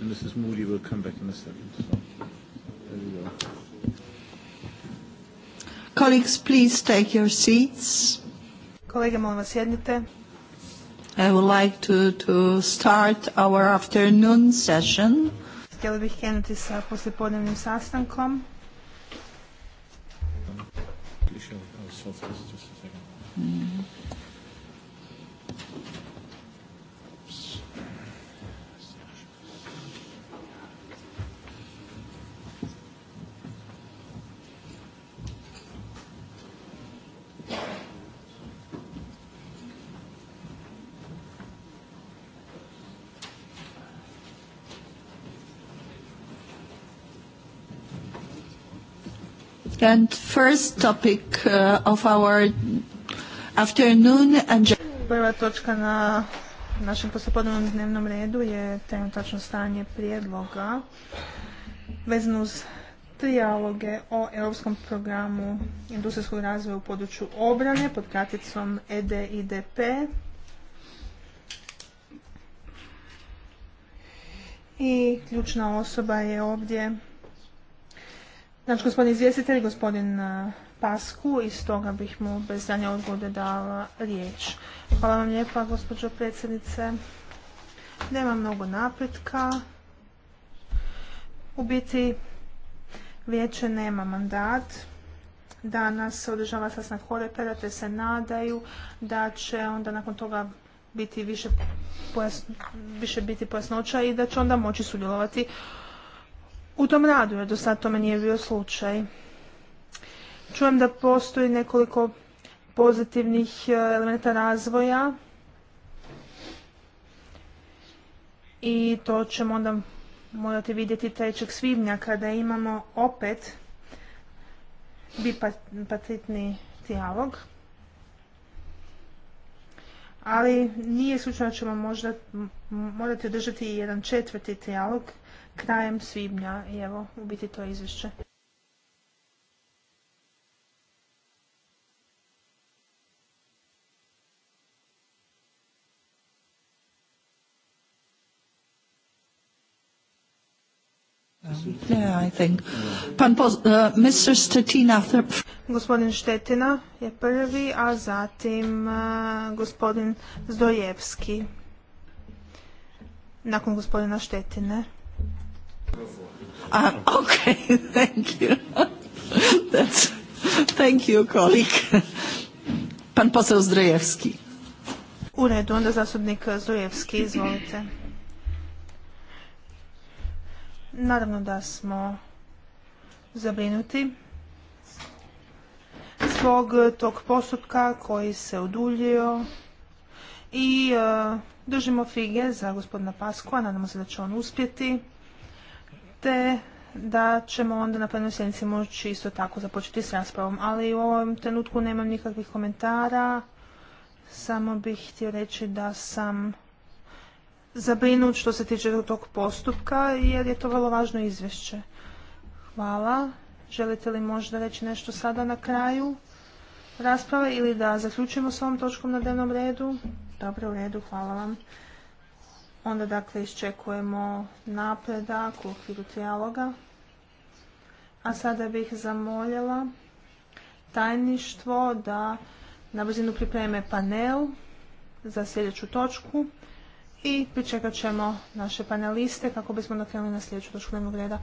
and Mrs. Moody will come back in a second. there go. Colleagues, please take your seats. Kolege, molim vas sjednite. I would like to, to start our afternoon session. Htjeli bih krenuti sa poslijepodnevnim sastankom. Mm. and first topic uh, of our afternoon Prva točka na našem postopodnom dnevnom redu je trenutačno stanje prijedloga vezano uz trijaloge o Europskom programu industrijskog razvoja u području obrane pod kraticom EDIDP. I ključna osoba je ovdje naš znači, gospodin izvjestitelj, gospodin e, Pasku i stoga bih mu bez danja odgode dala riječ. Hvala vam lijepa, gospođo predsjednice. Nema mnogo napretka. U biti, vijeće nema mandat. Danas se održava sasnak hore, te se nadaju da će onda nakon toga biti više, biti pojasnoća i da će onda moći sudjelovati u tom radu, jer do sad tome nije bio slučaj. Čujem da postoji nekoliko pozitivnih e, elementa razvoja i to ćemo onda morati vidjeti 3. svibnja kada imamo opet bipatitni dijalog. Ali nije slučajno da ćemo možda morati održati i jedan četvrti dijalog krajem svibnja i evo u biti to izvješće. Uh, gospodin Štetina je prvi, a zatim uh, gospodin Zdojevski. Nakon gospodina Štetine. Ah, okay, thank you. thank you, Pan poseł Zdrojewski. U redu, onda zasobnik Zdrojevski, izvolite. Naravno da smo zabrinuti zbog tog postupka koji se oduljio i e, držimo fige za gospodina Paskova, nadamo se da će on uspjeti te da ćemo onda na plenoj sjednici moći isto tako započeti s raspravom. Ali u ovom trenutku nemam nikakvih komentara, samo bih htio reći da sam zabrinut što se tiče tog postupka jer je to vrlo važno izvješće. Hvala. Želite li možda reći nešto sada na kraju rasprave ili da zaključimo s ovom točkom na dnevnom redu? Dobro, u redu, hvala vam. Onda dakle iščekujemo napredak u okviru trijaloga. A sada bih zamoljela tajništvo da na brzinu pripreme panel za sljedeću točku i pričekat ćemo naše paneliste kako bismo nakrenuli na sljedeću točku dnevnog reda.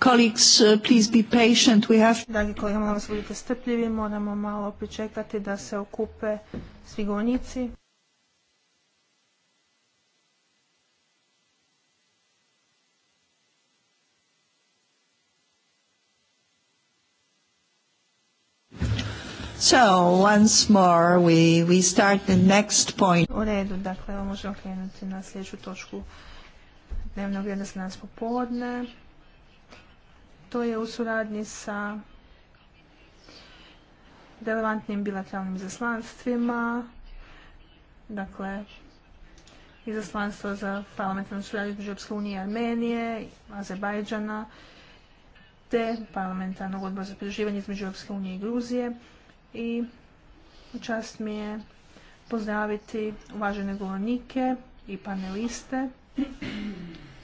Colleagues, uh, please be patient. We have... Dragi kolega, molim vas budite strpljivi, moramo malo pričekati da se okupe svi govornici. So, once more, we, we start the next point. U redu, dakle, možemo krenuti na sljedeću točku dnevnog reda popodne. To je u suradnji sa relevantnim bilateralnim izaslanstvima, dakle izaslanstvo za parlamentarnu suradnju između Europske unije i Armenije, Azerbajdžana, te parlamentarnog odbora za priživanje između Europske unije i Gruzije. I čast mi je pozdraviti uvažene govornike i paneliste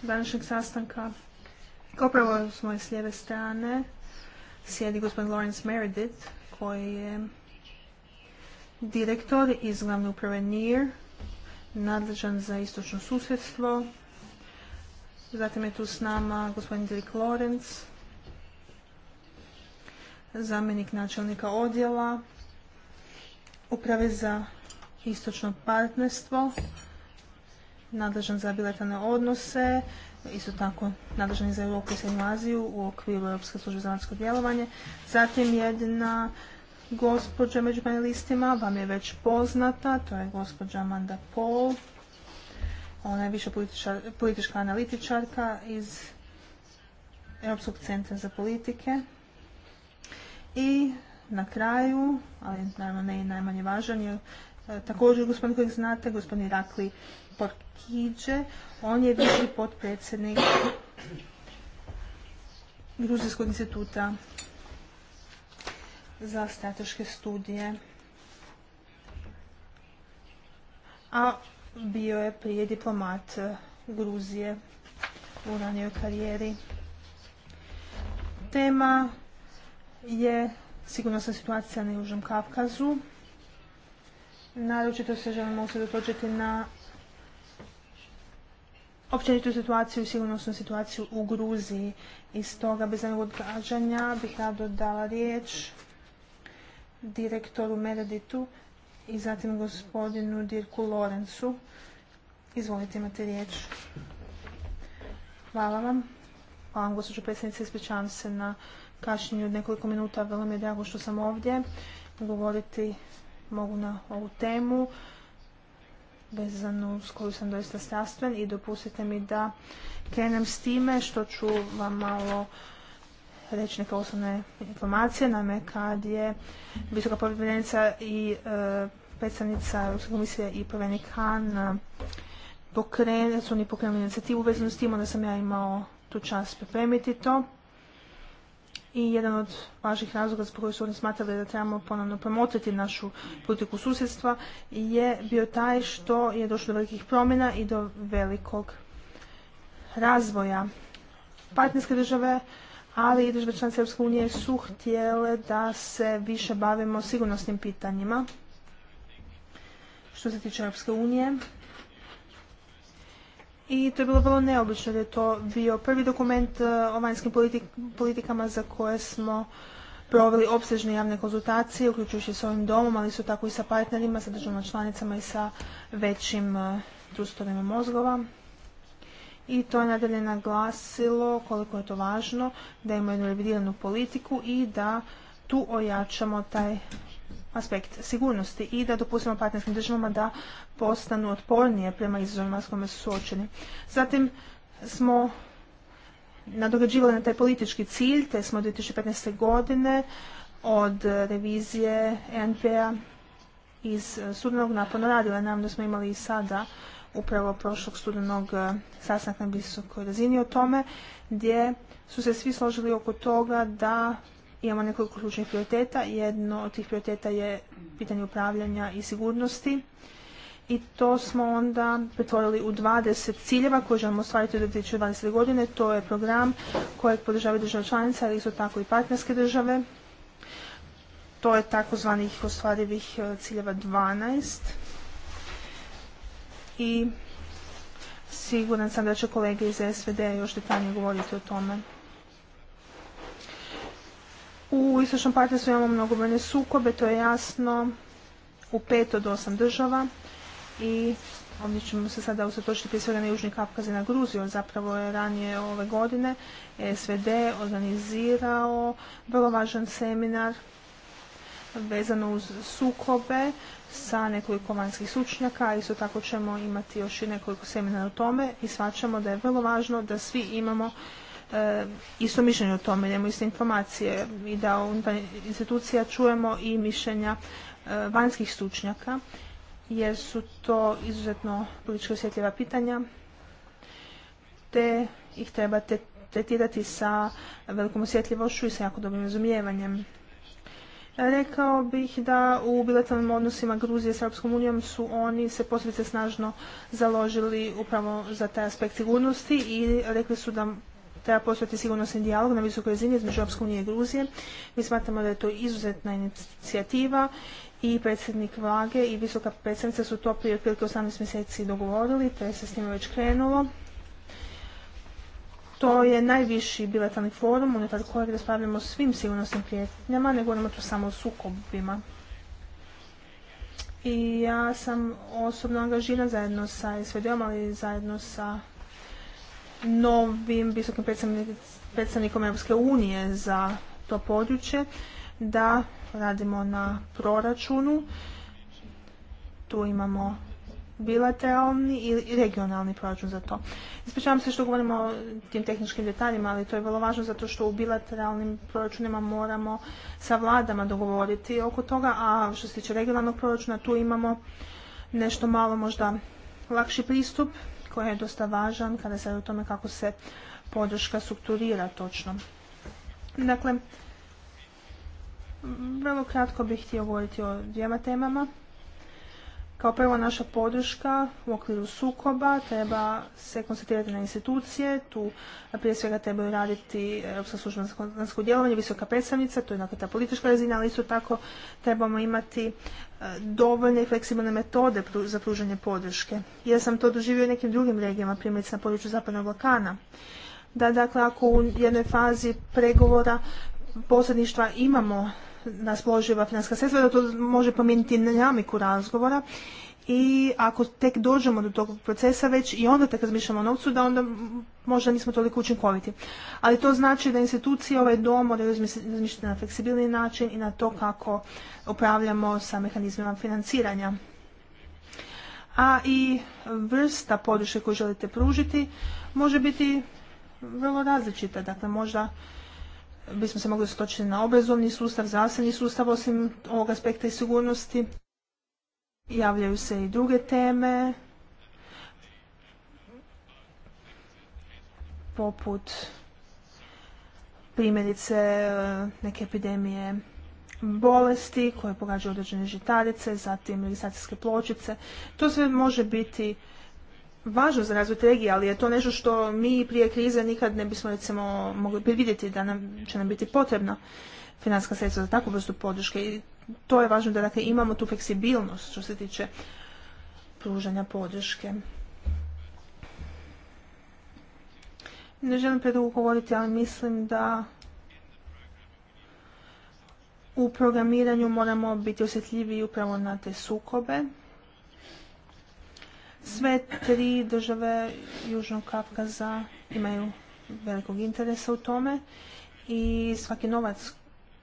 današnjeg sastanka. Opravo s moje s lijeve strane sjedi gospodin Lawrence Meredith koji je direktor iz glavne uprave NIR, nadležan za istočno susjedstvo. Zatim je tu s nama gospodin Dirk Lawrence zamjenik načelnika odjela uprave za istočno partnerstvo, nadležan za bilateralne odnose, isto tako nadležan za Europu i Srednju Aziju u okviru Europske službe za vanjsko djelovanje. Zatim jedna gospođa među panelistima vam je već poznata, to je gospođa Amanda Paul. Ona je više politička analitičarka iz Europskog centra za politike. I na kraju, ali naravno ne i najmanje važan, je e, također gospodin kojeg znate, gospodin Rakli Kiđe, on je viši potpredsjednik Gruzijskog instituta za strateške studije. A bio je prije diplomat Gruzije u ranijoj karijeri. Tema je sigurnosna situacija na Južnom Kavkazu. Naročito se želimo usredotočiti na općenitu situaciju, sigurnosnu situaciju u Gruziji. Iz toga bez nekog odgađanja bih rado dala riječ direktoru Mereditu i zatim gospodinu Dirku Lorencu. Izvolite, imate riječ. Hvala vam. Hvala vam, gospođo predsjednice, ispričavam se na kašnjenju od nekoliko minuta. Vrlo mi je drago što sam ovdje. Govoriti mogu na ovu temu vezanu s koju sam doista strastven i dopustite mi da krenem s time što ću vam malo reći neke osnovne informacije. Naime, kad je visoka povjerenica i e, predstavnica Europske komisije i povjerenik Han e, su oni pokrenuli inicijativu vezanu s tim, onda sam ja imao tu čast pripremiti to i jedan od važnih razloga zbog kojih su oni smatrali da trebamo ponovno promotriti našu politiku susjedstva je bio taj što je došlo do velikih promjena i do velikog razvoja. Partnerske države, ali i države članice Europske unije su htjele da se više bavimo sigurnosnim pitanjima. Što se tiče Europske unije, i to je bilo vrlo neobično da je to bio prvi dokument e, o vanjskim politikama za koje smo proveli opsežne javne konzultacije, uključujući s ovim domom, ali su tako i sa partnerima, sa državama članicama i sa većim trustovima e, mozgova. I to je nadalje naglasilo koliko je to važno da imamo jednu revidiranu politiku i da tu ojačamo taj aspekt sigurnosti i da dopustimo partnerskim državama da postanu otpornije prema izazovima s kojima su suočeni. Zatim smo nadograđivali na taj politički cilj, te smo 2015. godine od revizije e NPA iz studenog napona radila. Nam da smo imali i sada upravo prošlog studenog eh, sastanka na visokoj razini o tome, gdje su se svi složili oko toga da imamo nekoliko ključnih prioriteta. Jedno od tih prioriteta je pitanje upravljanja i sigurnosti i to smo onda pretvorili u 20 ciljeva koje želimo ostvariti do 2020. godine. To je program kojeg podržavaju država članica, ali isto tako i partnerske države. To je takozvanih ostvarivih e, ciljeva 12. I siguran sam da će kolege iz SVD još detaljnije govoriti o tome. U istočnom partnerstvu imamo mnogobrojne sukobe, to je jasno, u pet od osam država i ovdje ćemo se sada usatočiti prije svega na Južni Kapkaz i na Gruziju, zapravo je ranije ove godine SVD organizirao vrlo važan seminar vezano uz sukobe sa nekoliko vanjskih sučnjaka. Isto tako ćemo imati još i nekoliko seminara o tome i svačamo da je vrlo važno da svi imamo e, isto mišljenje o tome, idemo iste informacije i da unutar institucija čujemo i mišljenja e, vanjskih stručnjaka, jer su to izuzetno politički osjetljiva pitanja, te ih treba tretirati sa velikom osjetljivošću i sa jako dobrim razumijevanjem. Rekao bih da u bilateralnim odnosima Gruzije s Europskom unijom su oni se posebice snažno založili upravo za taj aspekt sigurnosti i rekli su da treba postati sigurnosni dijalog na visokoj razini između Europske unije i Gruzije. Mi smatramo da je to izuzetna inicijativa i predsjednik vlage i visoka predsjednica su to prije otprilike 18 mjeseci dogovorili, te se s njima već krenulo. To je najviši bilateralni forum unutar kojeg raspravljamo svim sigurnosnim prijetnjama, ne govorimo tu samo o sukobima. I ja sam osobno angažiran zajedno sa SVD-om, ali zajedno sa novim visokim predstavnikom Europske unije za to područje da radimo na proračunu. Tu imamo bilateralni i regionalni proračun za to. Ispričavam se što govorimo o tim tehničkim detaljima, ali to je vrlo važno zato što u bilateralnim proračunima moramo sa vladama dogovoriti oko toga, a što se tiče regionalnog proračuna tu imamo nešto malo možda lakši pristup koji je dosta važan kada se radi o tome kako se podrška strukturira točno. Dakle, vrlo kratko bih htio govoriti o dvijema temama. Kao prvo, naša podrška u okviru sukoba treba se koncentrirati na institucije, tu prije svega trebaju raditi e, Europska služba za djelovanje, visoka predstavnica, to je dakle ta politička razina, ali isto tako trebamo imati e, dovoljne i fleksibilne metode za pružanje podrške. Ja sam to doživio i nekim drugim regijama, primjerice na području Zapadnog Balkana. Da, dakle, ako u jednoj fazi pregovora posredništva imamo raspoloživa finanska sredstva, da to može promijeniti dinamiku razgovora i ako tek dođemo do tog procesa već i onda tek razmišljamo o novcu da onda možda nismo toliko učinkoviti. Ali to znači da institucije ovaj dom moraju razmišljati na fleksibilni način i na to kako upravljamo sa mehanizmima financiranja. A i vrsta podrške koju želite pružiti može biti vrlo različita. Dakle, možda bismo se mogli stočiti na obrazovni sustav, zdravstveni sustav, osim ovog aspekta i sigurnosti. Javljaju se i druge teme, poput primjerice neke epidemije bolesti koje pogađaju određene žitarice, zatim registracijske pločice. To sve može biti važno za razvoj regije, ali je to nešto što mi prije krize nikad ne bismo recimo mogli vidjeti da nam, će nam biti potrebna financijska sredstva za takvu vrstu podrške i to je važno da dakle, imamo tu fleksibilnost što se tiče pružanja podrške. Ne želim predugo govoriti, ali mislim da u programiranju moramo biti osjetljivi upravo na te sukobe sve tri države Južnog Kavkaza imaju velikog interesa u tome i svaki novac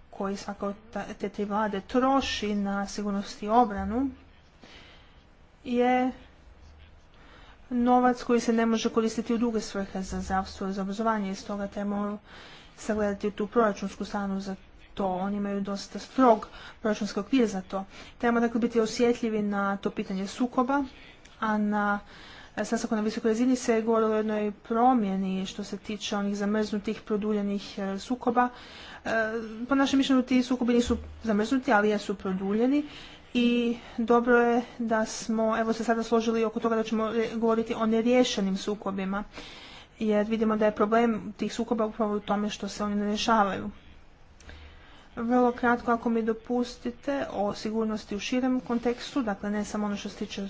koji svaka od te tri vlade troši na sigurnost i obranu je novac koji se ne može koristiti u druge svrhe za zdravstvo i za obrazovanje i stoga trebamo sagledati tu proračunsku stranu za to. Oni imaju dosta strog proračunski okvir za to. Trebamo dakle biti osjetljivi na to pitanje sukoba a na sastanku na visokoj razini se govorilo o jednoj promjeni što se tiče onih zamrznutih produljenih e, sukoba. E, po našem mišljenju ti sukobi nisu zamrznuti, ali jesu produljeni i dobro je da smo evo se sada složili oko toga da ćemo govoriti o neriješenim sukobima jer vidimo da je problem tih sukoba upravo u tome što se oni ne rješavaju. Vrlo kratko, ako mi dopustite, o sigurnosti u širem kontekstu, dakle ne samo ono što se tiče,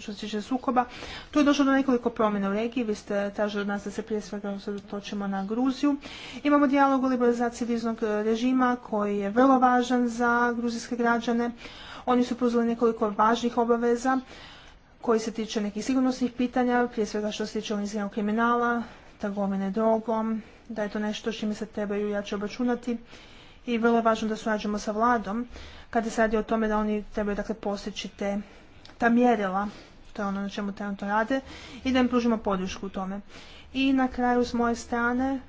što se tiče sukoba. Tu je došlo do nekoliko promjena u regiji, vi ste tražili od nas da se prije svega točimo na Gruziju. Imamo dijalog o liberalizaciji viznog e, režima koji je vrlo važan za gruzijske građane. Oni su preuzeli nekoliko važnih obaveza koji se tiče nekih sigurnosnih pitanja, prije svega što se tiče organiziranog kriminala, trgovine drogom, da je to nešto s čime se trebaju jače obračunati i vrlo je važno da surađujemo sa vladom kada se radi o tome da oni trebaju dakle, postići ta mjerila, to je ono na čemu trenutno rade, i da im pružimo podršku u tome. I na kraju s moje strane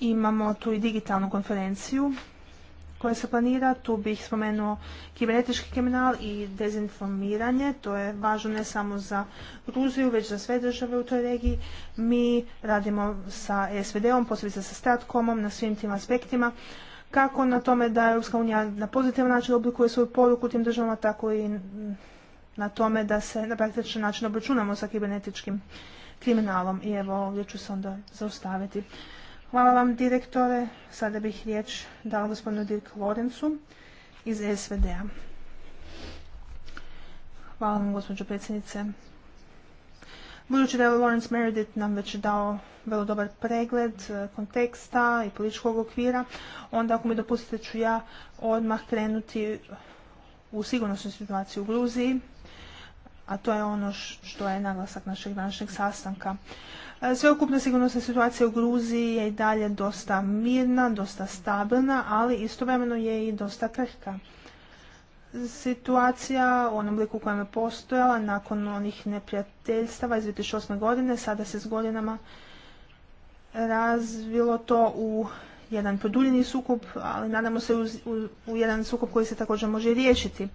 imamo tu i digitalnu konferenciju koje se planira. Tu bih spomenuo kibernetički kriminal i dezinformiranje. To je važno ne samo za Gruziju, već za sve države u toj regiji. Mi radimo sa SVD-om, posebice sa Stratcomom na svim tim aspektima kako na tome da Europska unija na pozitivan način oblikuje svoju poruku tim državama, tako i na tome da se na praktičan način obračunamo sa kibernetičkim kriminalom. I evo ovdje ću se onda zaustaviti. Hvala vam direktore. Sada bih riječ dala gospodinu Dirk Lorencu iz SVD-a. Hvala vam gospođo predsjednice. Budući da je Lawrence Meredith nam već dao vrlo dobar pregled e, konteksta i političkog okvira, onda ako mi dopustite ću ja odmah krenuti u sigurnosnu situaciju u Gruziji, a to je ono što je naglasak našeg današnjeg sastanka. Sveukupna sigurnosna situacija u Gruziji je i dalje dosta mirna, dosta stabilna, ali istovremeno je i dosta krhka. Situacija u onom obliku u kojem je postojala nakon onih neprijateljstava iz 2008. godine sada se s godinama razvilo to u jedan produljeni sukup, ali nadamo se u, jedan sukob koji se također može riješiti.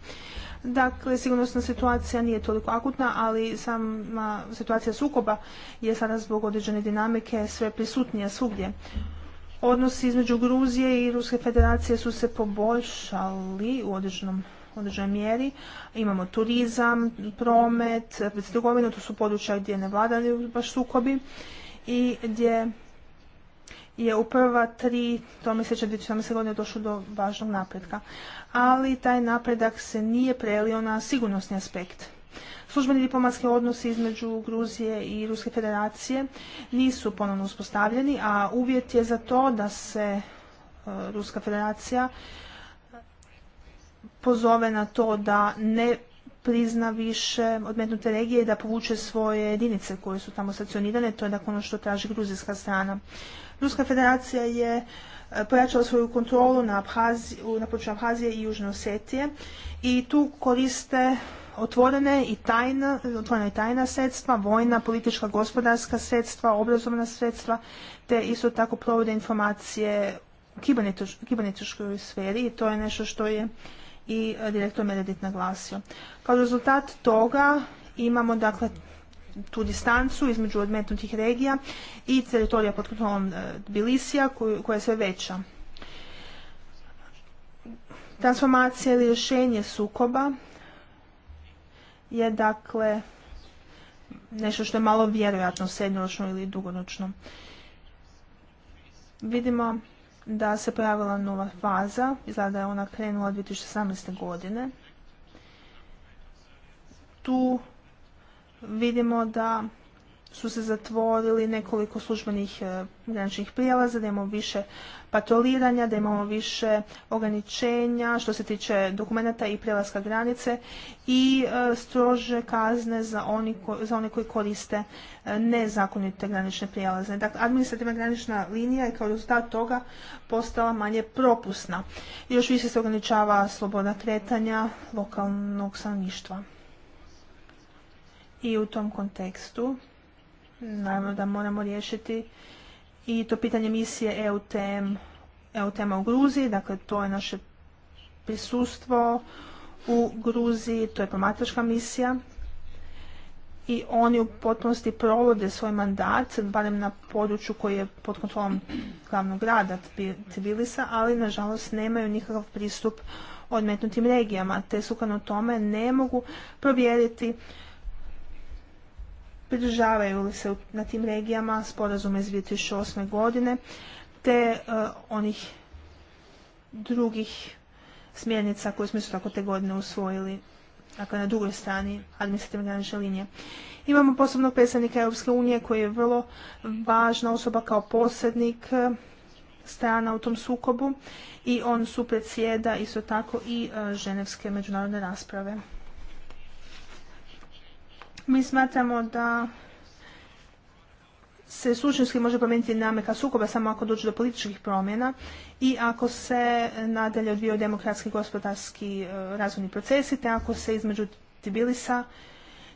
Dakle, sigurnosna situacija nije toliko akutna, ali sama situacija sukoba je sada zbog određene dinamike sve prisutnija svugdje. Odnosi između Gruzije i Ruske federacije su se poboljšali u određenom određenoj mjeri. Imamo turizam, promet, trgovinu, to su područja gdje ne vladali baš sukobi i gdje je u prva tri mjeseče 2017. godine došlo do važnog napretka ali taj napredak se nije prelio na sigurnosni aspekt. Službeni diplomatski odnosi između Gruzije i Ruske federacije nisu ponovno uspostavljeni, a uvjet je za to da se e, Ruska federacija pozove na to da ne prizna više odmetnute regije i da povuče svoje jedinice koje su tamo stacionirane. To je dakle ono što traži gruzijska strana. Ruska federacija je pojačala svoju kontrolu na, na području Abhazije i Južne Osetije i tu koriste otvorene i tajna, otvorena i tajna sredstva, vojna, politička, gospodarska sredstva, obrazovna sredstva, te isto tako provode informacije u kibernetičkoj sferi i to je nešto što je i direktor Meredith naglasio. Kao rezultat toga imamo dakle tu distancu između odmetnutih regija i teritorija pod kontrolom e, Tbilisija koja je sve veća. Transformacija ili rješenje sukoba je dakle nešto što je malo vjerojatno srednjoročno ili dugoročno. Vidimo da se pojavila nova faza, i da je ona krenula 2017. godine. Tu vidimo da su se zatvorili nekoliko službenih e, graničnih prijelaza, da imamo više patroliranja, da imamo više ograničenja što se tiče dokumenata i prijelaska granice i e, strože kazne za, one koji koriste e, nezakonite granične prijelaze. Dakle, administrativna granična linija je kao rezultat toga postala manje propusna. Još više se ograničava sloboda kretanja lokalnog stanovništva i u tom kontekstu naravno da moramo riješiti i to pitanje misije EUTM, eutm u Gruziji, dakle to je naše prisustvo u Gruziji, to je promatračka misija i oni u potpunosti provode svoj mandat, barem na području koji je pod kontrolom glavnog grada Tbilisa, ali nažalost nemaju nikakav pristup odmetnutim regijama, te sukladno tome ne mogu provjeriti pridržavaju li se na tim regijama sporazume iz 2008. godine te e, onih drugih smjernica koje smo isto tako te godine usvojili dakle na drugoj strani administrativne granične linije. Imamo posebnog predstavnika Europske unije koji je vrlo važna osoba kao posrednik e, strana u tom sukobu i on su predsjeda isto tako i e, ženevske međunarodne rasprave. Mi smatramo da se suštinski može promijeniti dinamika sukoba samo ako dođe do političkih promjena i ako se nadalje odvijaju demokratski gospodarski e, razvojni procesi, te ako se između Tbilisa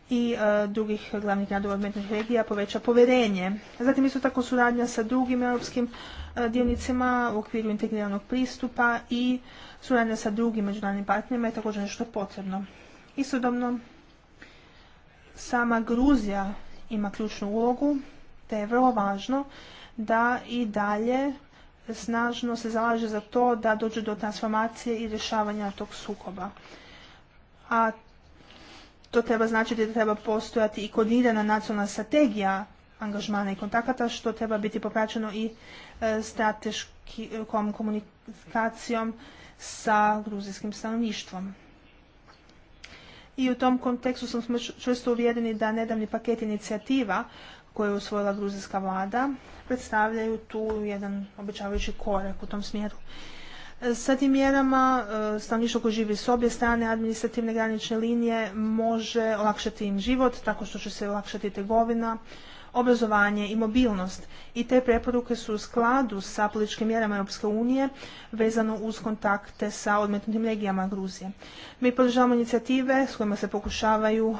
i e, drugih glavnih gradova odmetnih regija poveća povjerenje. Zatim isto tako suradnja sa drugim europskim e, dionicama u okviru integriranog pristupa i suradnja sa drugim međunarodnim partnerima je također nešto potrebno. Istodobno sama Gruzija ima ključnu ulogu, te je vrlo važno da i dalje snažno se zalaže za to da dođe do transformacije i rješavanja tog sukoba. A to treba značiti da treba postojati i koordinirana nacionalna strategija angažmana i kontakata, što treba biti popraćeno i e, strateškom e, komunikacijom sa gruzijskim stanovništvom i u tom kontekstu smo čvrsto uvjereni da nedavni paket inicijativa koje je usvojila gruzijska vlada predstavljaju tu jedan obećavajući korak u tom smjeru. E, sa tim mjerama e, stanovništvo koje živi s obje strane administrativne granične linije može olakšati im život tako što će se olakšati tegovina, obrazovanje i mobilnost. I te preporuke su u skladu sa političkim mjerama Europske unije vezano uz kontakte sa odmetnutim regijama Gruzije. Mi podržavamo inicijative s kojima se pokušavaju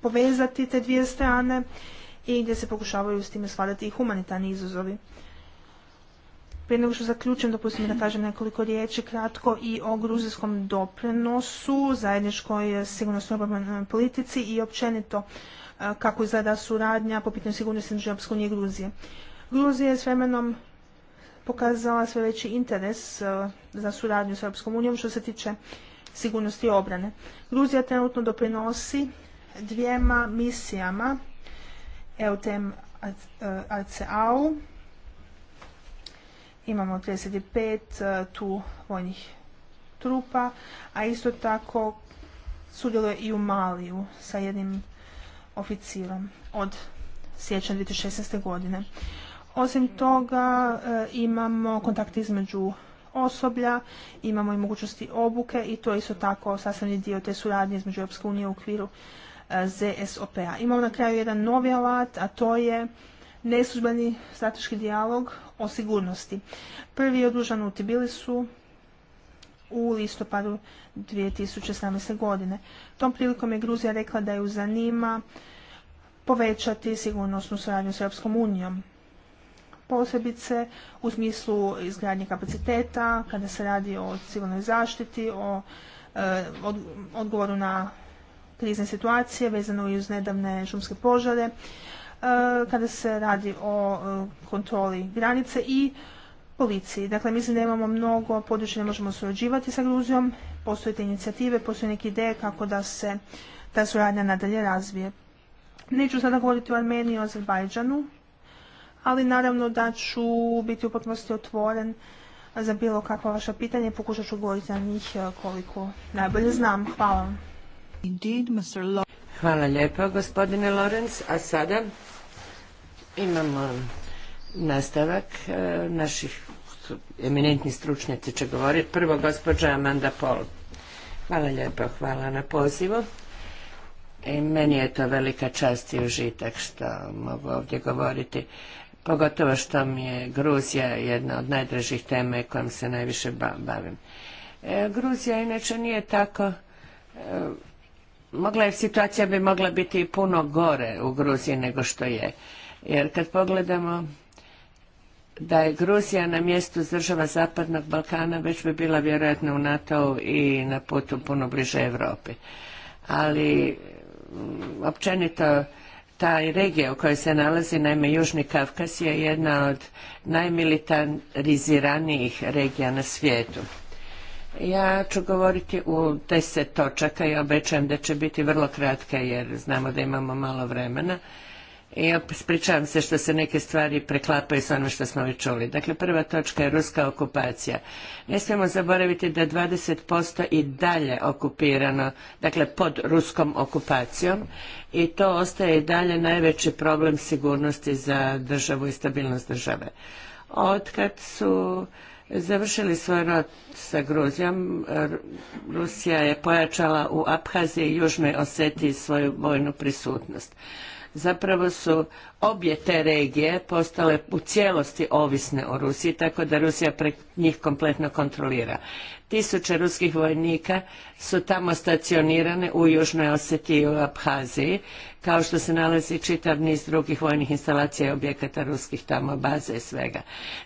povezati te dvije strane i gdje se pokušavaju s time svladati i humanitarni izazovi. Prije nego što zaključim, dopustim da kažem nekoliko riječi kratko i o gruzijskom doprinosu, zajedničkoj sigurnosnoj obrambenoj politici i općenito kako izgleda suradnja po pitanju sigurnosti između Europske i Gruzije. Gruzija je s vremenom pokazala sve veći interes za suradnju s Europskom unijom što se tiče sigurnosti i obrane. Gruzija trenutno doprinosi dvijema misijama EUTM RCA-u. Imamo 35 tu vojnih trupa, a isto tako sudjeluje i u Maliju sa jednim oficirom od siječnja 2016. godine. Osim toga e, imamo kontakt između osoblja, imamo i mogućnosti obuke i to je isto tako sastavni dio te suradnje između Europske unije u okviru e, ZSOP-a. Imamo na kraju jedan novi alat, a to je neslužbeni strateški dijalog o sigurnosti. Prvi je odružan u Tbilisu u listopadu 2017. godine. Tom prilikom je Gruzija rekla da ju zanima povećati sigurnosnu suradnju s Europskom unijom. Posebice u smislu izgradnje kapaciteta, kada se radi o civilnoj zaštiti, o e, odgovoru na krizne situacije vezano i uz nedavne šumske požare, e, kada se radi o e, kontroli granice i policiji. Dakle, mislim da imamo mnogo područja ne možemo surađivati sa Gruzijom, postoje te inicijative, postoje neke ideje kako da se ta suradnja nadalje razvije. Neću sada govoriti o Armeniji i o Azerbajdžanu, ali naravno da ću biti u potpunosti otvoren za bilo kakva vaša pitanja i pokušat ću govoriti na njih e, koliko najbolje znam. Hvala. Hvala lijepa gospodine Lorenz. A sada imamo nastavak e, naših eminentni stručnjaci će govoriti. Prvo gospođa Amanda Pol. Hvala lijepo, hvala na pozivu. I e, meni je to velika čast i užitak što mogu ovdje govoriti. Pogotovo što mi je Gruzija jedna od najdražih tema kojom se najviše bavim. E, Gruzija inače nije tako... mogla je, situacija bi mogla biti i puno gore u Gruziji nego što je. Jer kad pogledamo da je Gruzija na mjestu država Zapadnog Balkana već bi bila vjerojatno u NATO i na putu puno bliže Europi. Ali mm, općenito taj regija u kojoj se nalazi, naime Južni Kavkaz je jedna od najmilitariziranijih regija na svijetu. Ja ću govoriti u deset točaka i obećajem da će biti vrlo kratka jer znamo da imamo malo vremena i ja spričavam se što se neke stvari preklapaju s onim što smo već čuli. Dakle, prva točka je ruska okupacija. Ne smijemo zaboraviti da je 20% i dalje okupirano, dakle pod ruskom okupacijom i to ostaje i dalje najveći problem sigurnosti za državu i stabilnost države. od kad su završili svoj rod sa Gruzijom, Rusija je pojačala u Abhaziji i Južnoj Osetiji svoju vojnu prisutnost zapravo su obje te regije postale u cijelosti ovisne o Rusiji, tako da Rusija njih kompletno kontrolira. Tisuće ruskih vojnika su tamo stacionirane u Južnoj Osetiji i u Abhaziji kao što se nalazi čitav niz drugih vojnih instalacija i objekata ruskih tamo baze i svega.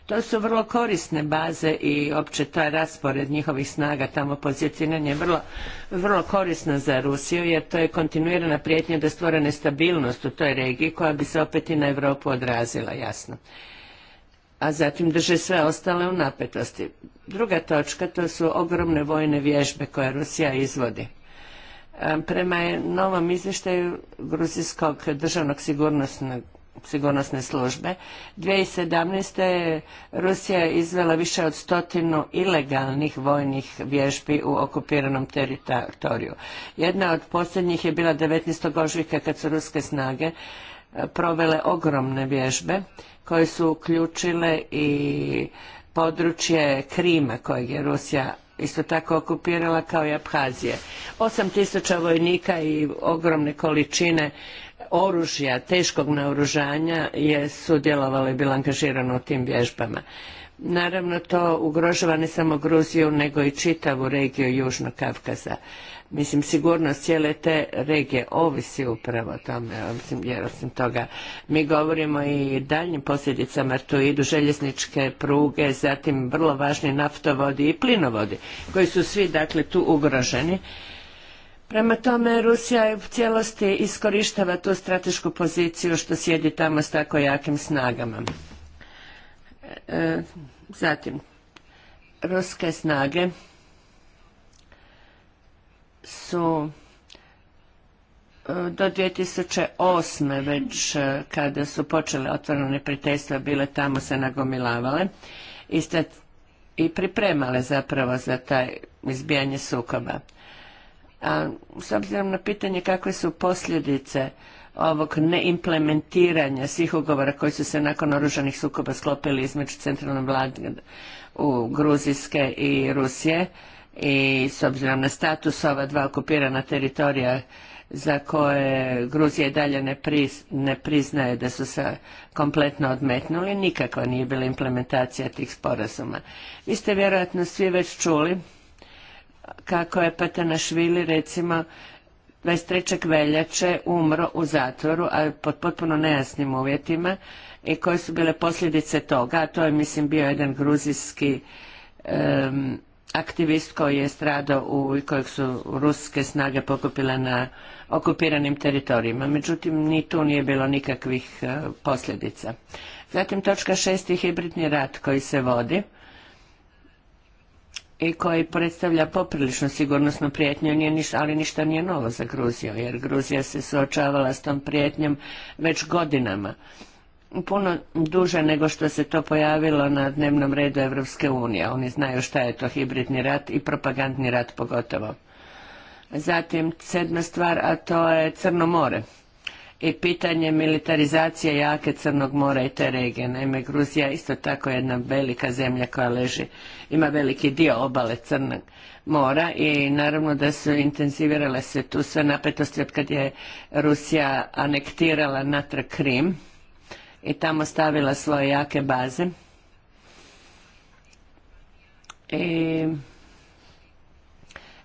To su vrlo korisne baze i opće taj raspored njihovih snaga tamo pozicioniranje je vrlo, vrlo korisna za Rusiju jer to je kontinuirana prijetnja da stvore nestabilnost u toj regiji koja bi se opet i na Europu odrazila jasno a zatim drže sve ostale u napetosti. Druga točka to su ogromne vojne vježbe koje Rusija izvodi Prema novom izvještaju Gruzijskog državnog sigurnosne službe. 2017. je Rusija izvela više od stotinu ilegalnih vojnih vježbi u okupiranom teritoriju. Jedna od posljednjih je bila 19. ožujka kad su ruske snage e, provele ogromne vježbe koje su uključile i područje Krima kojeg je Rusija isto tako okupirala kao i Abhazija. 8000 vojnika i ogromne količine oružja, teškog naoružanja je sudjelovalo i bilo angažirano u tim vježbama. Naravno to ugrožava ne samo Gruziju nego i čitavu regiju Južnog Kavkaza. Mislim, sigurnost cijele te regije ovisi upravo o tome, jer osim toga mi govorimo i daljnjim posljedicama, tu idu željezničke pruge, zatim vrlo važni naftovodi i plinovodi, koji su svi dakle tu ugroženi. Prema tome, Rusija je u cijelosti iskorištava tu stratešku poziciju što sjedi tamo s tako jakim snagama. E, zatim, ruske snage su e, do 2008. već e, kada su počele otvorene neprijateljstva bile tamo se nagomilavale i, i pripremale zapravo za taj izbijanje sukoba. A s obzirom na pitanje kakve su posljedice ovog neimplementiranja svih ugovora koji su se nakon oružanih sukoba sklopili između centralne vlade u Gruzijske i Rusije, i s obzirom na status ova dva okupirana teritorija za koje Gruzija i dalje ne, priznaje da su se kompletno odmetnuli, nikakva nije bila implementacija tih sporazuma. Vi ste vjerojatno svi već čuli kako je Patanašvili recimo 23. veljače umro u zatvoru, a pod potpuno nejasnim uvjetima i koje su bile posljedice toga, a to je mislim bio jedan gruzijski aktivist koji je stradao u, i kojeg su ruske snage pokupile na okupiranim teritorijima. Međutim, ni tu nije bilo nikakvih e, posljedica. Zatim točka šesti je hibridni rat koji se vodi i koji predstavlja poprilično sigurnosnu prijetnju, ali ništa nije novo za Gruziju, jer Gruzija se suočavala s tom prijetnjom već godinama puno duže nego što se to pojavilo na dnevnom redu Evropske unije. Oni znaju šta je to hibridni rat i propagandni rat pogotovo. Zatim sedma stvar, a to je Crno more i pitanje militarizacije jake Crnog mora i te regije. Naime, Gruzija je isto tako jedna velika zemlja koja leži, ima veliki dio obale Crnog mora i naravno da su intenzivirale se tu sve napetosti od kad je Rusija anektirala natrag Krim i tamo stavila svoje jake baze. I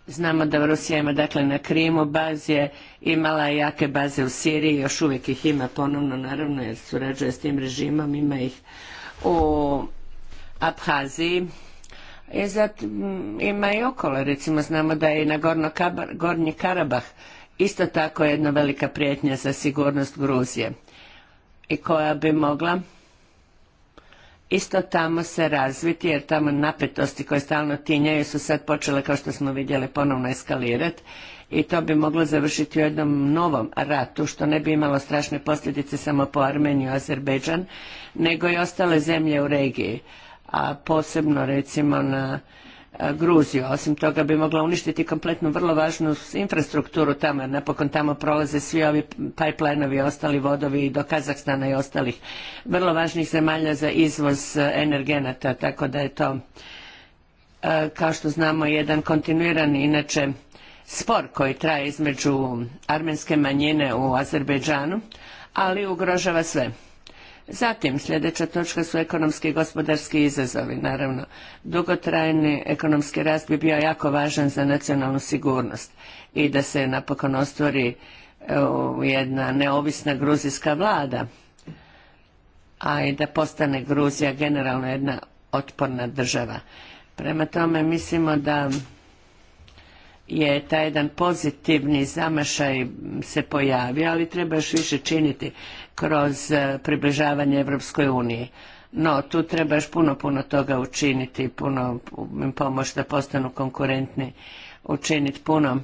znamo da Rusija ima dakle na Krimu bazije, imala je jake baze u Siriji, još uvijek ih ima ponovno naravno jer surađuje s tim režimom, ima ih u Abhaziji i zato mm, ima i okolo recimo znamo da je i na Gorno Gornji Karabah isto tako jedna velika prijetnja za sigurnost Gruzije i koja bi mogla isto tamo se razviti jer tamo napetosti koje stalno tinjaju su sad počele kao što smo vidjeli ponovno eskalirati i to bi moglo završiti u jednom novom ratu što ne bi imalo strašne posljedice samo po Armeniju i Azerbejdžan nego i ostale zemlje u regiji a posebno recimo na E, Gruziju. Osim toga bi mogla uništiti kompletnu vrlo važnu infrastrukturu tamo, jer napokon tamo prolaze svi ovi pipelineovi, ostali vodovi do Kazahstana i ostalih vrlo važnih zemalja za izvoz e, energenata, tako da je to e, kao što znamo jedan kontinuirani inače spor koji traje između armenske manjine u Azerbejdžanu, ali ugrožava sve. Zatim, sljedeća točka su ekonomski i gospodarski izazovi, naravno. Dugotrajni ekonomski rast bi bio jako važan za nacionalnu sigurnost i da se napokon ostvori e, jedna neovisna gruzijska vlada, a i da postane Gruzija generalno jedna otporna država. Prema tome mislimo da je taj jedan pozitivni zamašaj se pojavio, ali treba još više činiti kroz e, približavanje Europskoj uniji. No, tu treba još puno, puno toga učiniti, puno pomoć da postanu konkurentni, učiniti puno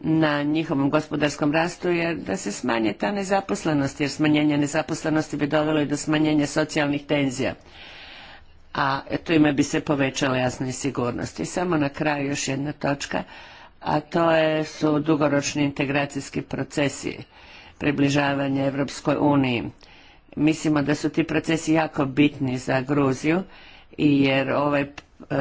na njihovom gospodarskom rastu jer da se smanje ta nezaposlenost jer smanjenje nezaposlenosti bi dovelo i do smanjenja socijalnih tenzija a to ime bi se povećala jasna i sigurnost. I samo na kraju još jedna točka, a to je, su dugoročni integracijski procesi približavanje Europskoj uniji. Mislimo da su ti procesi jako bitni za Gruziju jer ovaj e,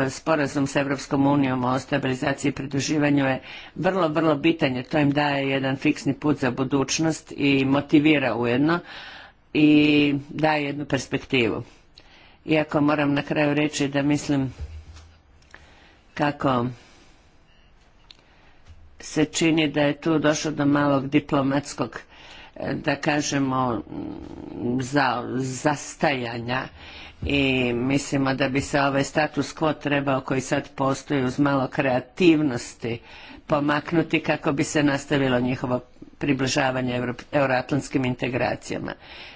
sporazum s Europskom unijom o stabilizaciji i pridruživanju je vrlo, vrlo bitan jer to im daje jedan fiksni put za budućnost i motivira ujedno i daje jednu perspektivu. Iako moram na kraju reći da mislim kako se čini da je tu došlo do malog diplomatskog da kažemo za, zastajanja i mislimo da bi se ovaj status quo trebao koji sad postoji uz malo kreativnosti pomaknuti kako bi se nastavilo njihovo približavanje euroatlantskim integracijama.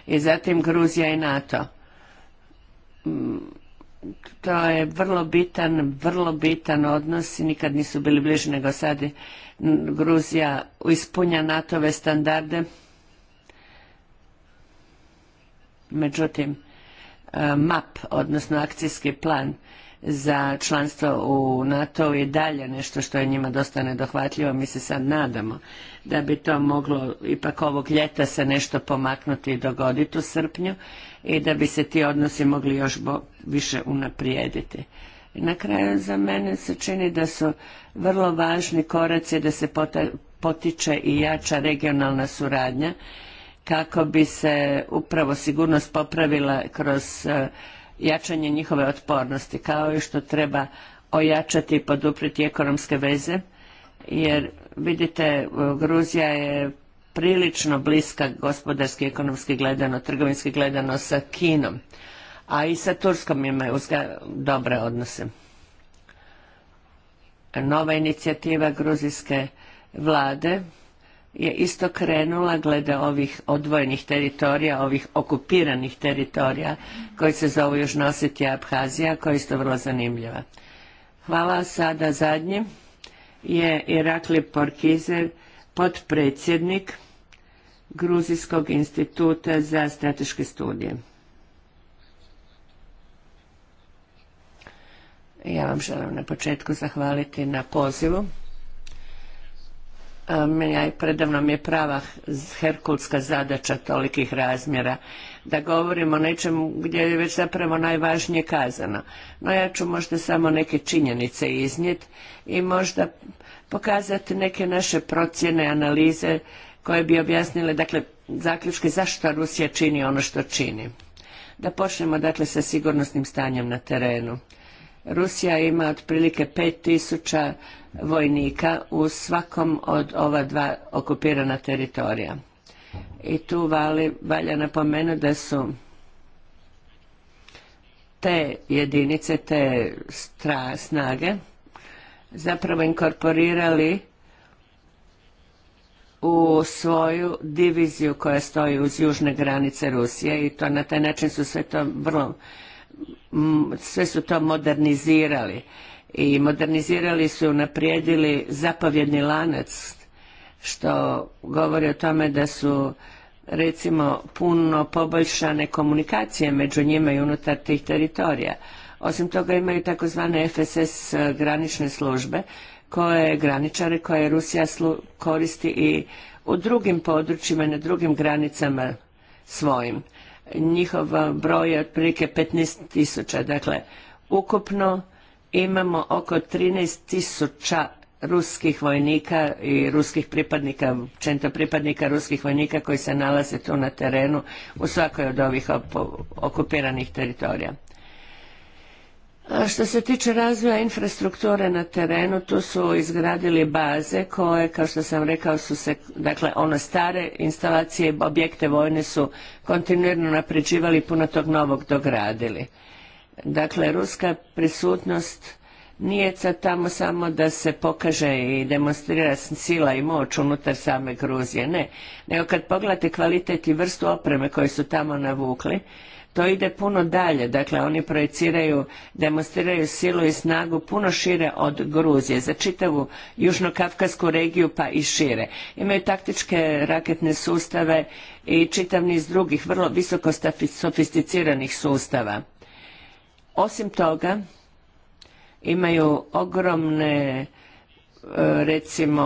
I zatim Gruzija i NATO. To je vrlo bitan, vrlo bitan odnos i nikad nisu bili bliži nego sad. Gruzija ispunja nato standarde Međutim, e, MAP, odnosno akcijski plan za članstvo u NATO je dalje nešto što je njima dosta nedohvatljivo. Mi se sad nadamo da bi to moglo ipak ovog ljeta se nešto pomaknuti i dogoditi u srpnju i da bi se ti odnosi mogli još više unaprijediti. na kraju za mene se čini da su vrlo važni koraci da se potiče i jača regionalna suradnja kako bi se upravo sigurnost popravila kroz e, jačanje njihove otpornosti, kao i što treba ojačati i podupriti ekonomske veze, jer vidite, e, Gruzija je prilično bliska gospodarski, ekonomski gledano, trgovinski gledano sa Kinom, a i sa Turskom imaju dobre odnose. Nova inicijativa gruzijske vlade je isto krenula glede ovih odvojenih teritorija, ovih okupiranih teritorija koji se zovu još nositi Abhazija, koja je isto vrlo zanimljiva. Hvala sada zadnji je Irakli Porkizer, potpredsjednik Gruzijskog instituta za strateške studije. Ja vam želim na početku zahvaliti na pozivu. E, ja, predavnom je prava herkulska zadaća tolikih razmjera da govorimo o nečemu gdje je već zapravo najvažnije kazano. No ja ću možda samo neke činjenice iznijeti i možda pokazati neke naše procjene, analize koje bi objasnile dakle, zaključke zašto Rusija čini ono što čini. Da počnemo dakle sa sigurnosnim stanjem na terenu. Rusija ima otprilike 5000 vojnika u svakom od ova dva okupirana teritorija. I tu vali, valja napomenuti da su te jedinice, te stra, snage zapravo inkorporirali u svoju diviziju koja stoji uz južne granice Rusije i to na taj način su sve to vrlo sve su to modernizirali i modernizirali su, naprijedili zapovjedni lanac, što govori o tome da su recimo puno poboljšane komunikacije među njima i unutar tih teritorija. Osim toga imaju takozvane FSS granične službe koje graničare koje Rusija koristi i u drugim područjima na drugim granicama svojim. Njihov broj je otprilike 15.000, dakle ukupno imamo oko 13.000 tisuća ruskih vojnika i ruskih pripadnika, općenito pripadnika ruskih vojnika koji se nalaze tu na terenu u svakoj od ovih okupiranih teritorija. što se tiče razvoja infrastrukture na terenu, tu su izgradili baze koje, kao što sam rekao, su se, dakle, one stare instalacije, objekte vojne su kontinuirno napređivali i puno tog novog dogradili. Dakle, ruska prisutnost nije sad tamo samo da se pokaže i demonstrira sila i moć unutar same Gruzije, ne. Nego kad pogledate kvalitet i vrstu opreme koje su tamo navukli, to ide puno dalje, dakle oni projeciraju, demonstriraju silu i snagu puno šire od Gruzije, za čitavu južnokavkasku regiju pa i šire. Imaju taktičke raketne sustave i čitav niz drugih vrlo visoko sofisticiranih sustava osim toga, imaju ogromne e, recimo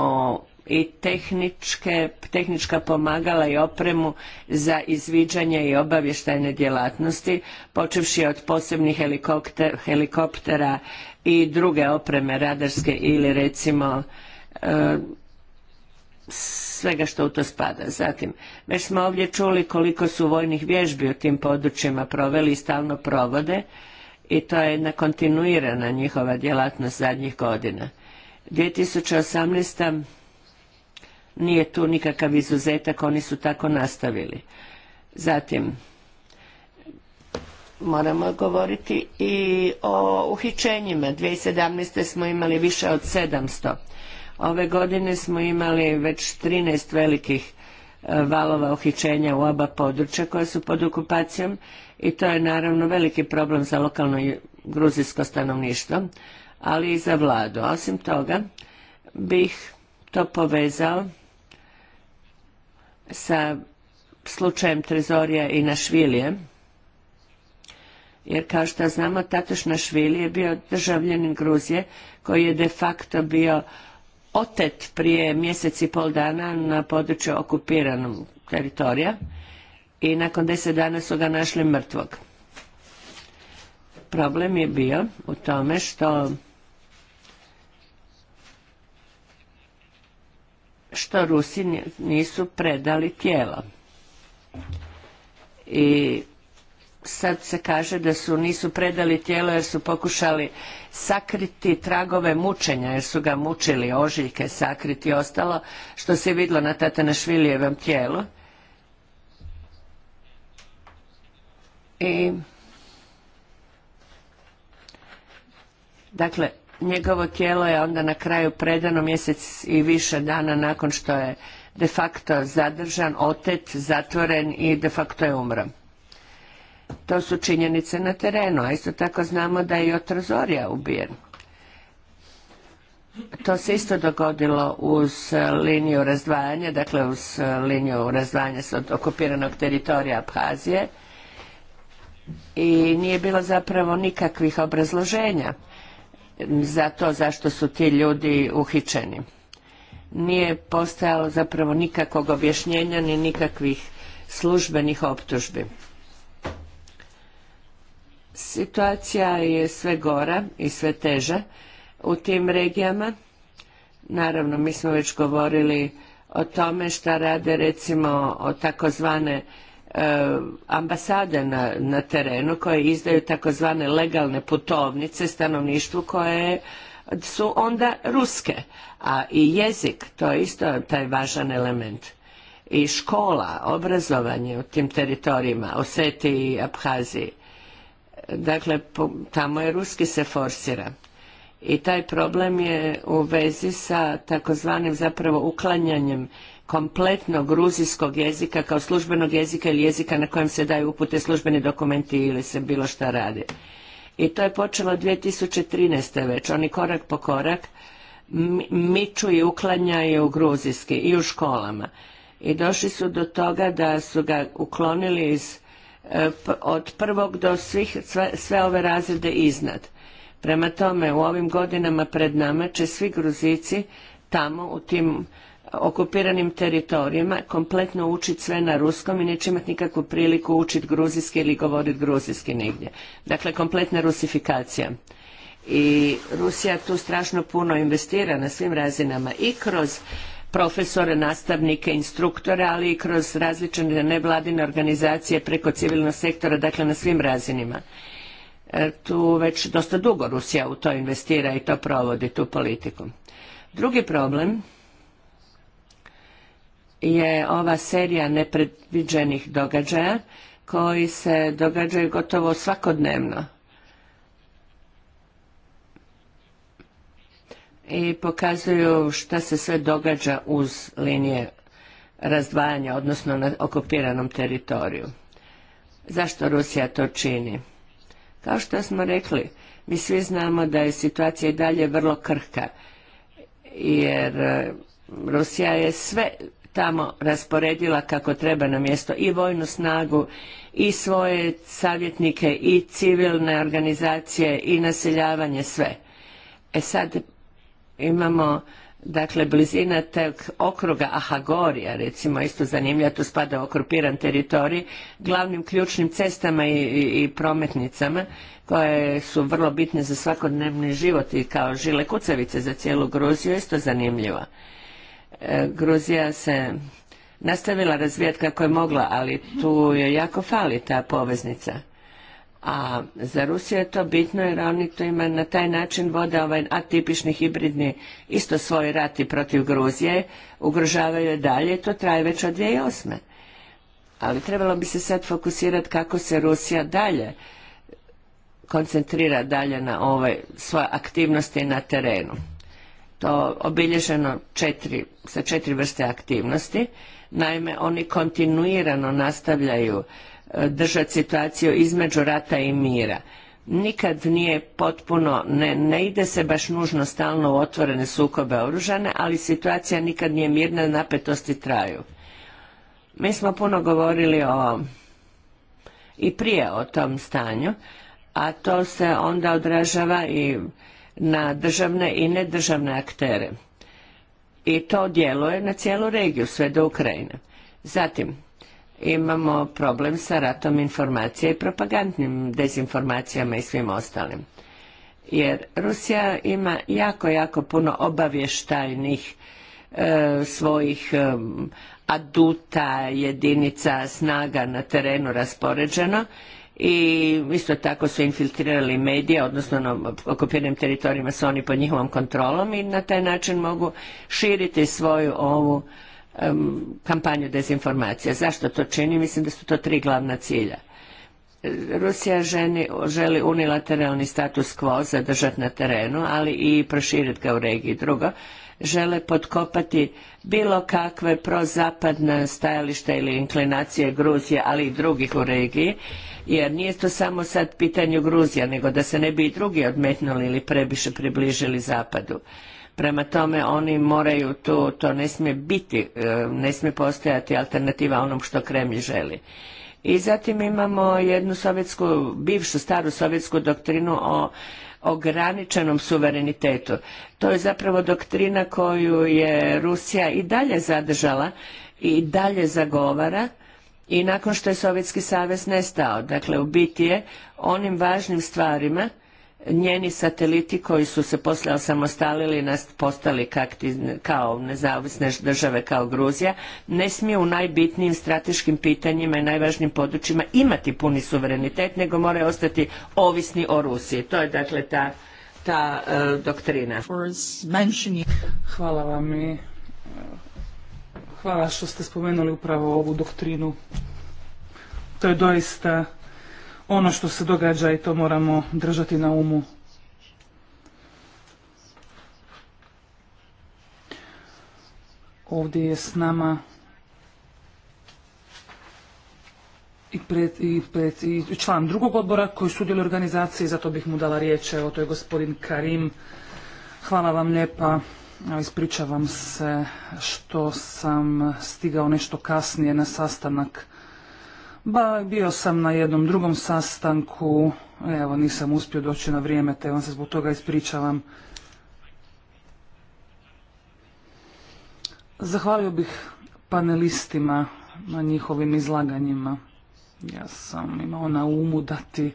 i tehničke, tehnička pomagala i opremu za izviđanje i obavještajne djelatnosti, počevši od posebnih helikoptera i druge opreme radarske ili recimo e, svega što u to spada. Zatim, već smo ovdje čuli koliko su vojnih vježbi u tim područjima proveli i stalno provode i to je jedna kontinuirana njihova djelatnost zadnjih godina. 2018. nije tu nikakav izuzetak, oni su tako nastavili. Zatim, moramo govoriti i o uhićenjima. 2017. smo imali više od 700. Ove godine smo imali već 13 velikih e, valova uhićenja u oba područja koja su pod okupacijom i to je naravno veliki problem za lokalno gruzijsko stanovništvo, ali i za vladu. Osim toga bih to povezao sa slučajem Trezorija i Našvilije, jer kao što znamo Tatoš Našvili je bio državljanin Gruzije koji je de facto bio otet prije mjesec i pol dana na području okupiranog teritorija i nakon deset dana su ga našli mrtvog. Problem je bio u tome što što Rusi nisu predali tijelo. I sad se kaže da su nisu predali tijelo jer su pokušali sakriti tragove mučenja jer su ga mučili ožiljke sakriti i ostalo što se vidjelo na Tatanašvilijevom tijelu i dakle njegovo tijelo je onda na kraju predano mjesec i više dana nakon što je de facto zadržan, otet, zatvoren i de facto je umro. To su činjenice na terenu, a isto tako znamo da je i otrozorija ubijen. To se isto dogodilo uz liniju razdvajanja, dakle uz liniju razdvajanja od okupiranog teritorija Abhazije i nije bilo zapravo nikakvih obrazloženja za to zašto su ti ljudi uhićeni. Nije postojalo zapravo nikakvog objašnjenja ni nikakvih službenih optužbi. Situacija je sve gora i sve teža u tim regijama. Naravno, mi smo već govorili o tome šta rade recimo o takozvane E, ambasade na, terenu koje izdaju takozvane legalne putovnice stanovništvu koje su onda ruske, a i jezik, to je isto taj važan element. I škola, obrazovanje u tim teritorijima, Oseti i Abhaziji. Dakle, tamo je ruski se forsira. I taj problem je u vezi sa takozvanim zapravo uklanjanjem kompletno gruzijskog jezika kao službenog jezika ili jezika na kojem se daju upute službeni dokumenti ili se bilo šta radi. I to je počelo 2013. već, oni korak po korak miču i uklanjaju gruzijski i u školama. I došli su do toga da su ga uklonili iz, e, od prvog do svih, sve, sve ove razrede iznad. Prema tome, u ovim godinama pred nama će svi gruzici tamo u tim okupiranim teritorijima kompletno učiti sve na ruskom i neće imati nikakvu priliku učiti gruzijski ili govoriti gruzijski nigdje. Dakle, kompletna rusifikacija. I Rusija tu strašno puno investira na svim razinama i kroz profesore, nastavnike, instruktore, ali i kroz različite nevladine organizacije preko civilnog sektora, dakle na svim razinima. E, tu već dosta dugo Rusija u to investira i to provodi, tu politiku. Drugi problem je ova serija nepredviđenih događaja koji se događaju gotovo svakodnevno. I pokazuju šta se sve događa uz linije razdvajanja, odnosno na okupiranom teritoriju. Zašto Rusija to čini? Kao što smo rekli, mi svi znamo da je situacija i dalje vrlo krhka, jer e, Rusija je sve tamo rasporedila kako treba na mjesto i vojnu snagu i svoje savjetnike i civilne organizacije i naseljavanje sve. E sad imamo dakle blizina tog okruga Ahagorija recimo isto zanimljivo tu spada okrupiran teritorij glavnim ključnim cestama i, i prometnicama koje su vrlo bitne za svakodnevni život i kao žile kucavice za cijelu Gruziju isto zanimljivo. E, Gruzija se nastavila razvijati kako je mogla, ali tu je jako fali ta poveznica. A za Rusiju je to bitno jer oni to ima na taj način vode ovaj atipični hibridni isto svoj rati protiv Gruzije, ugrožavaju je dalje i to traje već od 2008. Ali trebalo bi se sad fokusirati kako se Rusija dalje koncentrira dalje na ove svoje aktivnosti na terenu to obilježeno sa četiri vrste aktivnosti. Naime, oni kontinuirano nastavljaju e, držati situaciju između rata i mira. Nikad nije potpuno, ne, ne ide se baš nužno stalno u otvorene sukobe oružane, ali situacija nikad nije mirna, napetosti traju. Mi smo puno govorili o i prije o tom stanju, a to se onda odražava i na državne i nedržavne aktere. I to djeluje na cijelu regiju, sve do Ukrajine. Zatim, imamo problem sa ratom informacija i propagandnim dezinformacijama i svim ostalim. Jer Rusija ima jako, jako puno obavještajnih e, svojih e, aduta, jedinica, snaga na terenu raspoređeno i isto tako su infiltrirali medije, odnosno na okupiranim teritorijima su oni pod njihovom kontrolom i na taj način mogu širiti svoju ovu kampanju dezinformacija. Zašto to čini? Mislim da su to tri glavna cilja. Rusija želi unilateralni status quo zadržati na terenu, ali i proširiti ga u regiji. Drugo, žele potkopati bilo kakve prozapadne stajališta ili inklinacije Gruzije, ali i drugih u regiji, jer nije to samo sad pitanje Gruzija, nego da se ne bi i drugi odmetnuli ili previše približili zapadu. Prema tome oni moraju tu, to ne smije biti, e, ne smije postojati alternativa onom što Kremlj želi. I zatim imamo jednu sovjetsku, bivšu staru sovjetsku doktrinu o ograničenom suverenitetu. To je zapravo doktrina koju je Rusija i dalje zadržala i dalje zagovara i nakon što je Sovjetski savez nestao. Dakle, u biti je onim važnim stvarima njeni sateliti koji su se poslije osamostalili i postali kao nezavisne države kao Gruzija ne smije u najbitnijim strateškim pitanjima i najvažnijim područjima imati puni suverenitet nego moraju ostati ovisni o Rusiji. To je dakle ta, ta e, doktrina. Hvala vam i e, hvala što ste spomenuli upravo ovu doktrinu. To je doista ono što se događa i to moramo držati na umu. Ovdje je s nama i, pred, i, član drugog odbora koji sudjeli u organizaciji, zato bih mu dala riječ, evo to je gospodin Karim. Hvala vam lijepa. Ispričavam se što sam stigao nešto kasnije na sastanak Ba, bio sam na jednom drugom sastanku, evo nisam uspio doći na vrijeme, te vam se zbog toga ispričavam. Zahvalio bih panelistima na njihovim izlaganjima. Ja sam imao na umu dati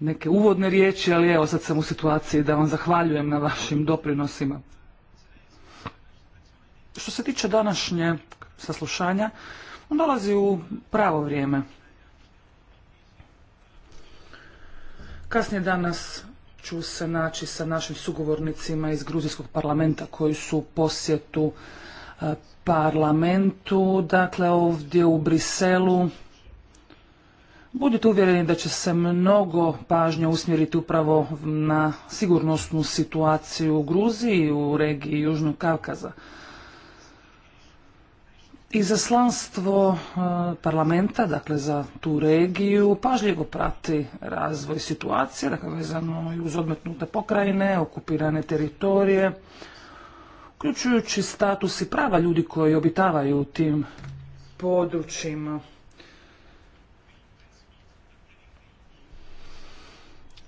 neke uvodne riječi, ali evo sad sam u situaciji da vam zahvaljujem na vašim doprinosima. Što se tiče današnje saslušanja, on dolazi u pravo vrijeme. Kasnije danas ću se naći sa našim sugovornicima iz Gruzijskog parlamenta koji su u posjetu e, parlamentu, dakle ovdje u Briselu. Budite uvjereni da će se mnogo pažnje usmjeriti upravo na sigurnosnu situaciju u Gruziji u regiji Južnog Kavkaza. Izaslanstvo e, parlamenta, dakle za tu regiju, pažljivo prati razvoj situacije, dakle vezano i uz odmetnute pokrajine, okupirane teritorije, uključujući status i prava ljudi koji obitavaju u tim područjima.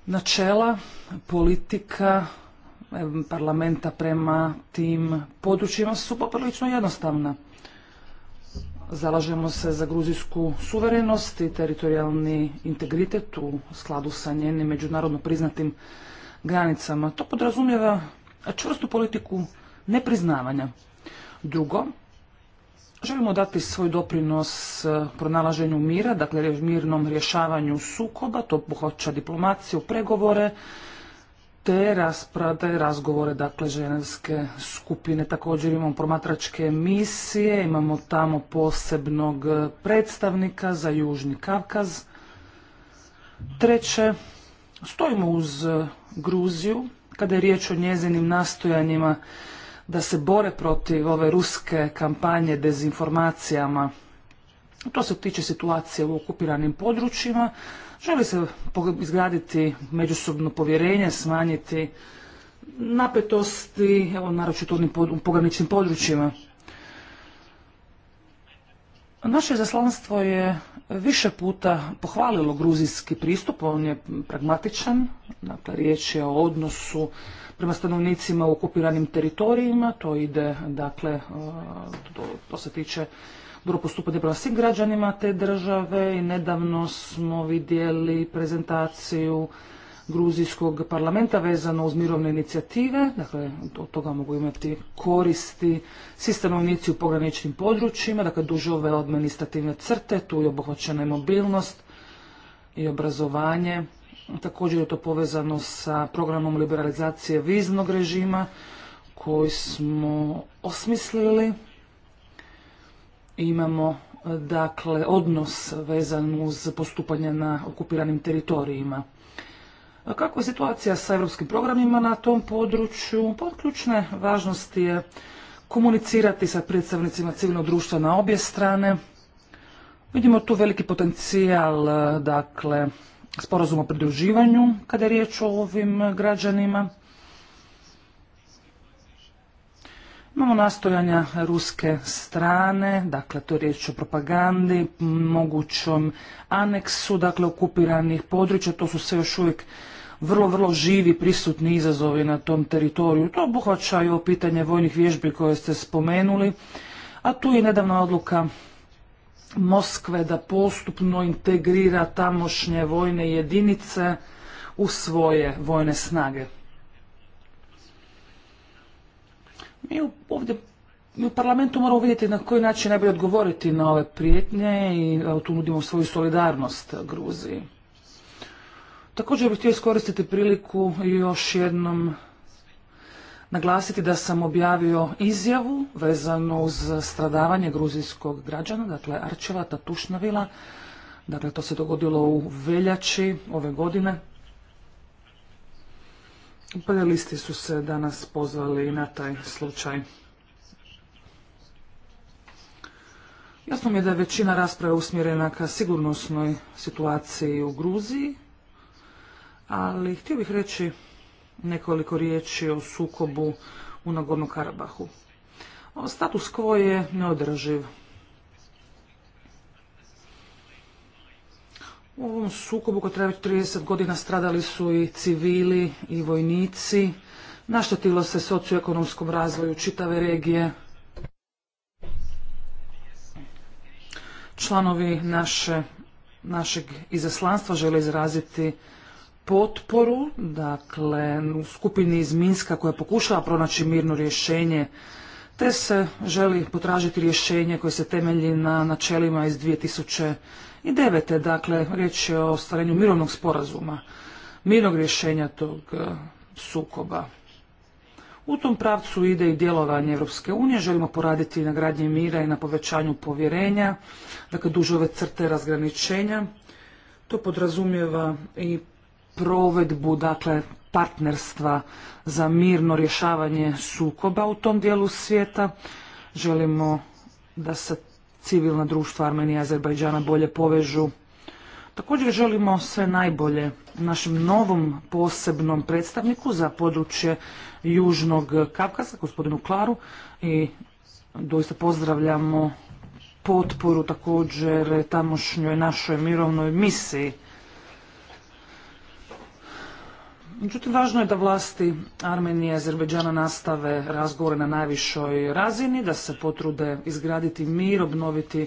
Načela, politika parlamenta prema tim područjima su poprilično jednostavna. Zalažemo se za gruzijsku suverenost i teritorijalni integritet u skladu sa njenim međunarodno priznatim granicama. To podrazumijeva čvrstu politiku nepriznavanja. Drugo, želimo dati svoj doprinos e, pronalaženju mira, dakle mirnom rješavanju sukoba, to pohoća diplomaciju, pregovore, te rasprave, razgovore, dakle, ženevske skupine. Također imamo promatračke misije, imamo tamo posebnog predstavnika za Južni Kavkaz. Treće, stojimo uz Gruziju, kada je riječ o njezinim nastojanjima da se bore protiv ove ruske kampanje dezinformacijama. To se tiče situacije u okupiranim područjima, Želi se izgraditi međusobno povjerenje, smanjiti napetosti, evo naročito u pograničnim područjima. Naše zaslanstvo je više puta pohvalilo gruzijski pristup, on je pragmatičan, dakle riječ je o odnosu prema stanovnicima u okupiranim teritorijima, to ide, dakle, to, to se tiče dobro postupati prema svim građanima te države i nedavno smo vidjeli prezentaciju gruzijskog parlamenta vezano uz mirovne inicijative, dakle od toga mogu imati koristi svi stanovnici u pograničnim područjima, dakle duže ove administrativne crte, tu je obuhvaćena i mobilnost i obrazovanje, također je to povezano sa programom liberalizacije viznog režima koji smo osmislili imamo dakle odnos vezan uz postupanje na okupiranim teritorijima. Kakva je situacija sa europskim programima na tom području? Pa od ključne važnosti je komunicirati sa predstavnicima civilnog društva na obje strane. Vidimo tu veliki potencijal dakle, sporazuma o pridruživanju kada je riječ o ovim građanima. Imamo nastojanja ruske strane, dakle to je riječ o propagandi, mogućom aneksu, dakle okupiranih područja, to su sve još uvijek vrlo, vrlo živi prisutni izazovi na tom teritoriju. To obuhvaćaju pitanje vojnih vježbi koje ste spomenuli, a tu je nedavna odluka Moskve da postupno integrira tamošnje vojne jedinice u svoje vojne snage. Mi ovdje u parlamentu moramo vidjeti na koji način najbolje odgovoriti na ove prijetnje i tu nudimo svoju solidarnost Gruziji. Također bih htio iskoristiti priliku i još jednom naglasiti da sam objavio izjavu vezanu uz stradavanje gruzijskog građana, dakle Arčeva Tatušnavila, dakle to se dogodilo u veljači ove godine. Panelisti su se danas pozvali na taj slučaj. Jasno mi je da je većina rasprave usmjerena ka sigurnosnoj situaciji u Gruziji, ali htio bih reći nekoliko riječi o sukobu u Nagornu Karabahu. Status quo je neodrživ. U ovom sukobu koji treba 30 godina stradali su i civili i vojnici. Naštetilo se socioekonomskom razvoju čitave regije. Članovi naše, našeg izaslanstva žele izraziti potporu, dakle, u skupini iz Minska koja pokušava pronaći mirno rješenje, te se želi potražiti rješenje koje se temelji na načelima iz 2000 i devete, Dakle, riječ je o ostvarenju mirovnog sporazuma, mirnog rješenja tog e, sukoba. U tom pravcu ide i djelovanje Europske unije, želimo poraditi na gradnji mira i na povećanju povjerenja, dakle duže ove crte razgraničenja. To podrazumijeva i provedbu dakle partnerstva za mirno rješavanje sukoba u tom dijelu svijeta. Želimo da se civilna društva Armenije i Azerbajdžana bolje povežu. Također želimo sve najbolje našem novom posebnom predstavniku za područje Južnog Kavkaza, gospodinu Klaru, i doista pozdravljamo potporu također tamošnjoj našoj mirovnoj misiji Međutim, važno je da vlasti Armenije i Azerbeđana nastave razgovore na najvišoj razini, da se potrude izgraditi mir, obnoviti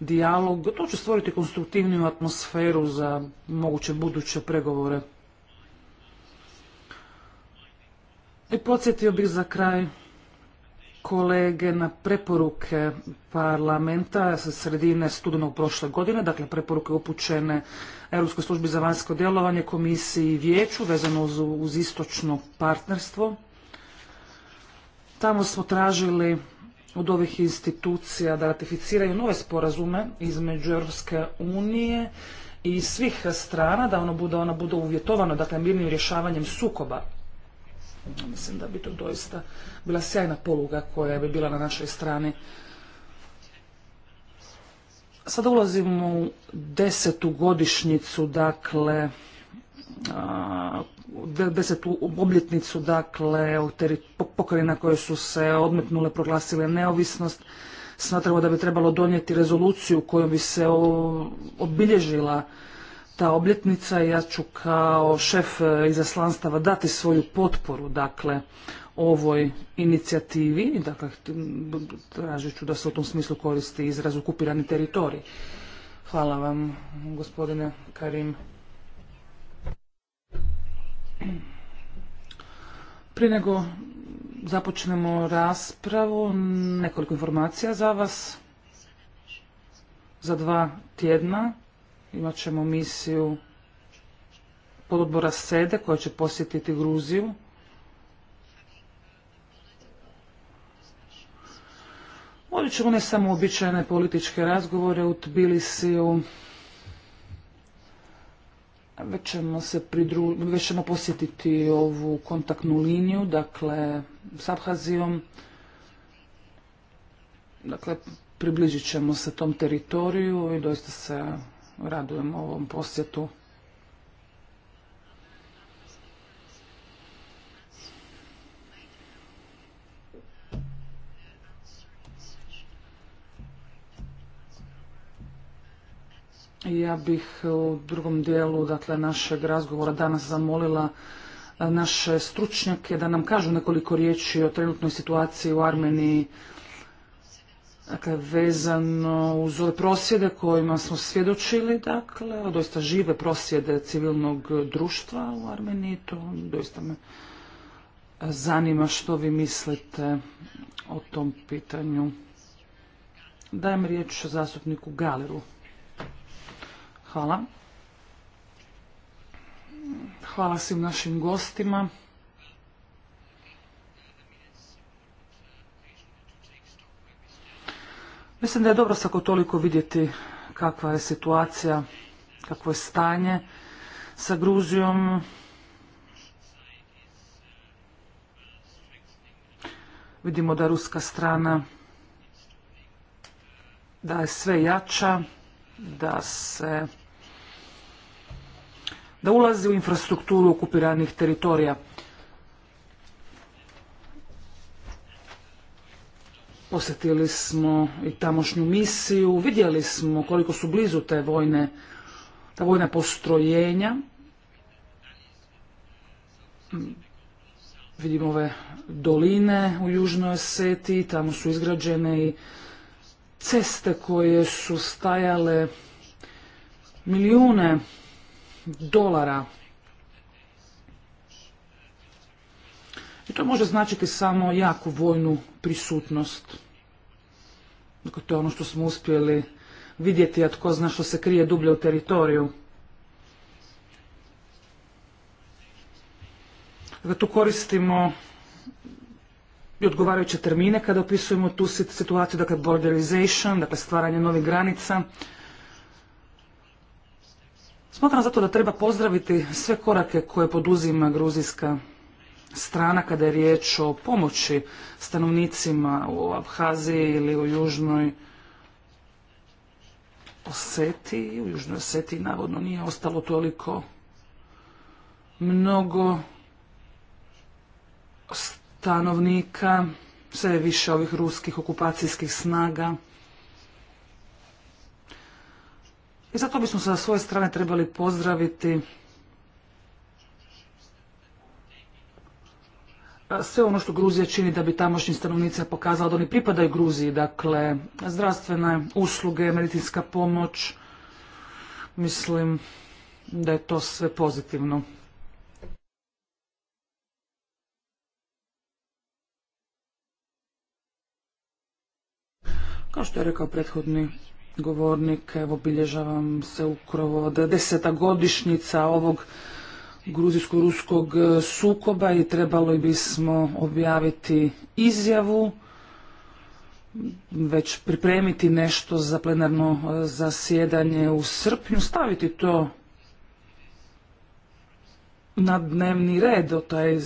dijalog. To će stvoriti konstruktivniju atmosferu za moguće buduće pregovore. I podsjetio bih za kraj kolege na preporuke parlamenta sa sredine studenog prošle godine, dakle preporuke upućene Europskoj službi za vanjsko djelovanje, komisiji i vijeću vezano uz, istočno partnerstvo. Tamo smo tražili od ovih institucija da ratificiraju nove sporazume između Europske unije i svih strana, da ono bude, ona bude uvjetovano, dakle mirnim rješavanjem sukoba. Mislim da bi to doista bila sjajna poluga koja bi bila na našoj strani. Sada ulazimo u desetu godišnjicu, dakle, desetu obljetnicu, dakle, pokrajina koje su se odmetnule, proglasile neovisnost. Smatramo da bi trebalo donijeti rezoluciju kojom bi se obilježila ta obljetnica i ja ću kao šef e, izaslanstava dati svoju potporu dakle ovoj inicijativi, dakle tražit ću da se u tom smislu koristi izraz okupirani teritorij. Hvala vam gospodine Karim. Prije nego započnemo raspravu, nekoliko informacija za vas. Za dva tjedna Imat ćemo misiju pododbora SEDE koja će posjetiti Gruziju. Vodit ćemo ne samo običajne političke razgovore u Tbilisiju, već ćemo, se već ćemo posjetiti ovu kontaktnu liniju, dakle, s Abhazijom. Dakle, približit ćemo se tom teritoriju i doista se radujem ovom posjetu. Ja bih u drugom dijelu dakle, našeg razgovora danas zamolila e, naše stručnjake da nam kažu nekoliko riječi o trenutnoj situaciji u Armeniji dakle, vezano uz ove prosvjede kojima smo svjedočili, dakle, doista žive prosvjede civilnog društva u Armeniji, to doista me zanima što vi mislite o tom pitanju. Dajem riječ zastupniku Galeru. Hvala. Hvala svim našim gostima. Mislim da je dobro svako toliko vidjeti kakva je situacija, kakvo je stanje sa Gruzijom. Vidimo da ruska strana da je sve jača, da se da ulazi u infrastrukturu okupiranih teritorija. Posjetili smo i tamošnju misiju, vidjeli smo koliko su blizu te vojne, ta vojna postrojenja. Vidimo ove doline u Južnoj seti tamo su izgrađene i ceste koje su stajale milijune dolara I to može značiti samo jaku vojnu prisutnost. Dakle, to je ono što smo uspjeli vidjeti, a tko zna što se krije dublje u teritoriju. Dakle, tu koristimo i odgovarajuće termine kada opisujemo tu situaciju, dakle borderization, dakle stvaranje novih granica. Smatram zato da treba pozdraviti sve korake koje poduzima gruzijska strana kada je riječ o pomoći stanovnicima u Abhaziji ili u Južnoj Oseti. U Južnoj Oseti navodno nije ostalo toliko mnogo stanovnika, sve više ovih ruskih okupacijskih snaga. I zato bismo sa svoje strane trebali pozdraviti sve ono što Gruzija čini da bi tamošnji stanovnicima pokazala da oni pripadaju Gruziji, dakle zdravstvene usluge, medicinska pomoć, mislim da je to sve pozitivno. Kao što je rekao prethodni govornik, evo bilježavam se ukrovo, deseta godišnjica ovog gruzijsko-ruskog e, sukoba i trebalo bismo objaviti izjavu, već pripremiti nešto za plenarno e, zasjedanje u srpnju, staviti to na dnevni red, o taj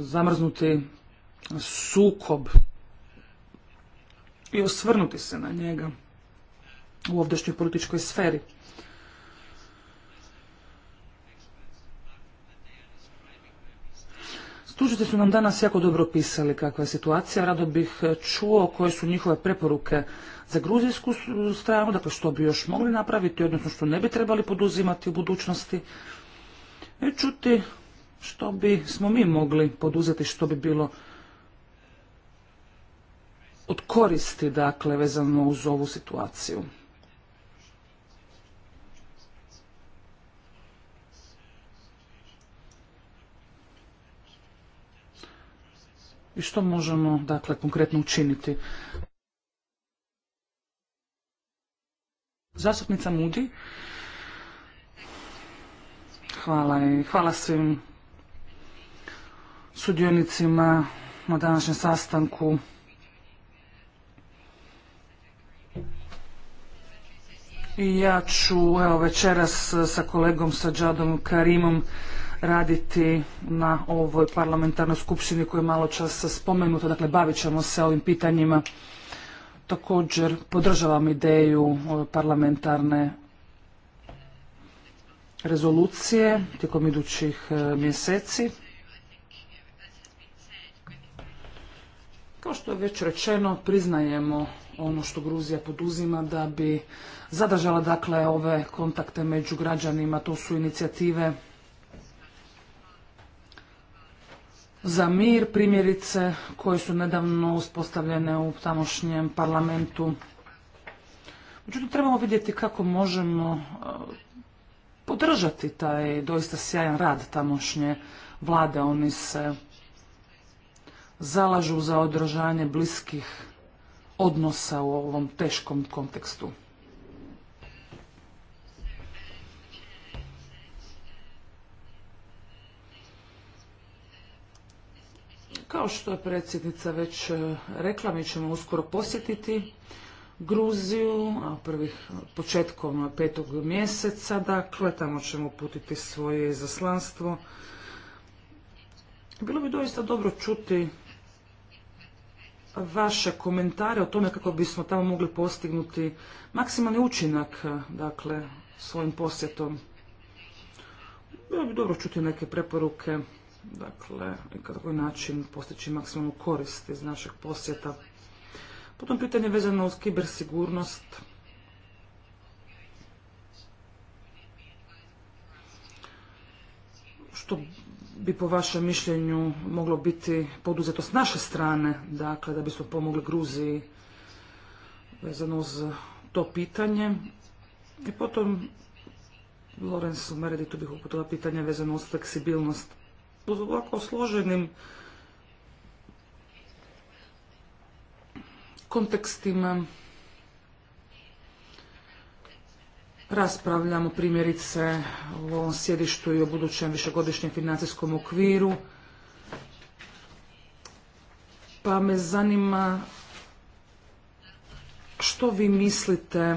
zamrznuti sukob i osvrnuti se na njega u ovdašnjoj političkoj sferi. Stručnici su nam danas jako dobro pisali kakva je situacija. Rado bih e, čuo koje su njihove preporuke za gruzijsku stranu, dakle što bi još mogli napraviti, odnosno što ne bi trebali poduzimati u budućnosti. I e, čuti što bi smo mi mogli poduzeti, što bi bilo od koristi, dakle, vezano uz ovu situaciju. i što možemo dakle konkretno učiniti. Zastupnica Mudi. Hvala i hvala svim sudionicima na današnjem sastanku. I ja ću evo, večeras sa kolegom Sađadom Karimom raditi na ovoj parlamentarnoj skupštini koju je malo čas spomenuto, dakle bavit ćemo se ovim pitanjima. Također podržavam ideju ove parlamentarne rezolucije tijekom idućih e, mjeseci. Kao što je već rečeno, priznajemo ono što Gruzija poduzima da bi zadržala dakle ove kontakte među građanima, to su inicijative za mir, primjerice koje su nedavno uspostavljene u tamošnjem parlamentu. Međutim, trebamo vidjeti kako možemo e, podržati taj doista sjajan rad tamošnje vlade. Oni se zalažu za održanje bliskih odnosa u ovom teškom kontekstu. Kao što je predsjednica već e, rekla, mi ćemo uskoro posjetiti Gruziju, prvih početkom petog mjeseca, dakle, tamo ćemo uputiti svoje zaslanstvo. Bilo bi doista dobro čuti vaše komentare o tome kako bismo tamo mogli postignuti maksimalni učinak, dakle, svojim posjetom. Bilo bi dobro čuti neke preporuke Dakle, na koji način postići maksimalnu korist iz našeg posjeta. Potom pitanje vezano uz kibersigurnost. Što bi po vašem mišljenju moglo biti poduzeto s naše strane, dakle, da bismo pomogli Gruziji vezano uz to pitanje. I potom, Lorenzu Mereditu bih uputila pitanje vezano uz fleksibilnost ovako složenim kontekstima raspravljamo primjerice u ovom sjedištu i o budućem višegodišnjem financijskom okviru. Pa me zanima što vi mislite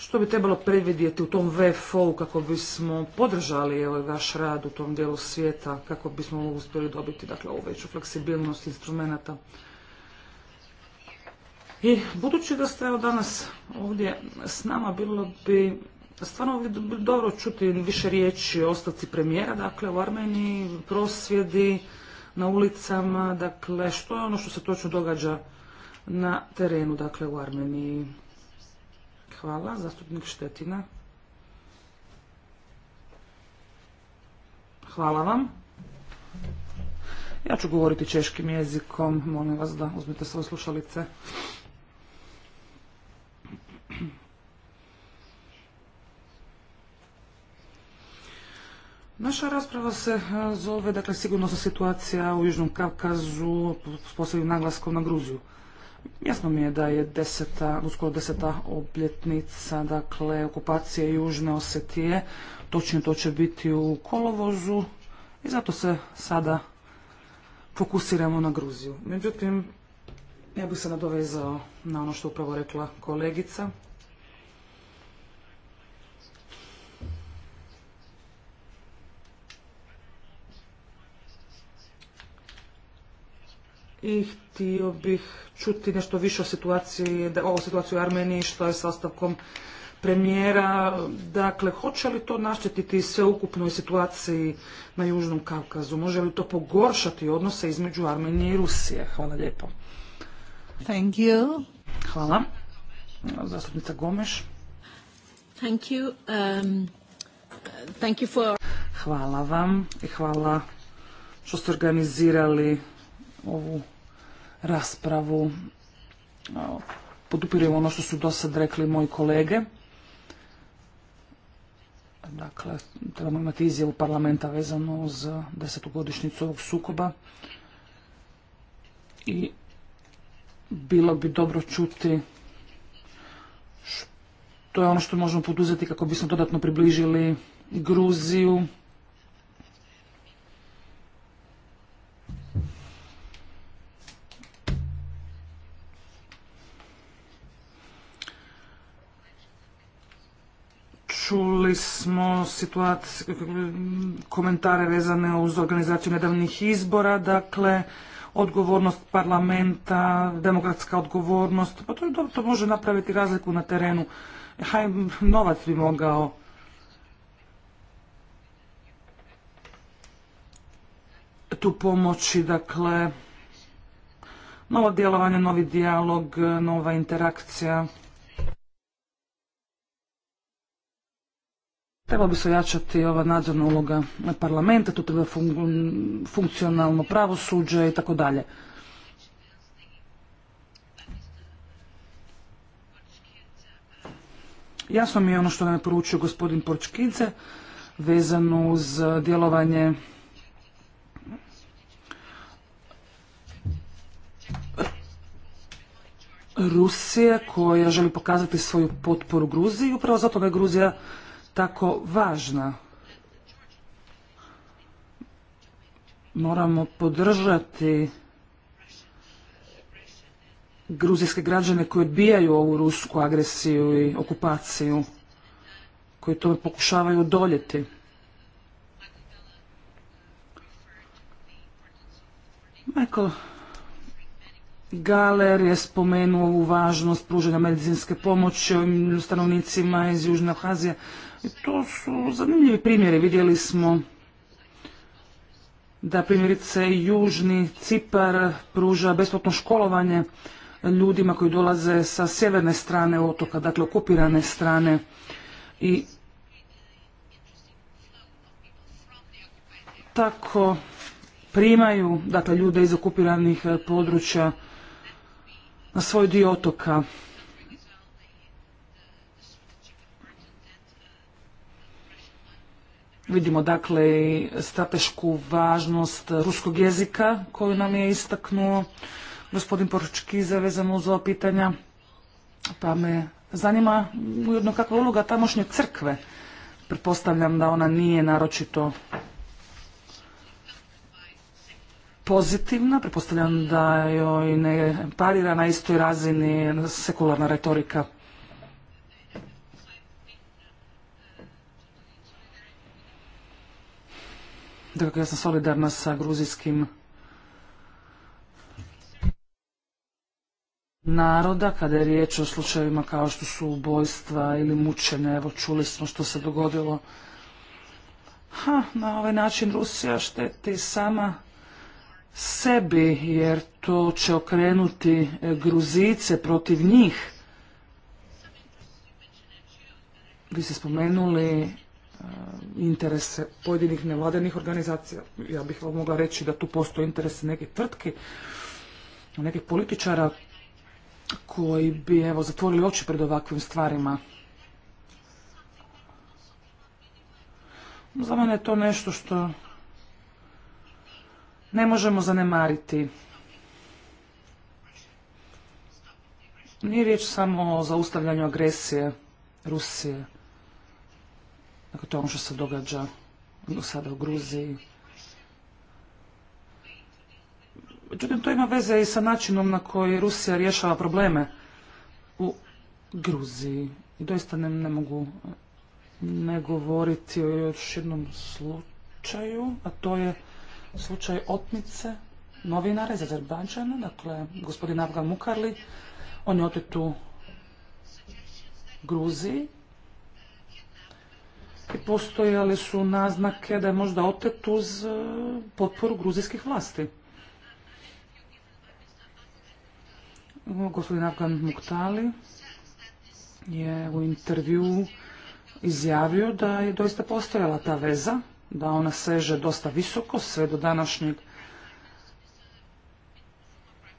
što bi trebalo predvidjeti u tom VFO-u kako bismo podržali ovaj vaš rad u tom dijelu svijeta, kako bismo uspjeli dobiti dakle, ovu veću fleksibilnost instrumenta. I budući da ste evo danas ovdje s nama, bilo bi stvarno bi dobro čuti više riječi o ostavci premijera, dakle u Armeniji, prosvjedi na ulicama, dakle što je ono što se točno događa na terenu, dakle u Armeniji. Hvala. Zastupnik Štetina. Hvala vam. Ja ću govoriti češkim jezikom. Molim vas da uzmete svoje slušalice. Naša rasprava se e, zove, dakle, sigurnosna situacija u Južnom Kavkazu s posebnim naglaskom na Gruziju. Jasno mi je da je deseta, uskoro deseta obljetnica, dakle, okupacije Južne Osetije. Točno to će biti u kolovozu i zato se sada fokusiramo na Gruziju. Međutim, ja bih se nadovezao na ono što upravo rekla kolegica. i htio bih čuti nešto više o situaciji, o situaciji u Armeniji, što je s ostavkom premijera. Dakle, hoće li to naštetiti sveukupnoj situaciji na Južnom Kavkazu? Može li to pogoršati odnose između Armenije i Rusije? Hvala lijepo. Thank you. Hvala. Zastupnica Gomeš. Thank you. Um, thank you for... Hvala vam i hvala što ste organizirali ovu raspravu. Podupirujem ono što su do sad rekli moji kolege. Dakle, trebamo imati izjavu parlamenta vezano za desetogodišnjicu ovog sukoba. I bilo bi dobro čuti to je ono što možemo poduzeti kako bismo dodatno približili Gruziju Čuli smo situaciju, komentare vezane uz organizaciju nedavnih izbora, dakle, odgovornost parlamenta, demokratska odgovornost, pa to, to može napraviti razliku na terenu. Haj, novac bi mogao tu pomoći, dakle, novo djelovanje, novi dijalog, nova interakcija. Treba bi se jačati ova nadzorna uloga parlamenta, tu treba fun funkcionalno pravosuđe i tako dalje. Jasno mi je ono što nam je poručio gospodin Porčkince vezano uz djelovanje Rusije koja želi pokazati svoju potporu Gruziji. Upravo zato da je Gruzija tako važna. Moramo podržati gruzijske građane koji odbijaju ovu rusku agresiju i okupaciju, koji to pokušavaju odoljeti. Michael Galer je spomenuo ovu važnost pružanja medicinske pomoći stanovnicima iz Južne Abhazije. I to su zanimljivi primjeri. Vidjeli smo da primjerice Južni Cipar pruža besplatno školovanje ljudima koji dolaze sa sjeverne strane otoka, dakle okupirane strane i tako primaju dakle, ljude iz okupiranih područja na svoj dio otoka. Vidimo dakle i stratešku važnost ruskog jezika koju nam je istaknuo gospodin Poručki zavezano uz ova pitanja. Pa me zanima ujedno kakva je uloga tamošnje crkve. Pretpostavljam da ona nije naročito pozitivna, pretpostavljam da joj ne parira na istoj razini sekularna retorika Dakle, ja sam solidarna sa gruzijskim naroda kada je riječ o slučajevima kao što su ubojstva ili mučene. Evo, čuli smo što se dogodilo. Ha, na ovaj način Rusija šteti sama sebi, jer to će okrenuti Gruzice protiv njih. Vi ste spomenuli E, interese pojedinih nevladenih organizacija. Ja bih vam mogla reći da tu postoje interese nekih tvrtki, nekih političara koji bi evo zatvorili oči pred ovakvim stvarima. Za mene je to nešto što ne možemo zanemariti. Nije riječ samo o zaustavljanju agresije Rusije. Dakle, to je ono što se događa do sada u Gruziji. Međutim, to ima veze i sa načinom na koji Rusija rješava probleme u Gruziji. I doista ne, mogu ne govoriti o još jednom slučaju, a to je slučaj otmice novinara iz Azerbajdžana, dakle gospodin Avgan Mukarli. On je otet u Gruziji i postojale su naznake da je možda otet uz e, potporu gruzijskih vlasti. Gospodin Afgan Muktali je u intervju izjavio da je doista postojala ta veza, da ona seže dosta visoko, sve do današnjeg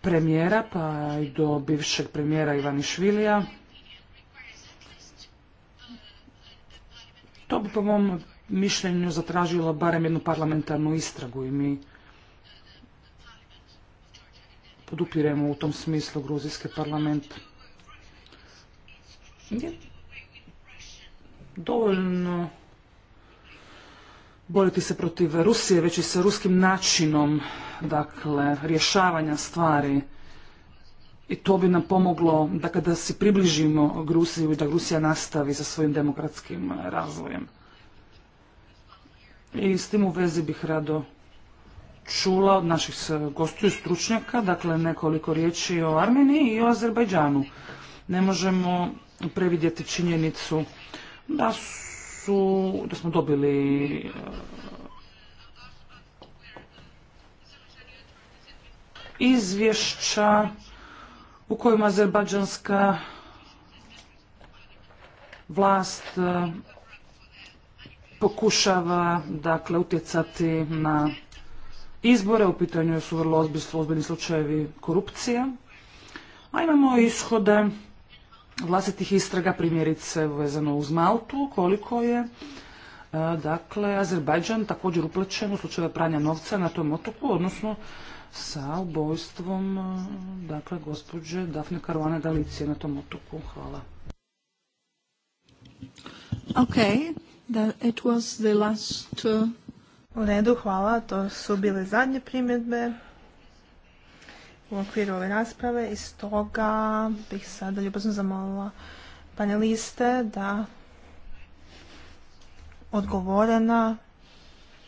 premijera, pa i do bivšeg premijera Švilija To bi po mom mišljenju zatražilo barem jednu parlamentarnu istragu i mi podupiremo u tom smislu gruzijski parlament. Dovoljno boriti se protiv Rusije, već i sa ruskim načinom dakle, rješavanja stvari i to bi nam pomoglo da kada se približimo Grusiju i da Rusija nastavi sa svojim demokratskim razvojem. I s tim u vezi bih rado čula od naših gostiju stručnjaka, dakle nekoliko riječi o Armeniji i o Azerbajdžanu. Ne možemo previdjeti činjenicu da su, da smo dobili e, izvješća u kojima azerbađanska vlast e, pokušava dakle utjecati na izbore, u pitanju su vrlo ozbiljni slučajevi korupcije, a imamo ishode vlastitih istraga, primjerice vezano uz Maltu, koliko je e, dakle Azerbajdžan također uplaćen u slučajeve pranja novca na tom otoku, odnosno sa ubojstvom e, dakle, gospođe Dafne Karuane Galicije na tom otoku. Hvala. Ok. that it was the last... Uh, u redu, hvala. To su bile zadnje primjedbe u okviru ove rasprave i stoga bih sada ljubazno zamolila paneliste da odgovore na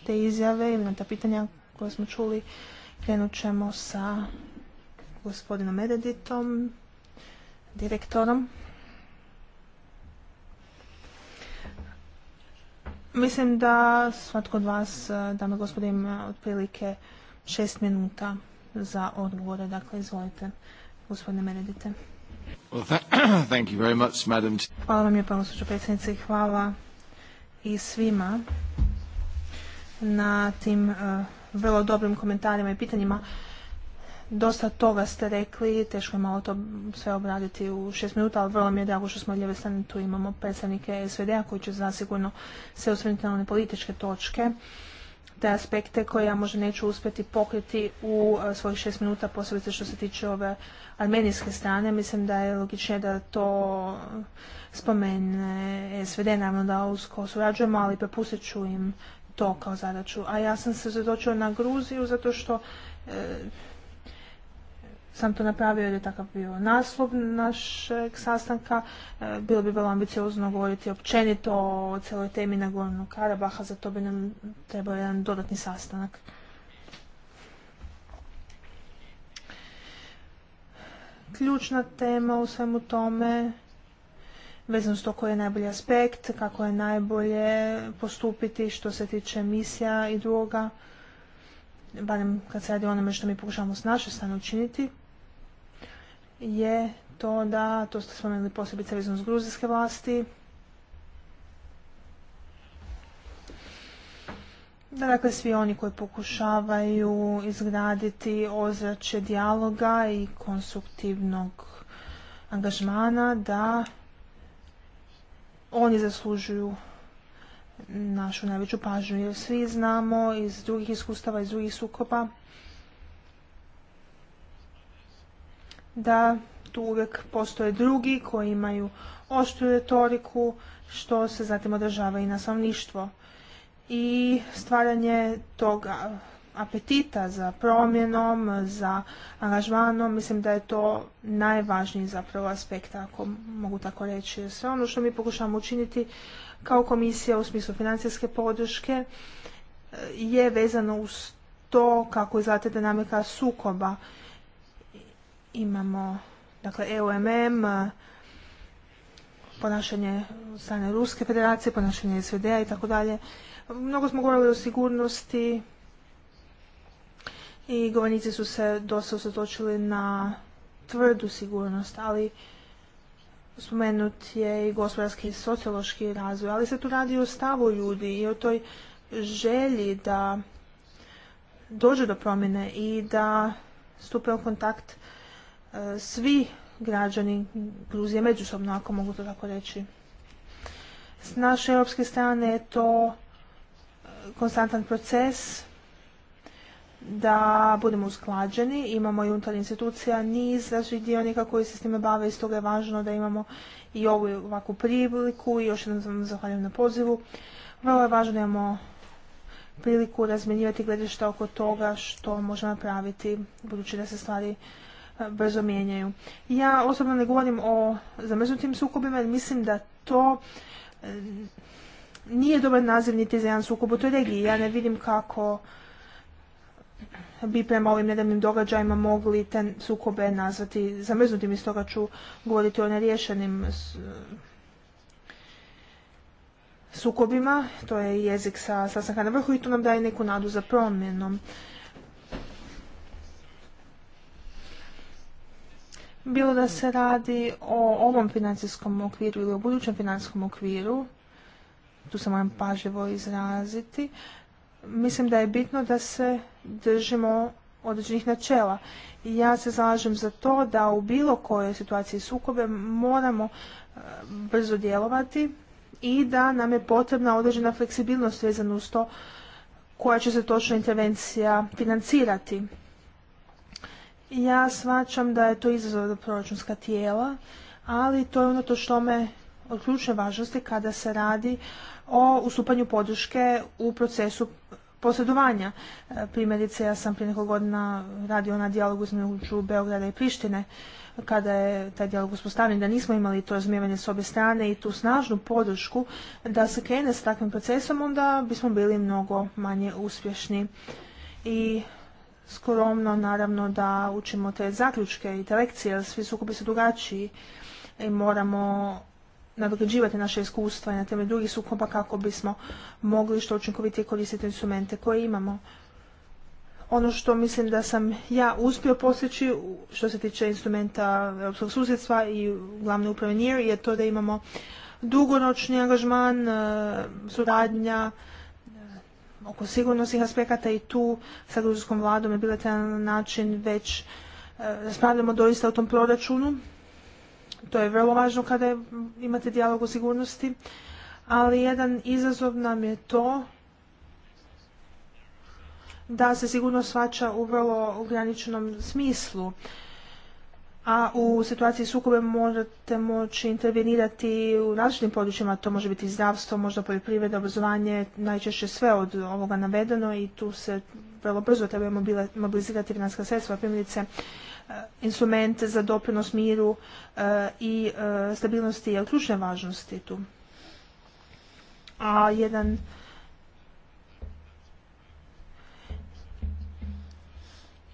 te izjave ili na ta pitanja koje smo čuli Krenut ćemo sa gospodinom Ereditom, direktorom. Mislim da svatko od vas, eh, dame gospodin, ima otprilike šest minuta za odgovore. Dakle, izvolite, gospodine Meredite. Hvala vam gospođo predsjednice, i hvala i svima na tim eh, vrlo dobrim komentarima i pitanjima. Dosta toga ste rekli, teško je malo to sve obraditi u šest minuta, ali vrlo mi je drago što smo lijeve strane tu imamo predstavnike SVD-a koji će zasigurno se osvrnuti na one političke točke te aspekte koje ja možda neću uspjeti pokriti u e, svojih šest minuta, posebice što se tiče ove armenijske strane. Mislim da je logičnije da to spomene SVD, naravno da usko surađujemo, ali prepustit ću im to kao zadaću. A ja sam se zadočio na Gruziju zato što e, sam to napravio jer je takav bio naslov našeg sastanka. E, bilo bi vrlo ambiciozno govoriti općenito o celoj temi na Gornu Karabaha, za to bi nam trebao jedan dodatni sastanak. Ključna tema u svemu tome vezano s to koji je najbolji aspekt, kako je najbolje postupiti što se tiče misija i druga, barem kad se radi o onome što mi pokušavamo s naše strane učiniti, je to da, to ste spomenuli posebice vezano s gruzijske vlasti, da dakle svi oni koji pokušavaju izgraditi ozračje dijaloga i konstruktivnog angažmana da oni zaslužuju našu najveću pažnju jer svi znamo iz drugih iskustava, iz drugih sukopa da tu uvijek postoje drugi koji imaju oštru retoriku što se zatim održava i na stanovništvo i stvaranje toga apetita za promjenom, za angažmanom. Mislim da je to najvažniji zapravo aspekt, ako mogu tako reći. Sve ono što mi pokušavamo učiniti kao komisija u smislu financijske podrške e, je vezano uz to kako za dinamika sukoba. Imamo dakle EUMM, e, ponašanje strane Ruske federacije, ponašanje SVD-a i tako dalje. Mnogo smo govorili o sigurnosti, i govornici su se dosta usatočili na tvrdu sigurnost, ali spomenut je i gospodarski i sociološki razvoj, ali se tu radi o stavu ljudi i o toj želji da dođu do promjene i da stupe u kontakt e, svi građani Gruzije međusobno, ako mogu to tako reći. S naše europske strane je to e, konstantan proces da budemo usklađeni. Imamo i unutar institucija niz različitih dionika koji se s time bave i stoga je važno da imamo i ovu ovakvu priliku i još jednom vam zahvaljujem na pozivu. Vrlo je važno da imamo priliku razmjenjivati gledišta oko toga što možemo napraviti budući da se stvari e, brzo mijenjaju. Ja osobno ne govorim o zamrznutim sukobima jer mislim da to e, nije dobar naziv niti za jedan sukob u toj regiji. Ja ne vidim kako bi prema ovim nedavnim događajima mogli te sukobe nazvati zamrznutim i stoga ću govoriti o neriješenim e, sukobima, to je jezik sa sastanka na vrhu i to nam daje neku nadu za promjenom. Bilo da se radi o ovom financijskom okviru ili o budućem financijskom okviru, tu se moram pažljivo izraziti, mislim da je bitno da se držimo određenih načela. I ja se zalažem za to da u bilo kojoj situaciji sukobe moramo e, brzo djelovati i da nam je potrebna određena fleksibilnost vezana uz to koja će se točno intervencija financirati. Ja svačam da je to izazov za proračunska tijela, ali to je ono to što me od ključne važnosti kada se radi o ustupanju podrške u procesu posredovanja. E, primjerice, ja sam prije nekog godina radio na dijalogu između Beograda i Prištine, kada je taj dijalog uspostavljen, da nismo imali to razumijevanje s obje strane i tu snažnu podršku da se krene s takvim procesom, onda bismo bili mnogo manje uspješni. I skromno, naravno, da učimo te zaključke i te lekcije, jer svi sukupi su drugačiji i moramo nadograđivati naše iskustva i na temelju drugih sukoba kako bismo mogli što učinkovitije koristiti instrumente koje imamo. Ono što mislim da sam ja uspio postići što se tiče instrumenta europskog susjedstva i glavne uprave NIR je to da imamo dugoročni angažman, e, suradnja e, oko sigurnosnih aspekata i tu sa gruzijskom vladom je bilateralan način već e, raspravljamo doista o tom proračunu to je vrlo važno kada imate dijalog o sigurnosti, ali jedan izazov nam je to da se sigurnost svača u vrlo ograničenom smislu a u situaciji sukobe morate moći intervenirati u različitim područjima, to može biti zdravstvo, možda poljoprivreda, obrazovanje, najčešće sve od ovoga navedeno i tu se vrlo brzo trebaju mobilizirati finanska sredstva, primjerice Eh, instrumente za doprinos miru eh, i eh, stabilnosti je ključne važnosti tu. A jedan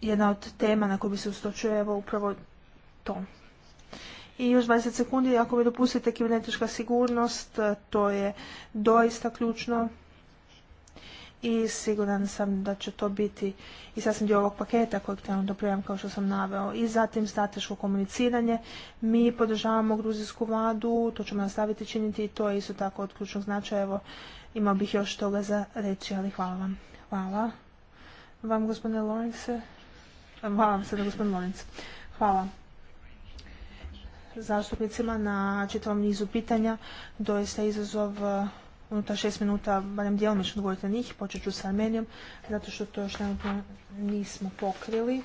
jedna od tema na koju bi se ustočio evo upravo to. I još 20 sekundi, ako mi dopustite kibernetička sigurnost, to je doista ključno i siguran sam da će to biti i sasvim dio ovog paketa kojeg trenutno prijavim kao što sam naveo. I zatim strateško komuniciranje. Mi podržavamo gruzijsku vladu, to ćemo nastaviti činiti i to je isto tako od ključnog značaja. Evo, imao bih još toga za reći, ali hvala vam. Hvala vam, gospodine Lorence Hvala vam sada, gospodine Lorence Hvala zastupnicima na čitavom nizu pitanja. Doista izazov unutar šest minuta barem djelomično odgovoriti na njih. Počet ću sa Armenijom, zato što to još trenutno nismo pokrili.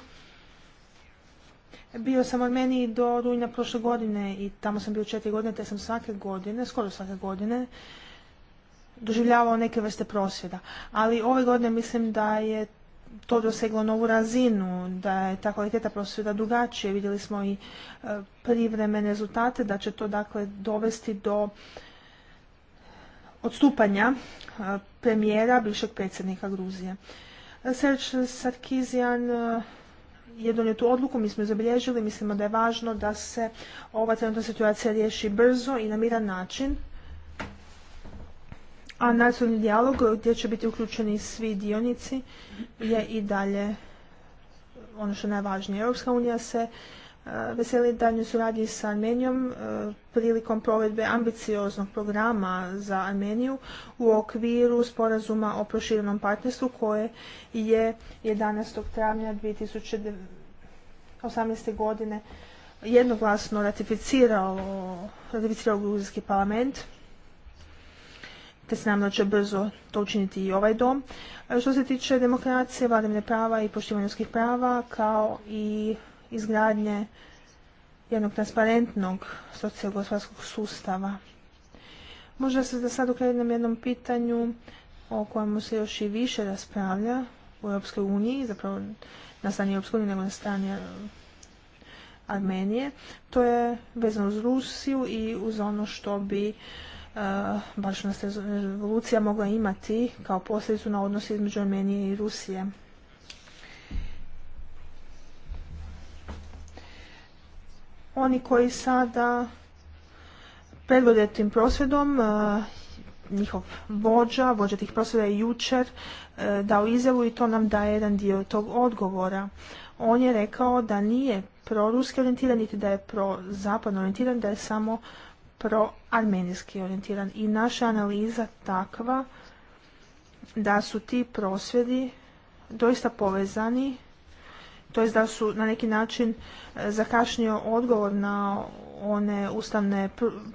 Bio sam u Armeniji do rujna prošle godine i tamo sam bio četiri godine, te sam svake godine, skoro svake godine, doživljavao neke vrste prosvjeda. Ali ove godine mislim da je to doseglo novu razinu, da je ta kvaliteta prosvjeda drugačija. Vidjeli smo i e, privremene rezultate, da će to dakle dovesti do odstupanja e, premijera, bivšeg predsjednika Gruzije. E, Serge Sarkizijan e, je donio tu odluku, mi smo je zabilježili, mislimo da je važno da se ova trenutna situacija riješi brzo i na miran način. A nacionalni dijalog gdje će biti uključeni svi dionici je i dalje ono što je najvažnije. Europska unija se E, veseli danju suradnji sa Armenijom e, prilikom provedbe ambicioznog programa za Armeniju u okviru sporazuma o proširenom partnerstvu koje je 11. travnja 2018. godine jednoglasno ratificirao, ratificirao Gruzijski parlament te se nam da će brzo to učiniti i ovaj dom. E, što se tiče demokracije, vladavine prava i poštivanja ljudskih prava, kao i izgradnje jednog transparentnog sociogospodarskog sustava. Možda se da sad okrenem jednom pitanju o kojemu se još i više raspravlja u Europskoj uniji, zapravo na strani Europskoj uniji nego na strani e, Armenije. To je vezano uz Rusiju i uz ono što bi e, baš nas revolucija mogla imati kao posljedicu na odnosi između Armenije i Rusije. Oni koji sada predvode tim prosvjedom, e, njihov vođa, vođa tih prosvjeda je jučer e, dao izjavu i to nam daje jedan dio tog odgovora. On je rekao da nije proruski orijentiran, niti da je prozapadno orijentiran, da je samo proarmenijski orijentiran. I naša analiza takva da su ti prosvjedi doista povezani to je da su na neki način e, zakašnio odgovor na one ustavne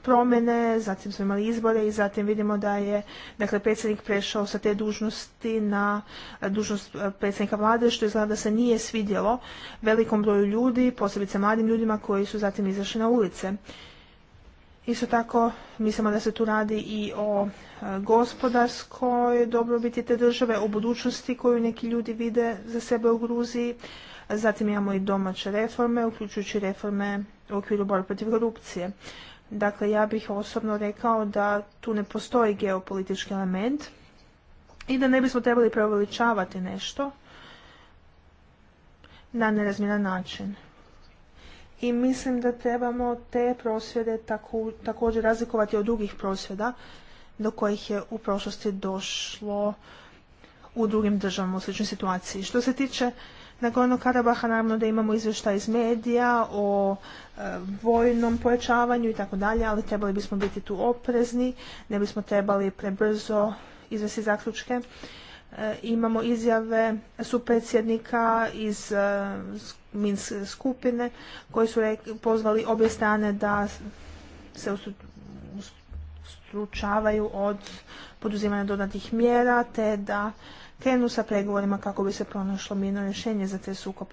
promjene, zatim su imali izbore i zatim vidimo da je dakle, predsjednik prešao sa te dužnosti na e, dužnost e, predsjednika vlade, što je da se nije svidjelo velikom broju ljudi, posebice mladim ljudima koji su zatim izašli na ulice. Isto tako mislimo da se tu radi i o gospodarskoj dobrobiti te države, o budućnosti koju neki ljudi vide za sebe u Gruziji, Zatim imamo i domaće reforme, uključujući reforme u okviru borbe protiv korupcije. Dakle, ja bih osobno rekao da tu ne postoji geopolitički element i da ne bismo trebali preuveličavati nešto na nerazmjeran način. I mislim da trebamo te prosvjede također razlikovati od drugih prosvjeda do kojih je u prošlosti došlo u drugim državama u sličnoj situaciji. Što se tiče Nagorno-Karabaha, naravno da imamo izvještaj iz medija o e, vojnom pojačavanju i tako dalje, ali trebali bismo biti tu oprezni, ne bismo trebali prebrzo izvesti zaključke. E, imamo izjave supredsjednika iz e, Minske skupine koji su pozvali obje strane da se ustručavaju od poduzimanja dodatnih mjera te da krenu sa pregovorima kako bi se pronašlo mirno rješenje za te sukob.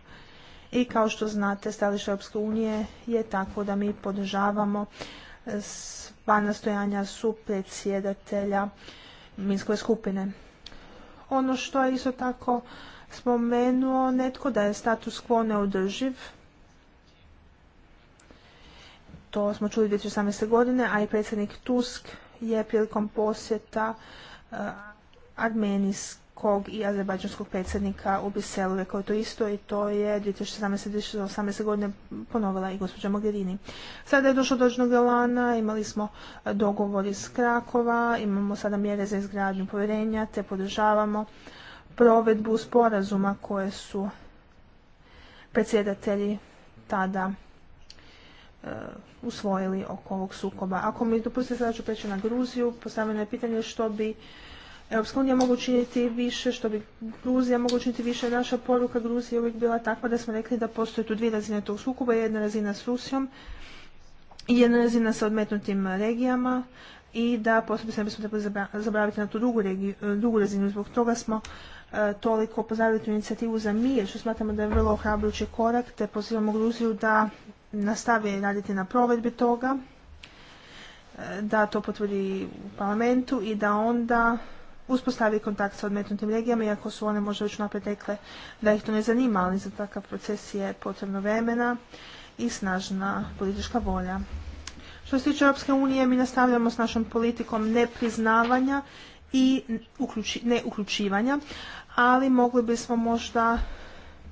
I kao što znate, stajalište Europske unije je tako da mi podržavamo eh, sva nastojanja su predsjedatelja Minskoj skupine. Ono što je isto tako spomenuo netko da je status quo neodrživ, to smo čuli 2018. godine, a i predsjednik Tusk je prilikom posjeta uh, kog i azerbajdžanskog predsjednika u Briselu. Rekao je to isto i to je 2017. 2018. godine ponovila i gospođa Mogherini. Sada je došlo do galana, imali smo dogovor iz Krakova, imamo sada mjere za izgradnju povjerenja, te podržavamo provedbu sporazuma koje su predsjedatelji tada e, usvojili oko ovog sukoba. Ako mi dopustite sada ću preći na Gruziju, postavljeno je pitanje što bi Europska unija mogu učiniti više, što bi Gruzija mogu učiniti više. Naša poruka Gruzije je uvijek bila takva da smo rekli da postoje tu dvije razine tog sukoba, jedna razina s Rusijom i jedna razina sa odmetnutim regijama i da posebno se ne bismo trebali zabraviti na tu e, drugu, razinu. Zbog toga smo e, toliko pozdravili tu inicijativu za mir, što smatramo da je vrlo ohrabrujući korak, te pozivamo Gruziju da nastavi raditi na provedbi toga, e, da to potvrdi u parlamentu i da onda uspostavi kontakt sa odmetnutim regijama, iako su one možda već naprijed rekle da ih to ne zanima, ali za takav proces je potrebno vremena i snažna politička volja. Što se tiče Europske unije, mi nastavljamo s našom politikom nepriznavanja i ne uključivanja, ali mogli bismo možda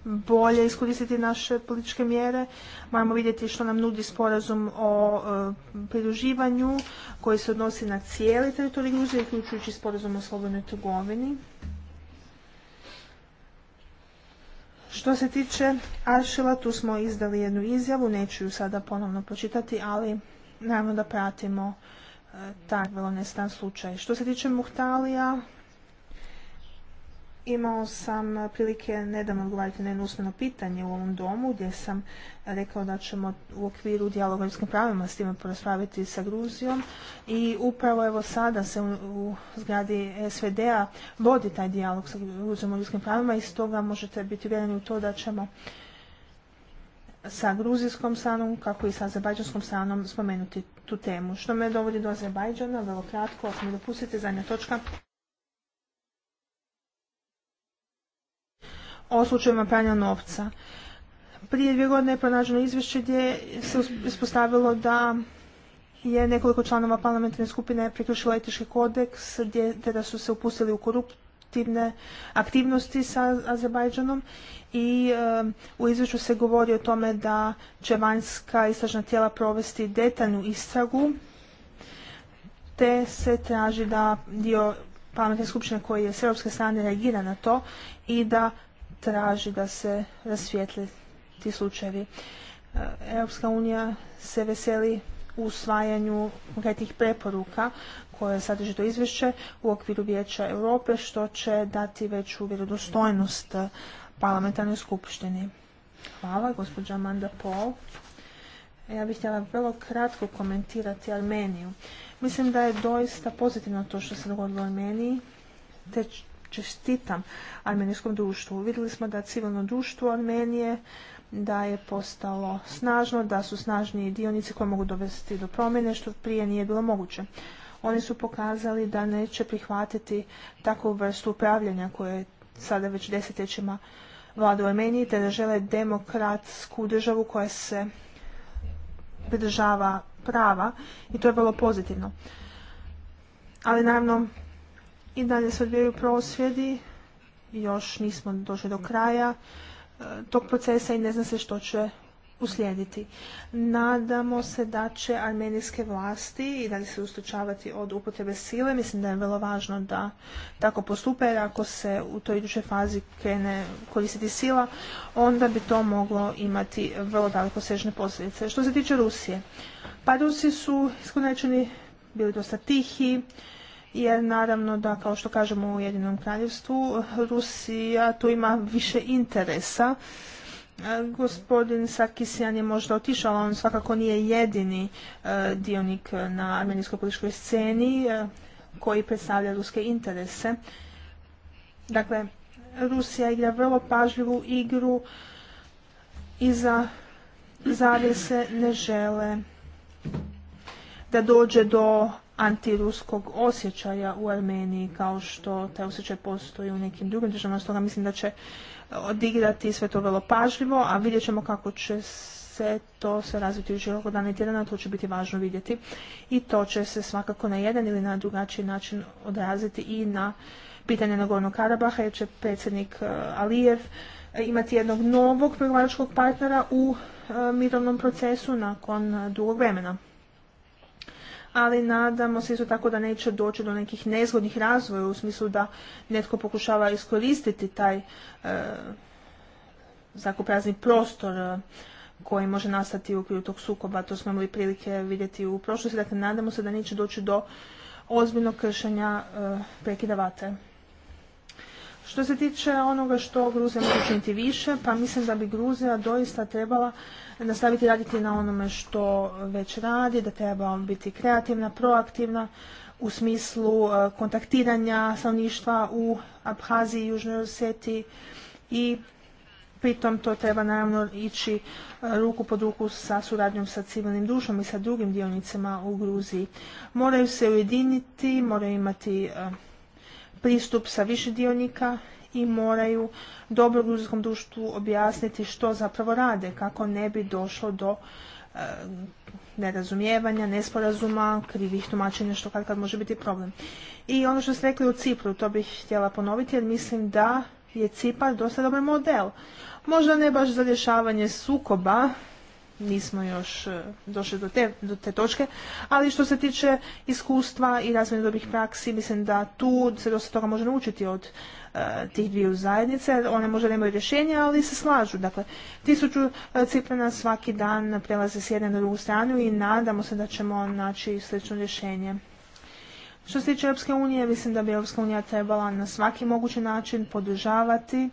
bolje iskoristiti naše političke mjere. Moramo vidjeti što nam nudi sporazum o e, pridruživanju koji se odnosi na cijeli teritorij Gruzije, uključujući sporazum o slobodnoj trgovini. Što se tiče Aršila, tu smo izdali jednu izjavu, neću ju sada ponovno pročitati, ali naravno da pratimo e, taj vrlo nestan slučaj. Što se tiče Muhtalija, Imao sam prilike nedavno odgovarati na jedno usmeno pitanje u ovom domu gdje sam rekao da ćemo u okviru dijaloga ljudskim pravima s time poraspraviti sa Gruzijom i upravo evo sada se u, zgradi SVD-a vodi taj dijalog sa Gruzijom o ljudskim pravima i stoga možete biti uvjereni u to da ćemo sa gruzijskom stranom kako i sa azerbajdžanskom stranom spomenuti tu temu. Što me dovodi do Azerbajdžana, vrlo kratko, ako mi dopustite, zadnja točka. o slučajevima pranja novca. Prije dvije godine je pronađeno izvješće gdje se ispostavilo da je nekoliko članova parlamentarne skupine prekršilo etički kodeks gdje da su se upustili u koruptivne aktivnosti sa Azerbajdžanom i u izvješću se govori o tome da će vanjska istražna tijela provesti detaljnu istragu te se traži da dio parlamentarne skupine koji je s europske strane reagira na to i da traži da se rasvijetle ti slučajevi. E, Europska unija se veseli u usvajanju preporuka koje sadrži to izvješće u okviru Vijeća Europe što će dati veću vjerodostojnost parlamentarnoj skupštini. Hvala, gospođa Amanda Paul. Ja bih htjela vrlo kratko komentirati Armeniju. Mislim da je doista pozitivno to što se dogodilo u Armeniji, te čestitam armenijskom društvu. Vidjeli smo da civilno društvo Armenije da je postalo snažno, da su snažni dionici koji mogu dovesti do promjene što prije nije bilo moguće. Oni su pokazali da neće prihvatiti takvu vrstu upravljanja koje je sada već desetljećima vlada u Armeniji, te da žele demokratsku državu koja se pridržava prava i to je vrlo pozitivno. Ali naravno i dalje se odvijaju prosvjedi, još nismo došli do kraja e, tog procesa i ne zna se što će uslijediti. Nadamo se da će armenijske vlasti i da li se ustočavati od upotrebe sile. Mislim da je vrlo važno da tako postupe jer ako se u toj idućoj fazi krene koristiti sila, onda bi to moglo imati vrlo daleko sežne posljedice. Što se tiče Rusije, pa Rusi su iskonečeni bili dosta tihi, jer naravno da kao što kažemo u Jedinom kraljevstvu Rusija tu ima više interesa. E, gospodin Sakisjan je možda otišao, ali on svakako nije jedini e, dionik na armenijskoj političkoj sceni e, koji predstavlja ruske interese. Dakle, Rusija igra vrlo pažljivu igru i za zavise ne žele da dođe do antiruskog osjećaja u Armeniji kao što taj osjećaj postoji u nekim drugim državama. Stoga mislim da će odigrati sve to vrlo pažljivo, a vidjet ćemo kako će se to sve razviti u živog dana i tjedana, to će biti važno vidjeti. I to će se svakako na jedan ili na drugačiji način odraziti i na pitanje gornog Karabaha, jer će predsjednik e, Alijev e, imati jednog novog pregovaračkog partnera u e, mirovnom procesu nakon dugog vremena ali nadamo se isto tako da neće doći do nekih nezgodnih razvoja u smislu da netko pokušava iskoristiti taj e, prostor e, koji može nastati u okviru tog sukoba. To smo imali prilike vidjeti u prošlosti. Dakle, nadamo se da neće doći do ozbiljnog kršenja e, prekidavate. Što se tiče onoga što Gruzija može učiniti više, pa mislim da bi Gruzija doista trebala nastaviti raditi na onome što već radi, da treba biti kreativna, proaktivna u smislu e, kontaktiranja stanovništva u Abhaziji i Južnoj Osetiji i pritom to treba naravno ići e, ruku pod ruku sa suradnjom sa civilnim društvom i sa drugim dionicama u Gruziji. Moraju se ujediniti, moraju imati e, pristup sa više dionika i moraju dobro gruzijskom društvu objasniti što zapravo rade kako ne bi došlo do e, nerazumijevanja, nesporazuma, krivih tumačenja što kad kad može biti problem. I ono što ste rekli u Cipru, to bih htjela ponoviti jer mislim da je Cipar dosta dobar model. Možda ne baš za rješavanje sukoba nismo još e, došli do te, do te točke, ali što se tiče iskustva i razmjene dobrih praksi, mislim da tu se dosta toga može naučiti od e, tih dviju zajednice. One možda nemaju rješenja, ali se slažu. Dakle, tisuću e, ciprana svaki dan prelaze s jedne na drugu stranu i nadamo se da ćemo naći slično rješenje. Što se tiče Europske unije, mislim da bi Europska unija trebala na svaki mogući način podržavati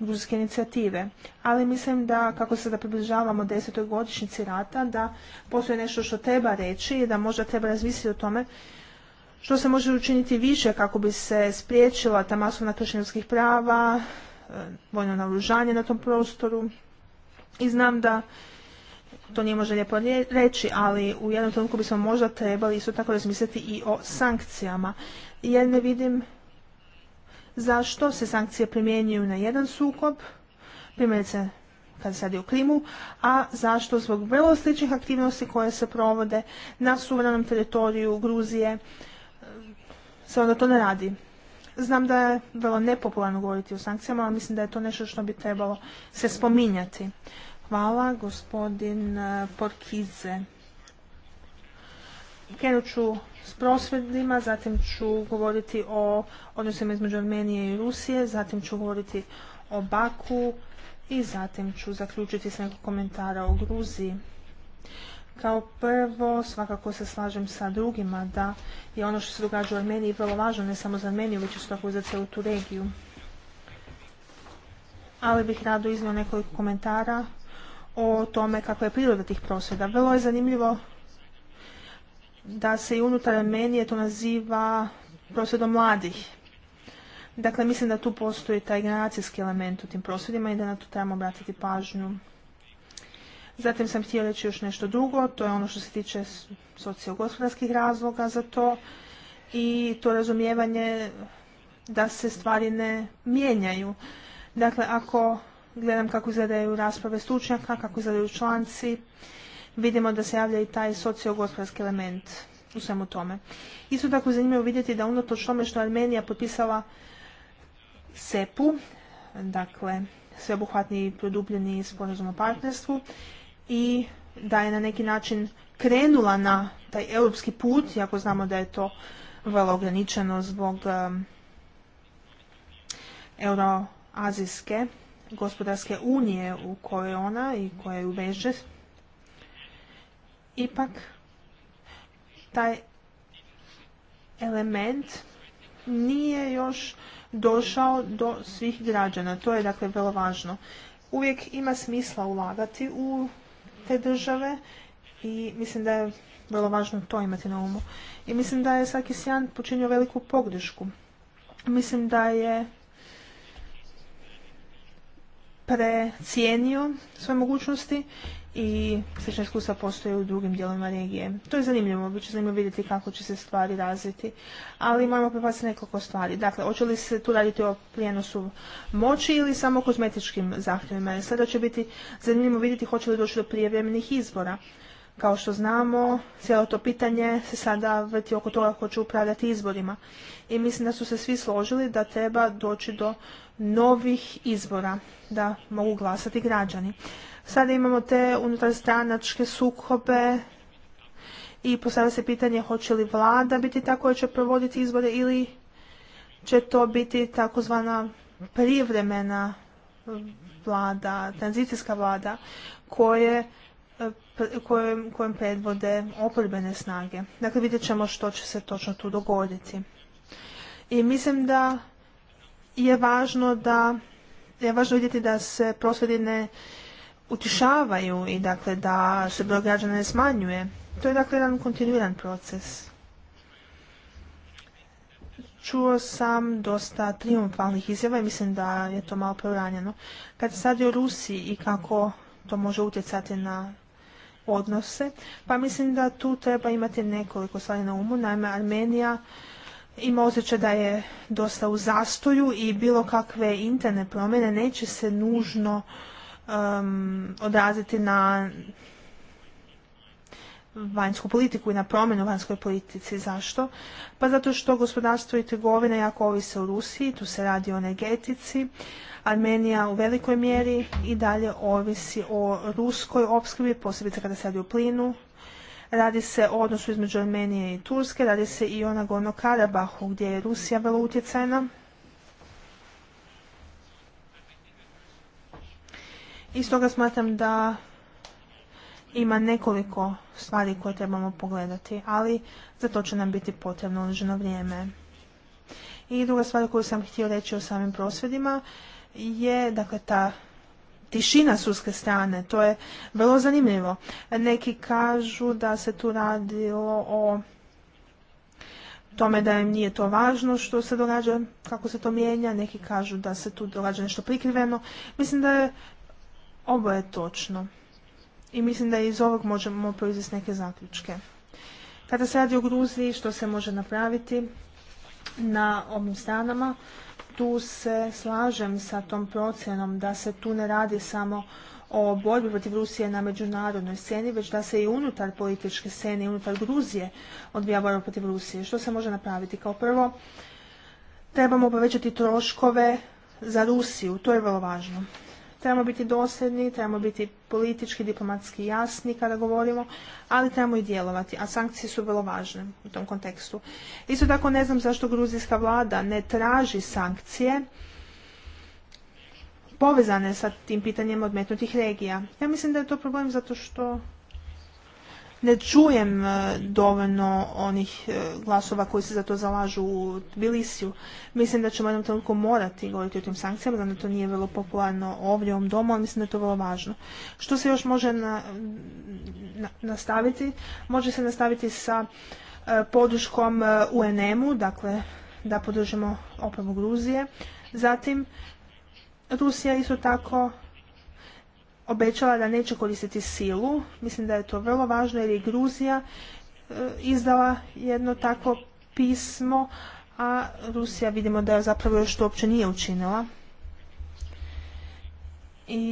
gruzijske inicijative. Ali mislim da kako se da približavamo desetoj godišnjici rata, da postoji nešto što treba reći i da možda treba razmisliti o tome što se može učiniti više kako bi se spriječila ta masovna kršenja prava, e, vojno naoružanje na tom prostoru. I znam da to nije možda lijepo reći, ali u jednom trenutku bismo možda trebali isto tako razmisliti i o sankcijama. Jer ne vidim zašto se sankcije primjenjuju na jedan sukob, primjerice kada se radi o klimu, a zašto zbog vrlo sličnih aktivnosti koje se provode na suverenom teritoriju Gruzije e, se onda to ne radi. Znam da je vrlo nepopularno govoriti o sankcijama, ali mislim da je to nešto što bi trebalo se spominjati. Hvala, gospodin e, Porkize. Krenut ću s prosvjedima, zatim ću govoriti o odnosima između Armenije i Rusije, zatim ću govoriti o Baku i zatim ću zaključiti s nekog komentara o Gruziji. Kao prvo, svakako se slažem sa drugima da je ono što se događa u Armeniji vrlo važno, ne samo za Armeniju, već isto tako za celu tu regiju. Ali bih rado iznio nekoliko komentara o tome kako je priroda tih prosvjeda. Vrlo je zanimljivo da se i unutar Armenije to naziva prosvjedom mladih. Dakle, mislim da tu postoji taj generacijski element u tim prosvjedima i da na to trebamo obratiti pažnju. Zatim sam htio reći još nešto drugo, to je ono što se tiče sociogospodarskih razloga za to i to razumijevanje da se stvari ne mijenjaju. Dakle, ako gledam kako izgledaju rasprave stručnjaka, kako izgledaju članci, vidimo da se javlja i taj sociogospodarski element u svemu tome. Isto tako zanimljivo vidjeti da unatoč tome što Armenija potpisala SEPU, dakle sveobuhvatni i produbljeni sporazum o partnerstvu i da je na neki način krenula na taj europski put, iako znamo da je to vrlo ograničeno zbog um, euroazijske gospodarske unije u kojoj ona i koja je veže, ipak taj element nije još došao do svih građana. To je dakle vrlo važno. Uvijek ima smisla ulagati u te države i mislim da je vrlo važno to imati na umu. I mislim da je svaki Sjan počinio veliku pogrešku. Mislim da je precijenio svoje mogućnosti i slična iskustva postoje u drugim dijelovima regije. To je zanimljivo, bit će zanimljivo vidjeti kako će se stvari razviti. Ali imamo pripaziti nekoliko stvari. Dakle, hoće li se tu raditi o prijenosu moći ili samo kozmetičkim zahtjevima? Sada će biti zanimljivo vidjeti hoće li doći do prijevremenih izbora. Kao što znamo, cijelo to pitanje se sada vrti oko toga ko će upravljati izborima. I mislim da su se svi složili da treba doći do novih izbora, da mogu glasati građani. Sada imamo te unutarstranačke sukobe i postavlja se pitanje hoće li vlada biti ta koja će provoditi izbore ili će to biti takozvana privremena vlada, tranzicijska vlada koje eh, kojem, predvode oporbene snage. Dakle, vidjet ćemo što će se točno tu dogoditi. I mislim da je važno da je važno vidjeti da se prosvjedi ne utišavaju i dakle da se broj građana ne smanjuje. To je dakle jedan kontinuiran proces. Čuo sam dosta triumfalnih izjava i mislim da je to malo preuranjeno. Kad se radi o Rusiji i kako to može utjecati na odnose, pa mislim da tu treba imati nekoliko stvari na umu. Naime, Armenija ima osjećaj da je dosta u zastoju i bilo kakve interne promjene neće se nužno um, odraziti na vanjsku politiku i na promjenu vanjskoj politici. Zašto? Pa zato što gospodarstvo i trgovina jako ovise o Rusiji, tu se radi o energetici. Armenija u velikoj mjeri i dalje ovisi o ruskoj opskrbi, posebice kada se radi o plinu. Radi se o odnosu između Armenije i Turske, radi se i o Nagorno Karabahu gdje je Rusija vrlo utjecajna I stoga smatram da ima nekoliko stvari koje trebamo pogledati, ali za to će nam biti potrebno određeno vrijeme. I druga stvar koju sam htio reći o samim prosvjedima je dakle ta tišina suske strane, to je vrlo zanimljivo. Neki kažu da se tu radilo o tome da im nije to važno što se događa, kako se to mijenja, neki kažu da se tu događa nešto prikriveno. Mislim da je ovo je točno. I mislim da iz ovog možemo proizvesti neke zaključke. Kada se radi o Gruziji, što se može napraviti na ovim stranama, tu se slažem sa tom procjenom da se tu ne radi samo o borbi protiv Rusije na međunarodnoj sceni, već da se i unutar političke scene unutar Gruzije odvija borba protiv Rusije. Što se može napraviti? Kao prvo, trebamo povećati troškove za Rusiju, to je vrlo važno. Trebamo biti dosljedni, trebamo biti politički, diplomatski jasni kada govorimo, ali trebamo i djelovati, a sankcije su vrlo važne u tom kontekstu. Isto tako ne znam zašto gruzijska vlada ne traži sankcije povezane sa tim pitanjem odmetnutih regija. Ja mislim da je to problem zato što ne čujem e, dovoljno onih e, glasova koji se za to zalažu u Tbilisiju. Mislim da ćemo jednom trenutku morati govoriti o tim sankcijama, da to nije vrlo popularno ovdje u ovom domu, ali mislim da je to vrlo važno. Što se još može nastaviti? Može se nastaviti sa e, podrškom UNM-u, dakle da podržimo opravu Gruzije. Zatim, Rusija isto tako obećala da neće koristiti silu. Mislim da je to vrlo važno jer je Gruzija e, izdala jedno takvo pismo, a Rusija vidimo da je zapravo još to uopće nije učinila. I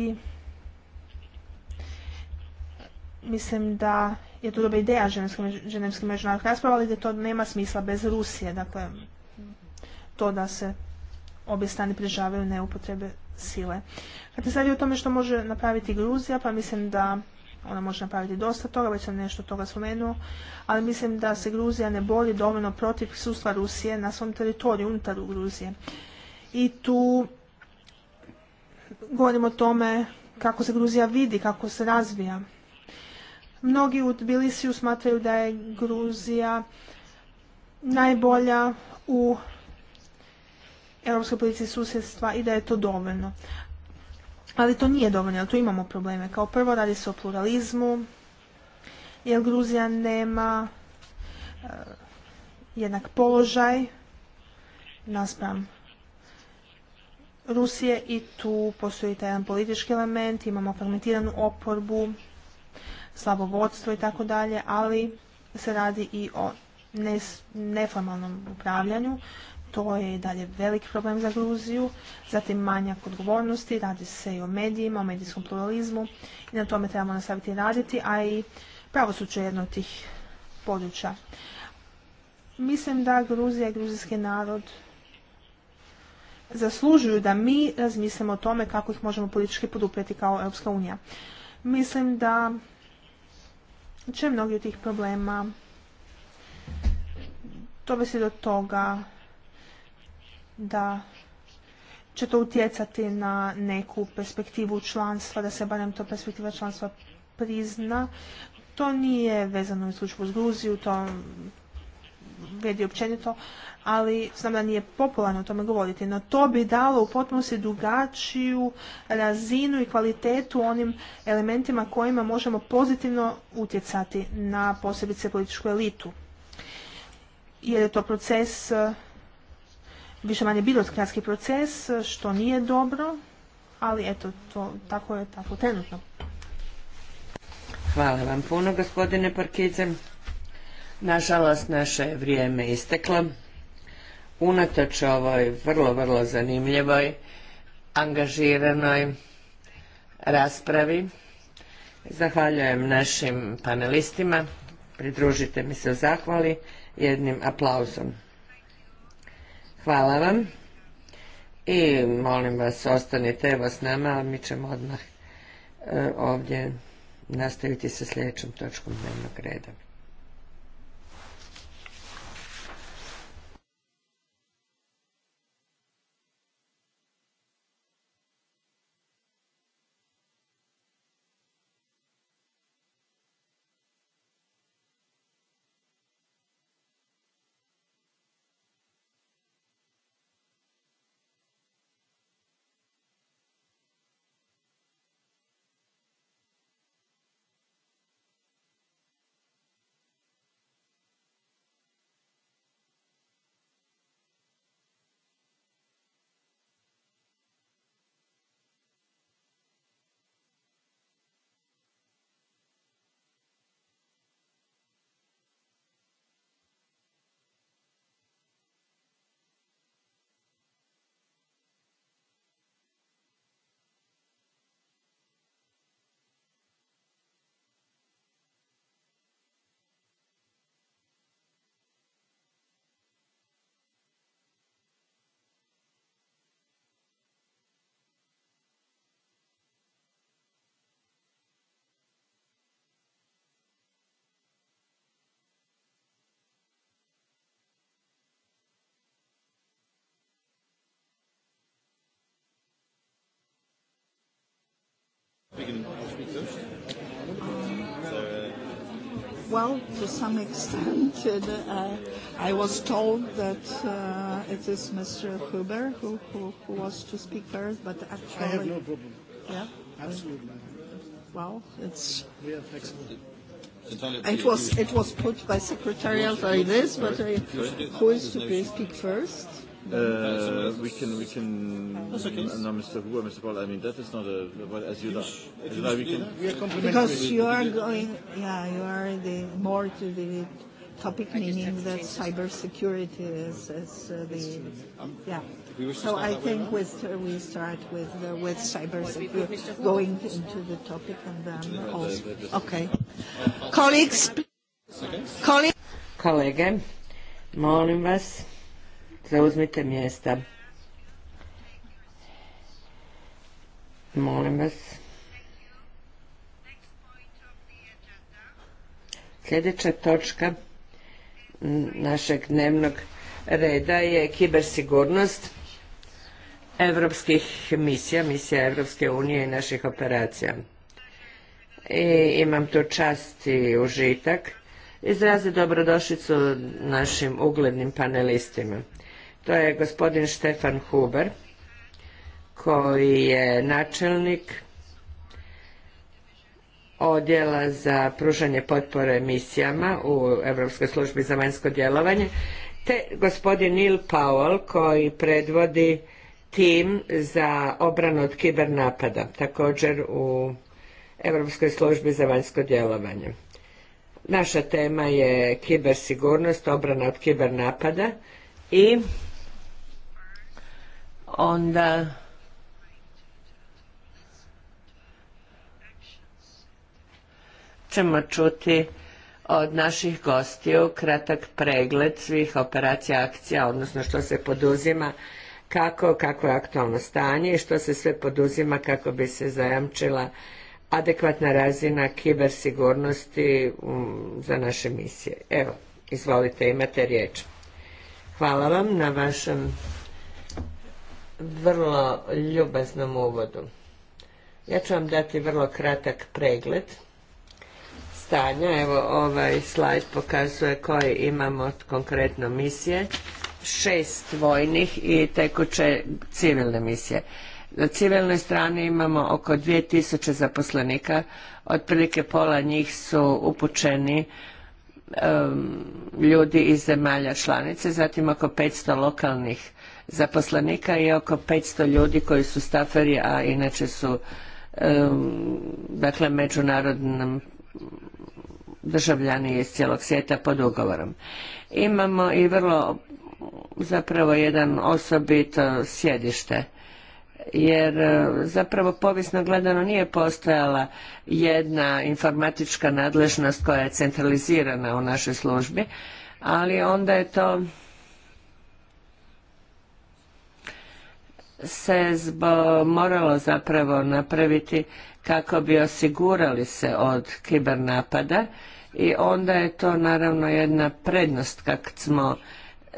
mislim da je to dobra ideja ženevski međunarodnog rasprava, ali da to nema smisla bez Rusije. Dakle, to da se obje strane prižavaju neupotrebe sile. Kada se radi o tome što može napraviti Gruzija, pa mislim da ona može napraviti dosta toga, već sam nešto toga spomenuo, ali mislim da se Gruzija ne boli dovoljno protiv sustva Rusije na svom teritoriju, unutar Gruzije. I tu govorimo o tome kako se Gruzija vidi, kako se razvija. Mnogi u Tbilisiju smatraju da je Gruzija najbolja u europske političke susjedstva i da je to dovoljno. Ali to nije dovoljno, tu imamo probleme. Kao prvo radi se o pluralizmu, jer Gruzija nema eh, jednak položaj naspram Rusije i tu postoji taj jedan politički element, imamo fragmentiranu oporbu, slabo vodstvo i tako dalje, ali se radi i o neformalnom upravljanju to je i dalje velik problem za Gruziju, zatim manjak odgovornosti, radi se i o medijima, o medijskom pluralizmu i na tome trebamo nastaviti raditi, a i pravosuđe je jedno od tih područja. Mislim da Gruzija i gruzijski narod zaslužuju da mi razmislimo o tome kako ih možemo politički poduprijeti kao Europska unija. Mislim da će mnogi od tih problema dovesti do toga da će to utjecati na neku perspektivu članstva, da se barem to perspektiva članstva prizna. To nije vezano u slučaju uz Gruziju, to vedi općenito, ali znam da nije popularno o tome govoriti, no to bi dalo u potpunosti drugačiju razinu i kvalitetu onim elementima kojima možemo pozitivno utjecati na posebice političku elitu. Jer je to proces više manje birokratski proces, što nije dobro, ali eto, to, tako je tako trenutno. Hvala vam puno, gospodine Parkice. Nažalost, naše vrijeme isteklo. Unatoč ovoj vrlo, vrlo zanimljivoj, angažiranoj raspravi, zahvaljujem našim panelistima. Pridružite mi se u zahvali jednim aplauzom. Hvala vam. I molim vas, ostanite evo s nama, a mi ćemo odmah e, ovdje nastaviti sa sljedećom točkom dnevnog reda. Um, well, to some extent, uh, uh, I was told that uh, it is Mr. Huber who, who, who was to speak first, but actually... I have no problem. Yeah? Absolutely. Well, it's... We are flexible. It was, it was put by secretariat like this, but uh, who is to speak first? Uh, we can we can. okay. No, Mr. Hu, Mr. Paul. I mean, that is not a. Well, as you know, we can. We because you are going, yeah, you are the more to the topic, meaning that cybersecurity is, is uh, the um, yeah. So I think with uh, we start with uh, with security going into the topic and then also okay. Colleagues, colleagues, kolege, molim vas Zauzmite mjesta. Molim vas. Sljedeća točka našeg dnevnog reda je kibersigurnost evropskih misija, misija Evropske unije i naših operacija. I imam tu čast i užitak izrazi dobrodošlicu našim uglednim panelistima. To je gospodin Štefan Huber koji je načelnik odjela za pružanje potpore misijama u Europskoj službi za vanjsko djelovanje, te gospodin Neil Powell koji predvodi tim za obranu od kibernapada, također u Europskoj službi za vanjsko djelovanje. Naša tema je kibersigurnost, obrana od kibernapada i onda ćemo čuti od naših gostiju kratak pregled svih operacija, akcija, odnosno što se poduzima, kako, kako je aktualno stanje i što se sve poduzima kako bi se zajamčila adekvatna razina kibersigurnosti mm, za naše misije. Evo, izvolite, imate riječ. Hvala vam na vašem vrlo ljubaznom uvodu. Ja ću vam dati vrlo kratak pregled stanja. Evo ovaj slajd pokazuje koje imamo konkretno misije. Šest vojnih i tekuće civilne misije. Na civilnoj strani imamo oko 2000 zaposlenika, otprilike pola njih su upućeni ljudi iz zemalja članice, zatim oko 500 lokalnih zaposlenika i oko 500 ljudi koji su staferi, a inače su dakle međunarodni državljani iz cijelog svijeta pod ugovorom. Imamo i vrlo zapravo jedan osobito sjedište jer e, zapravo povijesno gledano nije postojala jedna informatička nadležnost koja je centralizirana u našoj službi, ali onda je to se zbo, moralo zapravo napraviti kako bi osigurali se od kibernapada i onda je to naravno jedna prednost kak smo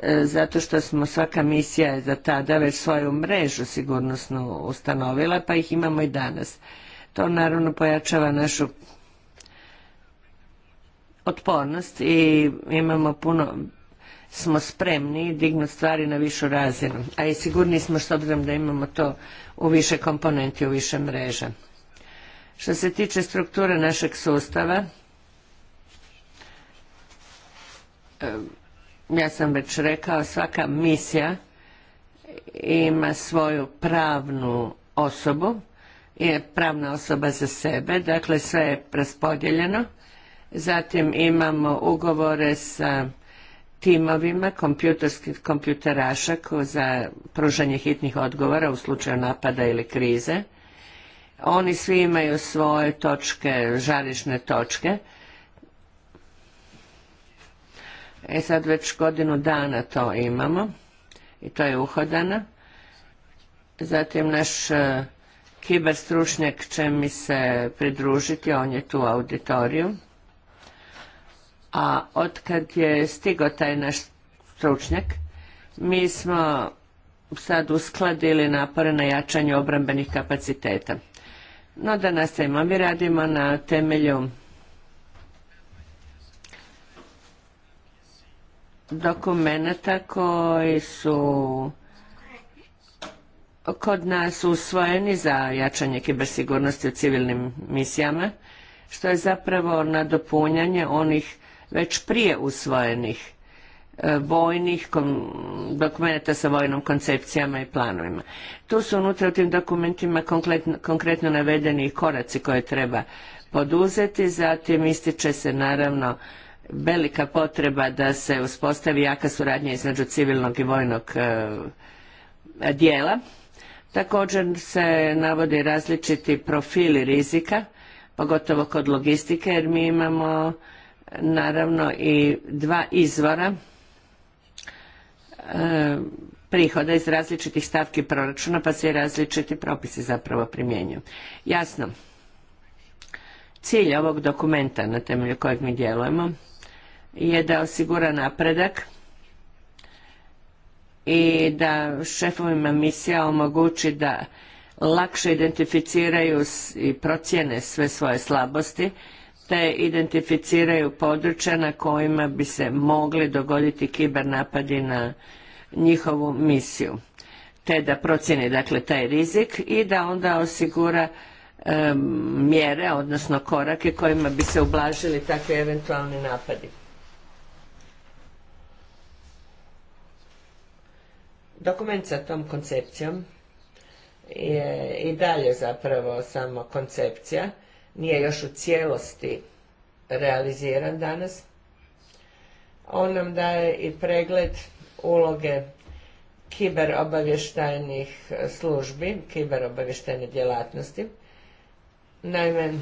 e, zato što smo svaka misija je za tada već svoju mrežu sigurnosnu ustanovila pa ih imamo i danas. To naravno pojačava našu otpornost i imamo puno smo spremni dignuti stvari na višu razinu, a i sigurni smo s obzirom da imamo to u više komponenti, u više mreža. Što se tiče strukture našeg sustava, ja sam već rekao, svaka misija ima svoju pravnu osobu, je pravna osoba za sebe, dakle sve je raspodjeljeno. Zatim imamo ugovore sa timovima kompjuterskih kompjuteraša za pružanje hitnih odgovora u slučaju napada ili krize. Oni svi imaju svoje točke, žarišne točke. E sad već godinu dana to imamo i to je uhodano. Zatim naš e, kiber stručnjak će mi se pridružiti, on je tu u auditoriju a otkad je stigo taj naš stručnjak, mi smo sad uskladili napore na jačanje obrambenih kapaciteta. No da nastavimo, mi radimo na temelju dokumenta koji su kod nas usvojeni za jačanje kibersigurnosti u civilnim misijama, što je zapravo nadopunjanje onih već prije usvojenih e, vojnih dokumenata sa vojnom koncepcijama i planovima. Tu su unutra u tim dokumentima konkretno, navedeni koraci koje treba poduzeti, zatim ističe se naravno velika potreba da se uspostavi jaka suradnja između civilnog i vojnog e, dijela. Također se navode različiti profili rizika, pogotovo kod logistike, jer mi imamo naravno i dva izvora e, prihoda iz različitih stavki proračuna pa se i različiti propisi zapravo primjenjuju. Jasno, cilj ovog dokumenta na temelju kojeg mi djelujemo je da osigura napredak i da šefovima misija omogući da lakše identificiraju i procjene sve svoje slabosti te identificiraju područja na kojima bi se mogli dogoditi kiber napadi na njihovu misiju, te da procjeni dakle taj rizik i da onda osigura mjere, odnosno korake kojima bi se ublažili takvi eventualni napadi. Dokument sa tom koncepcijom je i dalje zapravo samo koncepcija nije još u cijelosti realiziran danas. On nam daje i pregled uloge kiberobavještajnih službi, kiberobavještajne djelatnosti. Naime,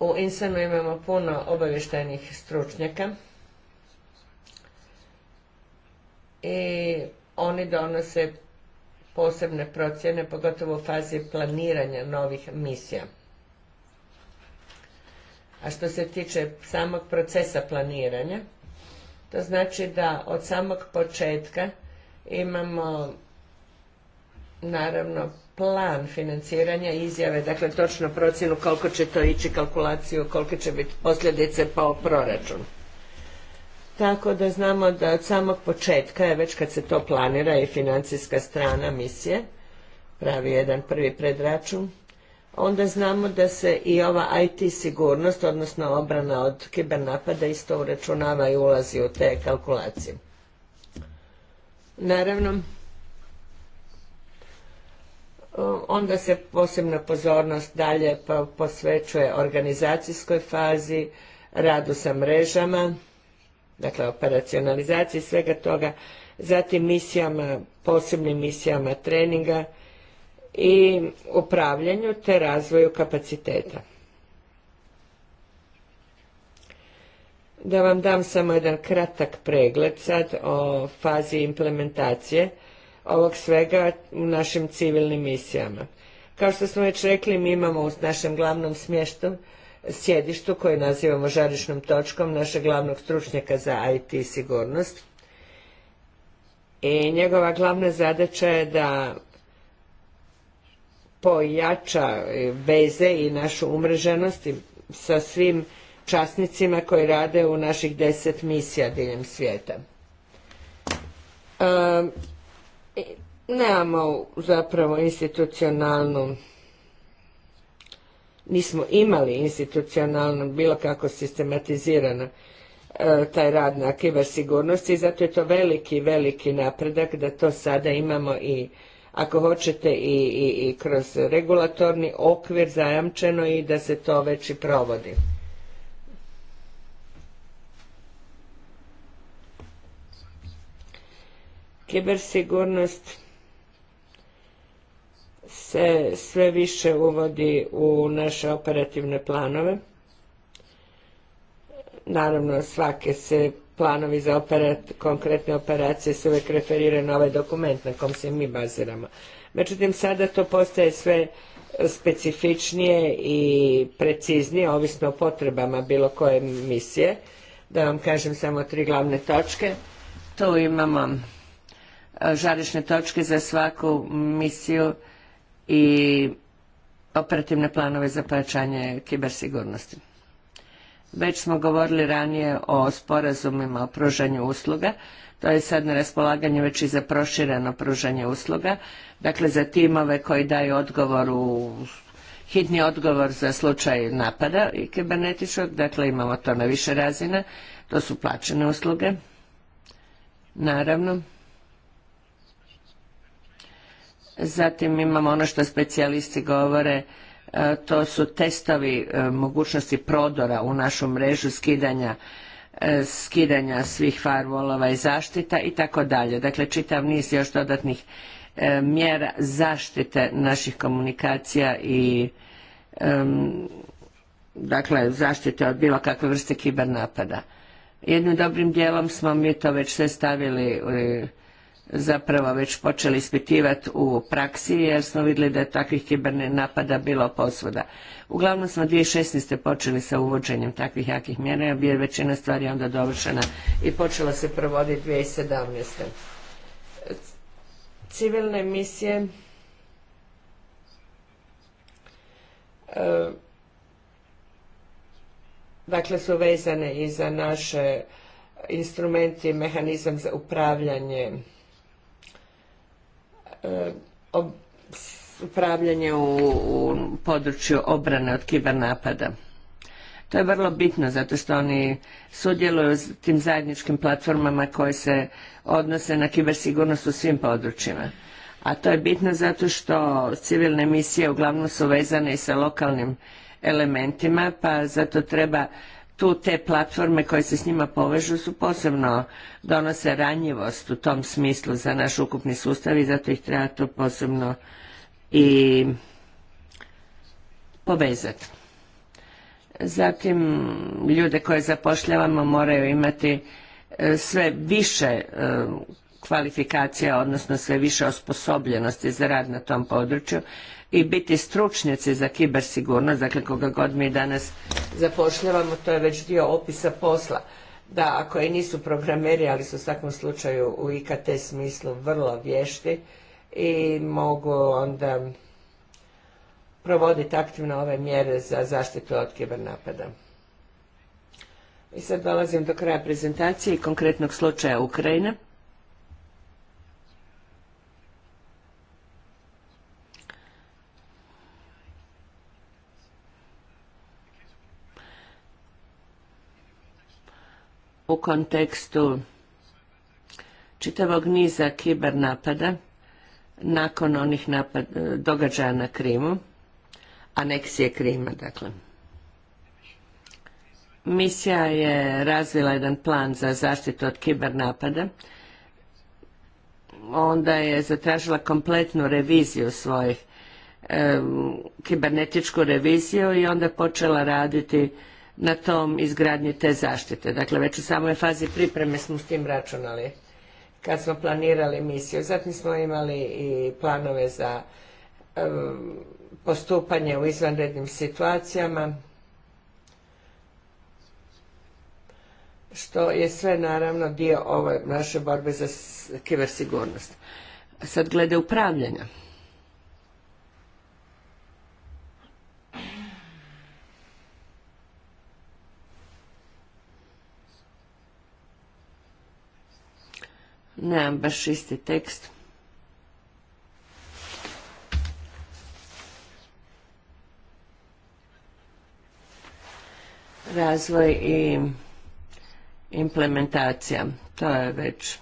u Insanu imamo puno obavještajnih stručnjaka i oni donose posebne procjene, pogotovo u fazi planiranja novih misija. A što se tiče samog procesa planiranja, to znači da od samog početka imamo naravno plan financiranja izjave, dakle točno procjenu koliko će to ići, kalkulaciju, kolike će biti posljedice po proračunu tako da znamo da od samog početka je već kad se to planira i financijska strana misije, pravi jedan prvi predračun, onda znamo da se i ova IT sigurnost, odnosno obrana od kibernapada isto uračunava i ulazi u te kalkulacije. Naravno, onda se posebna pozornost dalje posvećuje organizacijskoj fazi, radu sa mrežama, dakle operacionalizaciji svega toga, zatim misijama, posebnim misijama treninga i upravljanju te razvoju kapaciteta. Da vam dam samo jedan kratak pregled sad o fazi implementacije ovog svega u našim civilnim misijama. Kao što smo već rekli, mi imamo u našem glavnom smještu sjedištu koje nazivamo žarišnom točkom našeg glavnog stručnjaka za IT sigurnost. I njegova glavna zadaća je da pojača veze i našu umreženost sa svim časnicima koji rade u naših deset misija diljem svijeta. Ehm, nemamo zapravo institucionalnu nismo imali institucionalno bilo kako sistematizirano e, taj rad na kibersigurnosti i zato je to veliki, veliki napredak da to sada imamo i ako hoćete i, kroz regulatorni okvir zajamčeno i da se to već i provodi. sigurnost se sve više uvodi u naše operativne planove. Naravno, svake se planovi za operat, konkretne operacije se uvijek referiraju na ovaj dokument na kom se mi baziramo. Međutim, sada to postaje sve specifičnije i preciznije, ovisno o potrebama bilo koje misije. Da vam kažem samo tri glavne točke. Tu imamo e, žarišne točke za svaku misiju i operativne planove za pojačanje kibersigurnosti. Već smo govorili ranije o sporazumima o pružanju usluga, to je sad na raspolaganju već i za prošireno pružanje usluga, dakle za timove koji daju odgovor u hitni odgovor za slučaj napada i kibernetičkog, dakle imamo to na više razina, to su plaćene usluge, naravno. Zatim imamo ono što specijalisti govore, e, to su testovi e, mogućnosti prodora u našu mrežu skidanja e, skidanja svih firewallova i zaštita i tako dalje. Dakle, čitav niz još dodatnih mjera zaštite naših komunikacija i dakle zaštite od bilo kakve vrste kibernapada. Jednim dobrim dijelom smo mi to već sve stavili zapravo već počeli ispitivati u praksi jer smo vidjeli da je takvih kiberne napada bilo posvuda. Uglavnom smo 2016. počeli sa uvođenjem takvih jakih mjera, jer je većina stvari onda dovršena i počela se provoditi 2017. Civilne misije e, dakle su vezane i za naše instrumenti, mehanizam za upravljanje Eh, upravljanje u, u području obrane od kibernapada. To je vrlo bitno zato što oni sudjeluju s tim zajedničkim platformama koje se odnose na kibersigurnost u svim područjima. A to je bitno zato što civilne misije uglavnom su vezane i sa lokalnim elementima, pa zato treba tu te platforme koje se s njima povežu su posebno donose ranjivost u tom smislu za naš ukupni sustav i zato ih treba to posebno i povezati. Zatim ljude koje zapošljavamo moraju imati e, sve više e, kvalifikacija, odnosno sve više osposobljenosti za rad na tom području i biti stručnjaci za kibersigurnost, dakle koga god mi danas zapošljavamo, to je već dio opisa posla. Da, ako i nisu programeri, ali su u svakom slučaju u IKT smislu vrlo vješti i mogu onda provoditi aktivno ove mjere za zaštitu od kibernapada. I sad dolazim do kraja prezentacije i konkretnog slučaja Ukrajine. u kontekstu čitavog niza kiber napada nakon onih napad, e, događaja na Krimu, aneksije Krima, dakle. Misija je razvila jedan plan za zaštitu od kiber napada. Onda je zatražila kompletnu reviziju svojih, e, kibernetičku reviziju i onda počela raditi na tom izgradnju te zaštite. Dakle, već u samoj fazi pripreme smo s tim računali kad smo planirali misiju. Zatim smo imali i planove za postupanje u izvanrednim situacijama, što je sve naravno dio ove naše borbe za kibersigurnost. Sad glede upravljanja. Nemam baš isti tekst. Razvoj i implementacija. To je već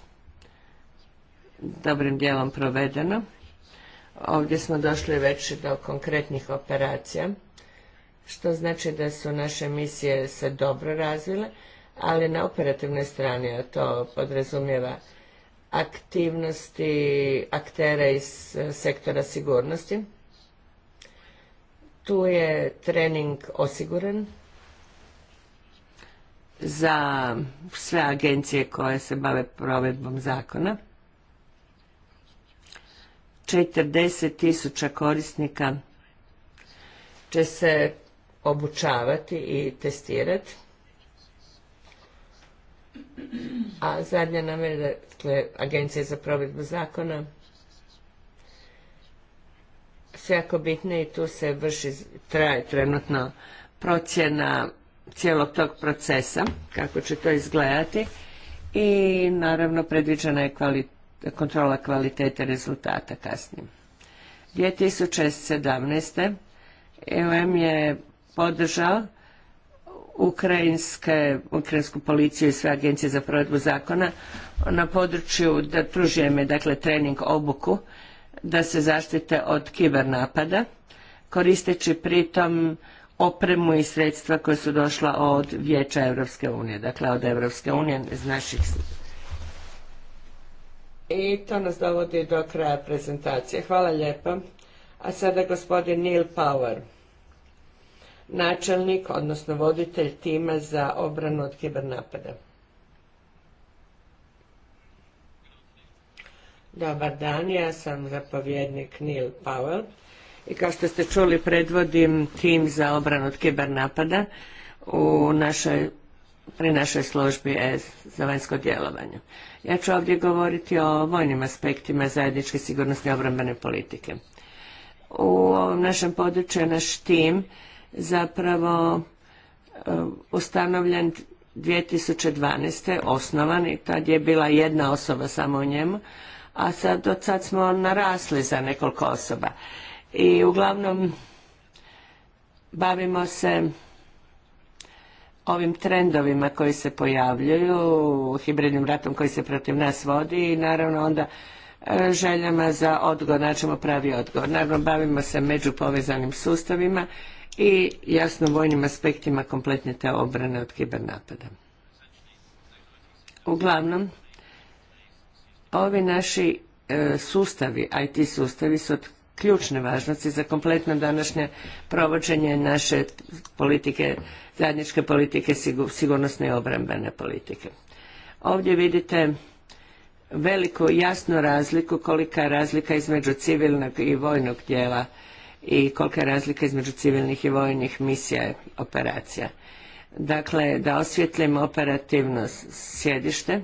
dobrim dijelom provedeno. Ovdje smo došli već do konkretnih operacija, što znači da su naše misije se dobro razvile, ali na operativnoj strani, a to podrazumijeva aktivnosti aktera iz e, sektora sigurnosti. Tu je trening osiguran za sve agencije koje se bave provedbom zakona. 40.000 korisnika će se obučavati i testirati a zadnja namjera, dakle, Agencija za provedbu zakona, su jako i tu se vrši, traje trenutno procjena cijelog tog procesa, kako će to izgledati i naravno predviđena je kontrola kvalitete rezultata kasnije. 2017. EOM je podržao ukrajinske, ukrajinsku policiju i sve agencije za provedbu zakona na području da pružujeme dakle trening obuku da se zaštite od kiber napada koristeći pritom opremu i sredstva koja su došla od Vijeća Europske unije, dakle od Europske unije iz naših i to nas dovodi do kraja prezentacije. Hvala lijepa. A sada gospodin Neil Power načelnik, odnosno voditelj tima za obranu od kibernapada. Dobar dan, ja sam zapovjednik Neil Powell i kao što ste čuli predvodim tim za obranu od kibernapada u našoj pri našoj službi za vanjsko djelovanje. Ja ću ovdje govoriti o vojnim aspektima zajedničke sigurnosne obrambene politike. U ovom našem području naš tim zapravo e, ustanovljen 2012. osnovan i tad je bila jedna osoba samo u njemu, a sad, od sad smo narasli za nekoliko osoba. I uglavnom bavimo se ovim trendovima koji se pojavljuju, hibridnim ratom koji se protiv nas vodi i naravno onda e, željama za odgovor, načinom pravi odgovor. Naravno bavimo se među povezanim sustavima i jasno vojnim aspektima kompletne te obrane od kibernapada. Uglavnom, ovi naši e, sustavi, IT sustavi su od ključne važnosti za kompletno današnje provođenje naše politike, zajedničke politike sigurnosne i obrambene politike. Ovdje vidite veliku jasnu razliku kolika je razlika između civilnog i vojnog dijela i kolika je razlika između civilnih i vojnih misija i operacija. Dakle, da osvjetlim operativno sjedište,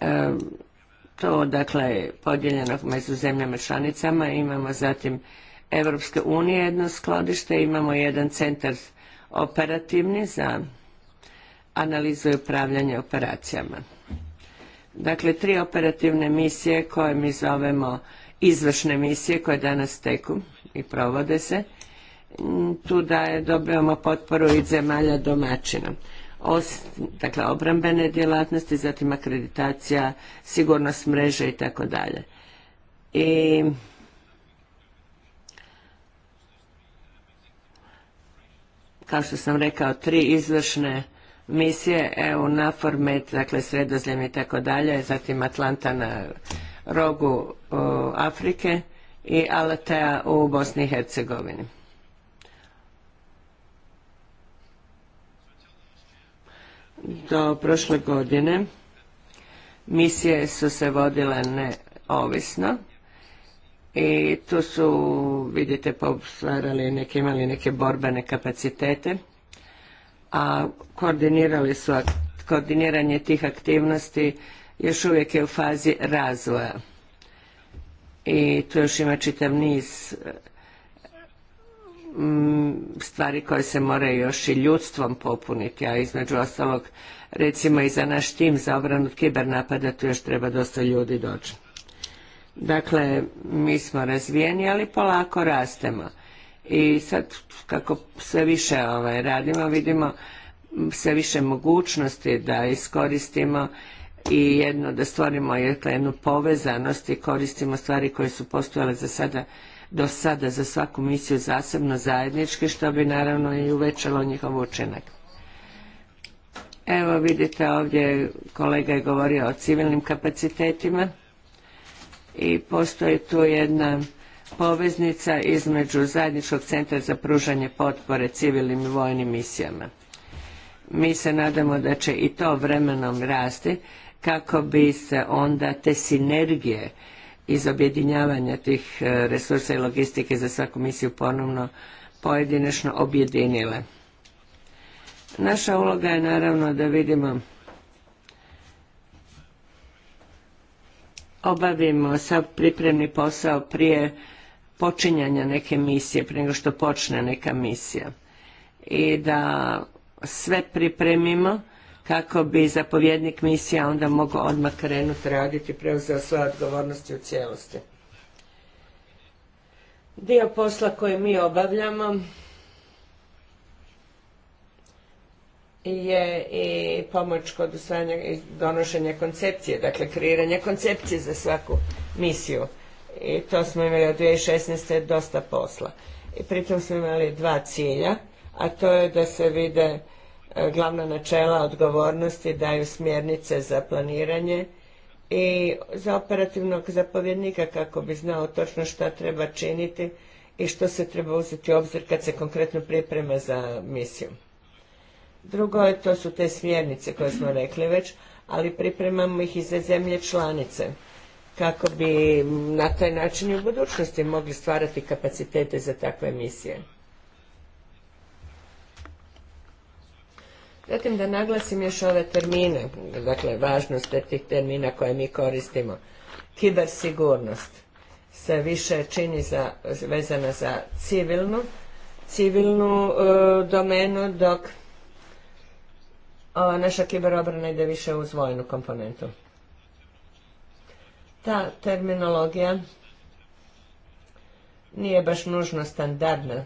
e, to dakle je podijeljeno među zemljama članicama, imamo zatim Evropske unije jedno skladište, imamo jedan centar operativni za analizu i upravljanje operacijama. Dakle, tri operativne misije koje mi zovemo izvršne misije koje danas teku i provode se. Mm, tu da je dobijamo potporu i zemalja domaćina. dakle, obrambene djelatnosti, zatim akreditacija, sigurnost mreže i tako dalje. I kao što sam rekao, tri izvršne misije EU na dakle Sredozljem i tako dalje, zatim Atlanta na rogu Afrike i Alatea u Bosni i Hercegovini. Do prošle godine misije su se vodile neovisno i tu su, vidite, stvarali neke, imali neke borbene kapacitete, a koordinirali su, koordiniranje tih aktivnosti još uvijek je u fazi razvoja i tu još ima čitav niz mm, stvari koje se moraju još i ljudstvom popuniti, a između ostalog recimo i za naš tim za obranu kibernapada tu još treba dosta ljudi doći. Dakle, mi smo razvijeni, ali polako rastemo. I sad, kako sve više ovaj, radimo, vidimo sve više mogućnosti da iskoristimo i jedno da stvorimo jednu povezanost i koristimo stvari koje su postojale za sada do sada za svaku misiju zasebno zajednički što bi naravno i uvećalo njihov učinak. Evo vidite ovdje kolega je govorio o civilnim kapacitetima i postoji tu jedna poveznica između zajedničkog centra za pružanje potpore civilnim i vojnim misijama. Mi se nadamo da će i to vremenom rasti kako bi se onda te sinergije iz objedinjavanja tih e, resursa i logistike za svaku misiju ponovno pojedinačno objedinile. Naša uloga je naravno da vidimo obavimo sav pripremni posao prije počinjanja neke misije, prije nego što počne neka misija. I da sve pripremimo kako bi zapovjednik misija onda mogao odmah krenuti raditi i preuzeo svoje odgovornosti u cijelosti. Dio posla koji mi obavljamo je i pomoć kod usvajanja i donošenja koncepcije, dakle kreiranje koncepcije za svaku misiju. I to smo imali od 2016. dosta posla. I pritom smo imali dva cilja, a to je da se vide E, glavna načela odgovornosti daju smjernice za planiranje i za operativnog zapovjednika kako bi znao točno šta treba činiti i što se treba uzeti u obzir kad se konkretno priprema za misiju. Drugo je, to su te smjernice koje smo rekli već, ali pripremamo ih i za zemlje članice kako bi na taj način i u budućnosti mogli stvarati kapacitete za takve misije. Zatim da naglasim još ove termine, dakle važnost tih termina koje mi koristimo. Kibersigurnost se više čini za, vezana za civilnu, civilnu e, domenu, dok ova naša kiberobrana ide više uz vojnu komponentu. Ta terminologija nije baš nužno standardna,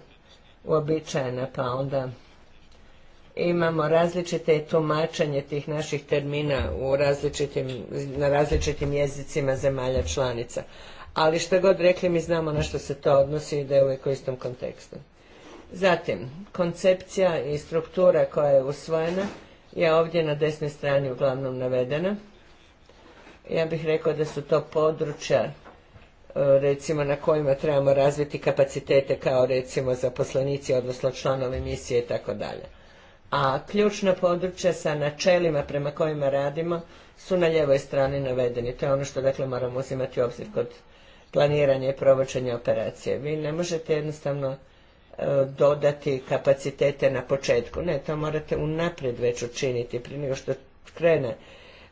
uobičajena, pa onda imamo različite tumačenje tih naših termina u različitim, na različitim jezicima zemalja članica. Ali što god rekli, mi znamo na što se to odnosi i da je uvijek u istom kontekstu. Zatim, koncepcija i struktura koja je usvojena je ovdje na desnoj strani uglavnom navedena. Ja bih rekao da su to područja e, recimo na kojima trebamo razviti kapacitete kao recimo zaposlenici, odnosno članovi misije i tako dalje a ključna područja sa načelima prema kojima radimo su na ljevoj strani navedeni. To je ono što dakle moramo uzimati u obzir kod planiranja i provođenja operacije. Vi ne možete jednostavno e, dodati kapacitete na početku. Ne, to morate unaprijed već učiniti prije nego što krene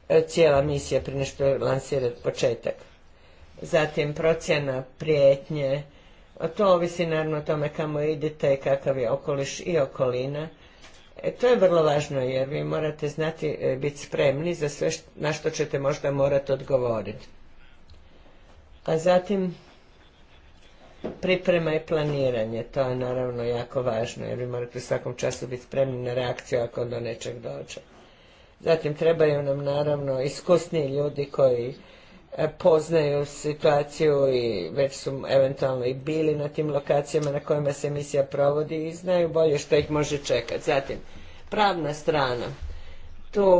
e, cijela misija, prije nego što lansirat početak. Zatim procjena prijetnje, to ovisi naravno o tome kamo idete i kakav je okoliš i okolina E, to je vrlo važno jer vi morate znati e, biti spremni za sve na što ćete možda morati odgovoriti. A zatim priprema i planiranje, to je naravno jako važno jer vi morate u svakom času biti spremni na reakciju ako do nečeg dođe. Zatim trebaju nam naravno iskusni ljudi koji E, poznaju situaciju i već su eventualno i bili na tim lokacijama na kojima se emisija provodi i znaju bolje što ih može čekati. Zatim, pravna strana. Tu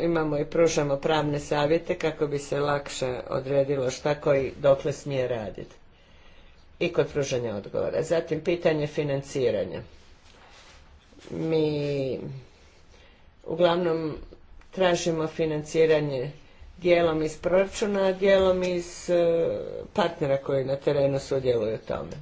imamo i pružamo pravne savjete kako bi se lakše odredilo šta koji dokle smije raditi i kod pružanja odgovora. Zatim, pitanje financiranja. Mi uglavnom tražimo financiranje dijelom iz proračuna, a dijelom iz e, partnera koji na terenu sudjeluju u tome.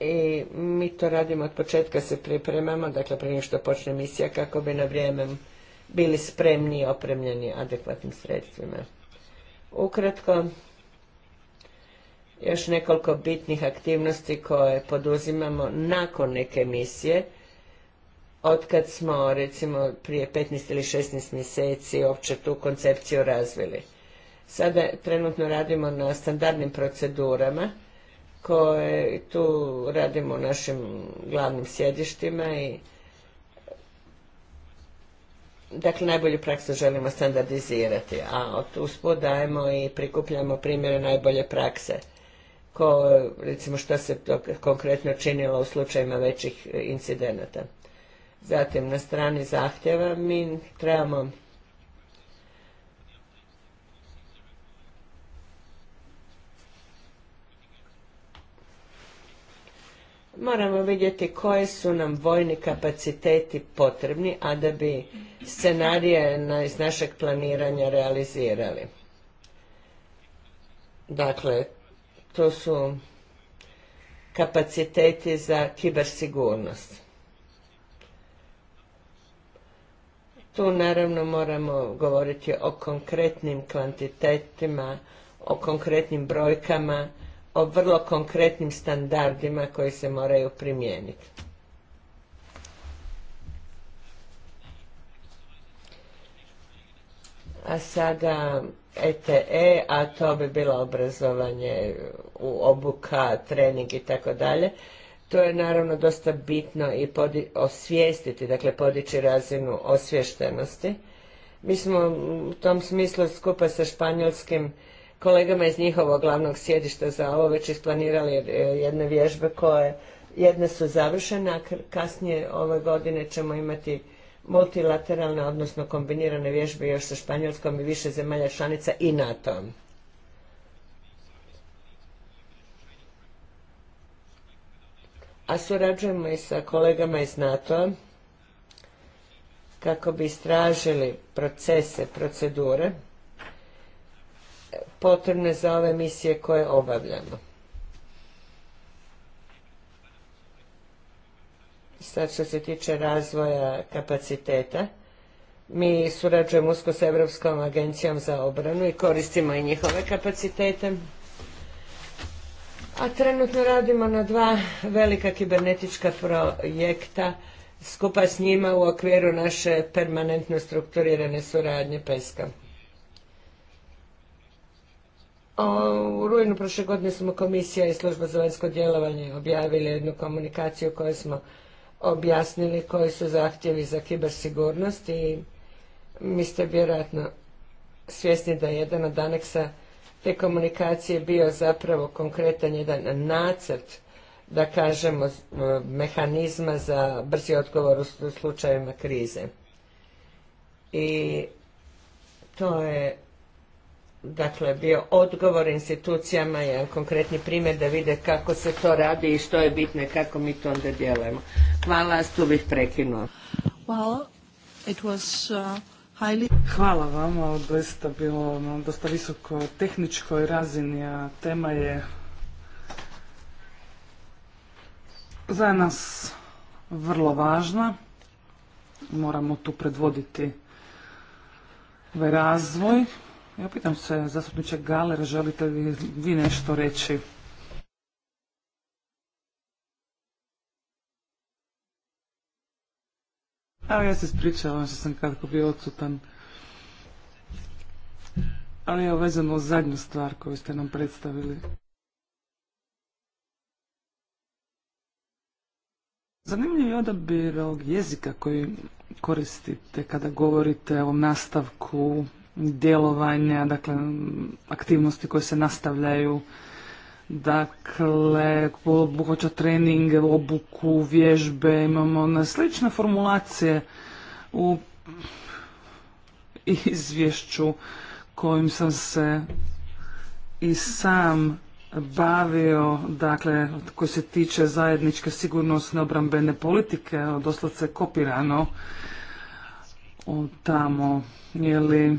I mi to radimo od početka, se pripremamo, dakle prije što počne misija, kako bi na vrijeme bili spremni i opremljeni adekvatnim sredstvima. Ukratko, još nekoliko bitnih aktivnosti koje poduzimamo nakon neke misije, od kad smo recimo prije 15 ili 16 mjeseci uopće tu koncepciju razvili. Sada trenutno radimo na standardnim procedurama koje tu radimo u našim glavnim sjedištima i dakle najbolju praksu želimo standardizirati, a od usput dajemo i prikupljamo primjere najbolje prakse ko recimo što se to konkretno činilo u slučajima većih incidenata. Zatim na strani zahtjeva mi trebamo moramo vidjeti koje su nam vojni kapaciteti potrebni, a da bi scenarije iz našeg planiranja realizirali. Dakle, to su kapaciteti za kibersigurnost. Tu naravno moramo govoriti o konkretnim kvantitetima, o konkretnim brojkama, o vrlo konkretnim standardima koji se moraju primijeniti. A sada ETE, e, a to bi bilo obrazovanje u obuka, trening i tako dalje. To je naravno dosta bitno i osvijestiti, dakle podići razinu osviještenosti. Mi smo u tom smislu skupa sa španjolskim kolegama iz njihovog glavnog sjedišta za ovo već isplanirali e, jedne vježbe koje jedne su završene, a kasnije ove godine ćemo imati multilateralne, odnosno kombinirane vježbe još sa Španjolskom i više zemalja članica i NATO-om. a surađujemo i sa kolegama iz NATO-a kako bi istražili procese, procedure potrebne za ove misije koje obavljamo. Sad što se tiče razvoja kapaciteta, mi surađujemo usko s Europskom agencijom za obranu i koristimo i njihove kapacitete. A trenutno radimo na dva velika kibernetička projekta skupa s njima u okviru naše permanentno strukturirane suradnje PESKA. U rujnu prošle godine smo komisija i služba za vanjsko djelovanje objavili jednu komunikaciju koju smo objasnili koji su zahtjevi za kibersigurnost i mi ste vjerojatno svjesni da je jedan od aneksa te komunikacije bio zapravo konkretan jedan nacrt, da kažemo, e, mehanizma za brzi odgovor u slučajevima krize. I to je dakle bio odgovor institucijama, jedan konkretni primjer da vide kako se to radi i što je bitno i kako mi to onda djelujemo. Hvala, tu bih prekinuo. Hvala, it was, uh, Hvala vama. ovo doista bilo na dosta visoko tehničkoj razini, a tema je za nas vrlo važna. Moramo tu predvoditi ovaj razvoj. Ja pitam se, zastupniče Galer, želite li vi nešto reći? Ali ja se ispričavam što sam kratko bio odsutan. Ali je vezano uz zadnju stvar koju ste nam predstavili. Zanimljiv je odabir ovog jezika koji koristite kada govorite o nastavku djelovanja, dakle aktivnosti koje se nastavljaju Dakle, obuhvaća trening, obuku, vježbe, imamo na slične formulacije u izvješću kojim sam se i sam bavio, dakle, koji se tiče zajedničke sigurnosne obrambene politike, doslovce kopirano od tamo, je li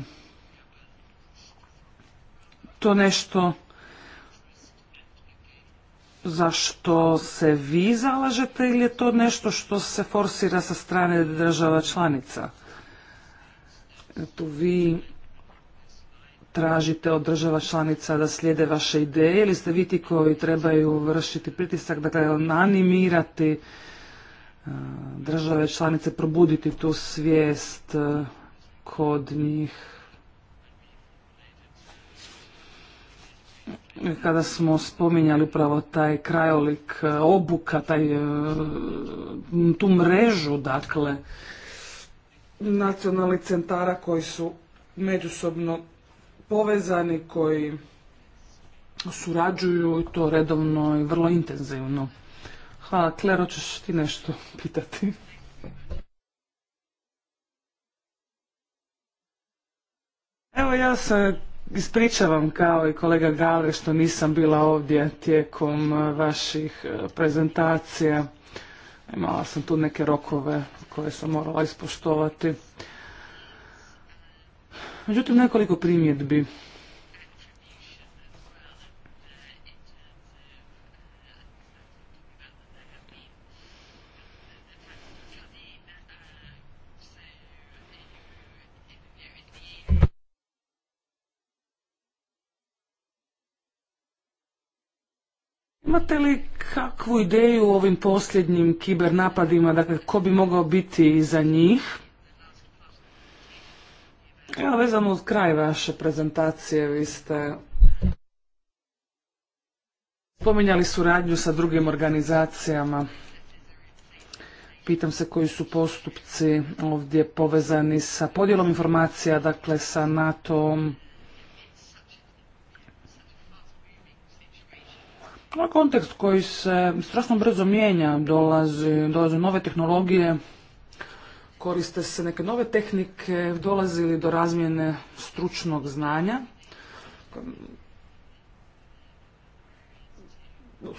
to nešto za što se vi zalažete ili je to nešto što se forsira sa strane država članica? Tu vi tražite od država članica da slijede vaše ideje ili ste vi ti koji trebaju vršiti pritisak, dakle animirati e, države članice, probuditi tu svijest e, kod njih? kada smo spominjali upravo taj krajolik e, obuka, taj, e, tu mrežu, dakle, nacionalnih centara koji su međusobno povezani, koji surađuju i to redovno i vrlo intenzivno. Hvala, Klero, ćeš ti nešto pitati? Evo ja se Ispričavam kao i kolega Gale što nisam bila ovdje tijekom e, vaših e, prezentacija. Imala sam tu neke rokove koje sam morala ispoštovati. Međutim, nekoliko primjedbi. Imate li kakvu ideju o ovim posljednjim kibernapadima, dakle, ko bi mogao biti iza njih? Evo, vezano uz kraj vaše prezentacije, vi ste spominjali suradnju sa drugim organizacijama. Pitam se koji su postupci ovdje povezani sa podjelom informacija, dakle, sa NATO-om, Na ovaj kontekst koji se strašno brzo mijenja, dolazi, dolaze nove tehnologije, koriste se neke nove tehnike, dolazi li do razmjene stručnog znanja.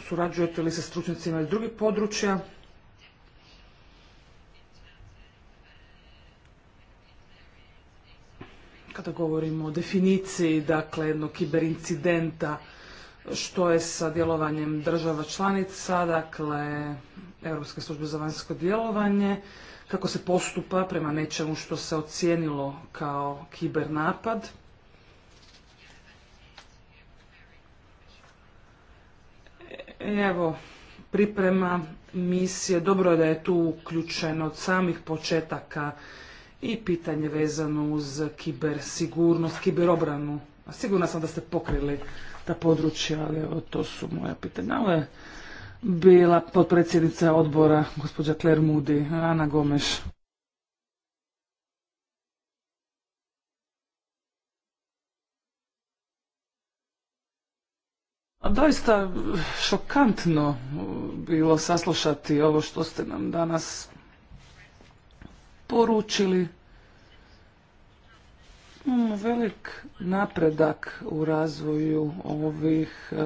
Surađujete li sa stručnjacima iz drugih područja? Kada govorimo o definiciji, dakle, jednog kiberincidenta, što je sa djelovanjem država članica, dakle Europske službe za vanjsko djelovanje, kako se postupa prema nečemu što se ocijenilo kao kibernapad. E, evo, priprema misije, dobro je da je tu uključeno od samih početaka i pitanje vezano uz kibersigurnost, kiberobranu. Sigurna sam da ste pokrili ta područja, ali evo, to su moja pitanja. Ovo je bila potpredsjednica odbora, gospođa Claire Moody, Ana Gomeš. Doista šokantno bilo saslušati ovo što ste nam danas poručili. Imamo velik napredak u razvoju ovih e,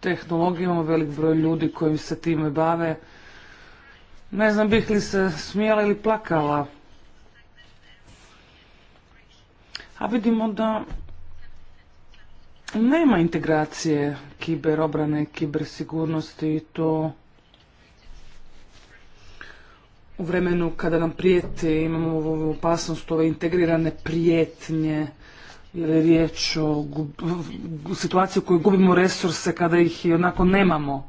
tehnologija, imamo velik broj ljudi koji se time bave. Ne znam bih li se smijala ili plakala. A vidimo da nema integracije kiberobrane, kibersigurnosti i to u vremenu kada nam prijeti, imamo opasnost ove integrirane prijetnje, jer je riječ o situaciji u kojoj gubimo resurse kada ih i onako nemamo.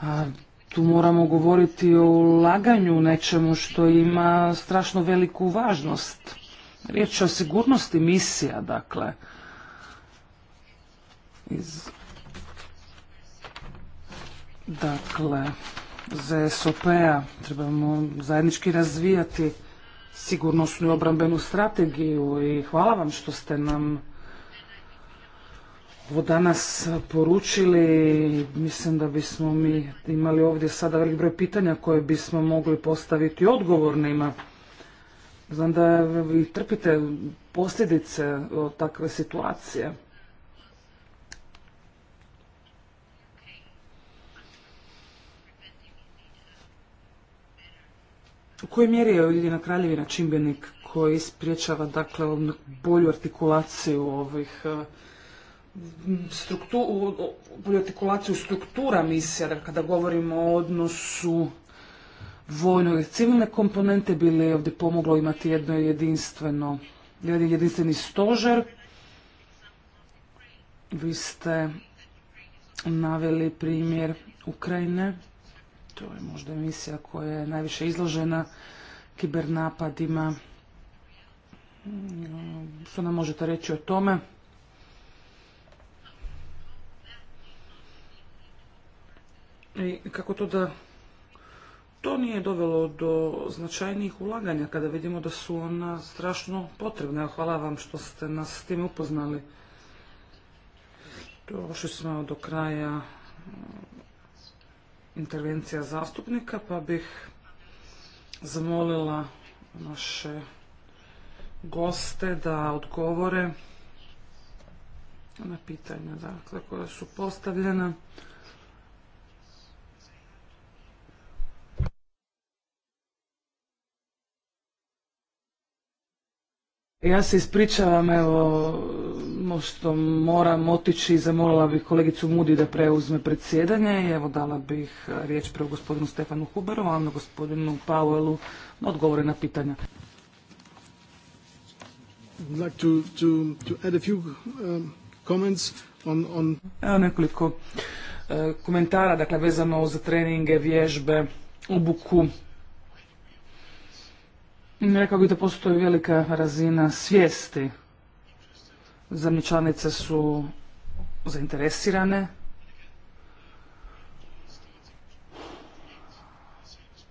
A tu moramo govoriti o ulaganju nečemu što ima strašno veliku važnost. Riječ je o sigurnosti misija, dakle. Dakle, ZSOP-a. Trebamo zajednički razvijati sigurnosnu i obrambenu strategiju i hvala vam što ste nam ovo danas poručili. Mislim da bismo mi imali ovdje sada velik broj pitanja koje bismo mogli postaviti odgovornima. Znam da vi trpite posljedice od takve situacije. U kojoj mjeri je Ujedina kraljevina čimbenik koji spriječava dakle bolju artikulaciju ovih e, struktu, bolju artikulaciju struktura misija, dakle kada govorimo o odnosu vojno i civilne komponente, bi li ovdje pomoglo imati jedno jedinstveno, jedinstveni stožer. Vi ste naveli primjer Ukrajine. To je možda emisija koja je najviše izložena kibernapadima. Što nam možete reći o tome? I kako to da to nije dovelo do značajnijih ulaganja kada vidimo da su ona strašno potrebna. Hvala vam što ste nas s tim upoznali. Došli smo do kraja intervencija zastupnika, pa bih zamolila naše goste da odgovore na pitanja dakle, koja su postavljena. Ja se ispričavam, evo, što moram otići, zamolila bih kolegicu Mudi da preuzme predsjedanje i evo dala bih e, riječ prvo gospodinu Stefanu Huberu, a onda gospodinu Pavelu na odgovore na pitanja. Evo nekoliko e, komentara, dakle vezano za treninge, vježbe, obuku. Rekao bih da postoji velika razina svijesti Zemlje članice su zainteresirane.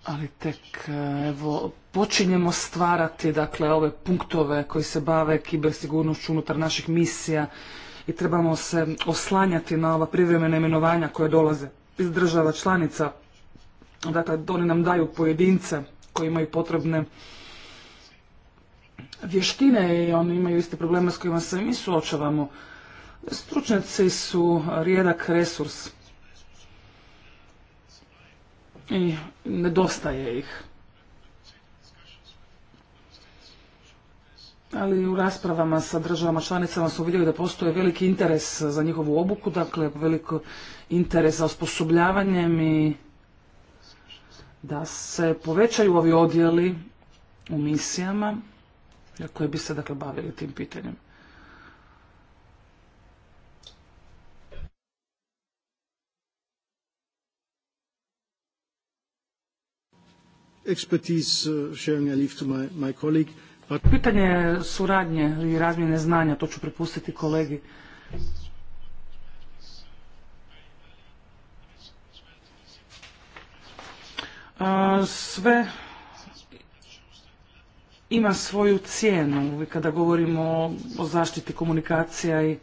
Ali tek eh, evo, počinjemo stvarati dakle ove punktove koji se bave kibersigurnošću unutar naših misija i trebamo se oslanjati na ova privremena imenovanja koje dolaze iz država članica. Dakle, oni nam daju pojedince koji imaju potrebne vještine i oni imaju iste probleme s kojima se mi suočavamo. Stručnjaci su rijedak resurs i nedostaje ih. Ali u raspravama sa državama članicama smo vidjeli da postoje veliki interes za njihovu obuku, dakle veliko interes za osposobljavanjem i da se povećaju ovi odjeli u misijama koji bi se dakle bavili tim pitanjem. Expertise uh, sharing I Pitanje suradnje i razmjene znanja, to ću prepustiti kolegi. sve ima svoju cijenu. Kada govorimo o zaštiti komunikacija i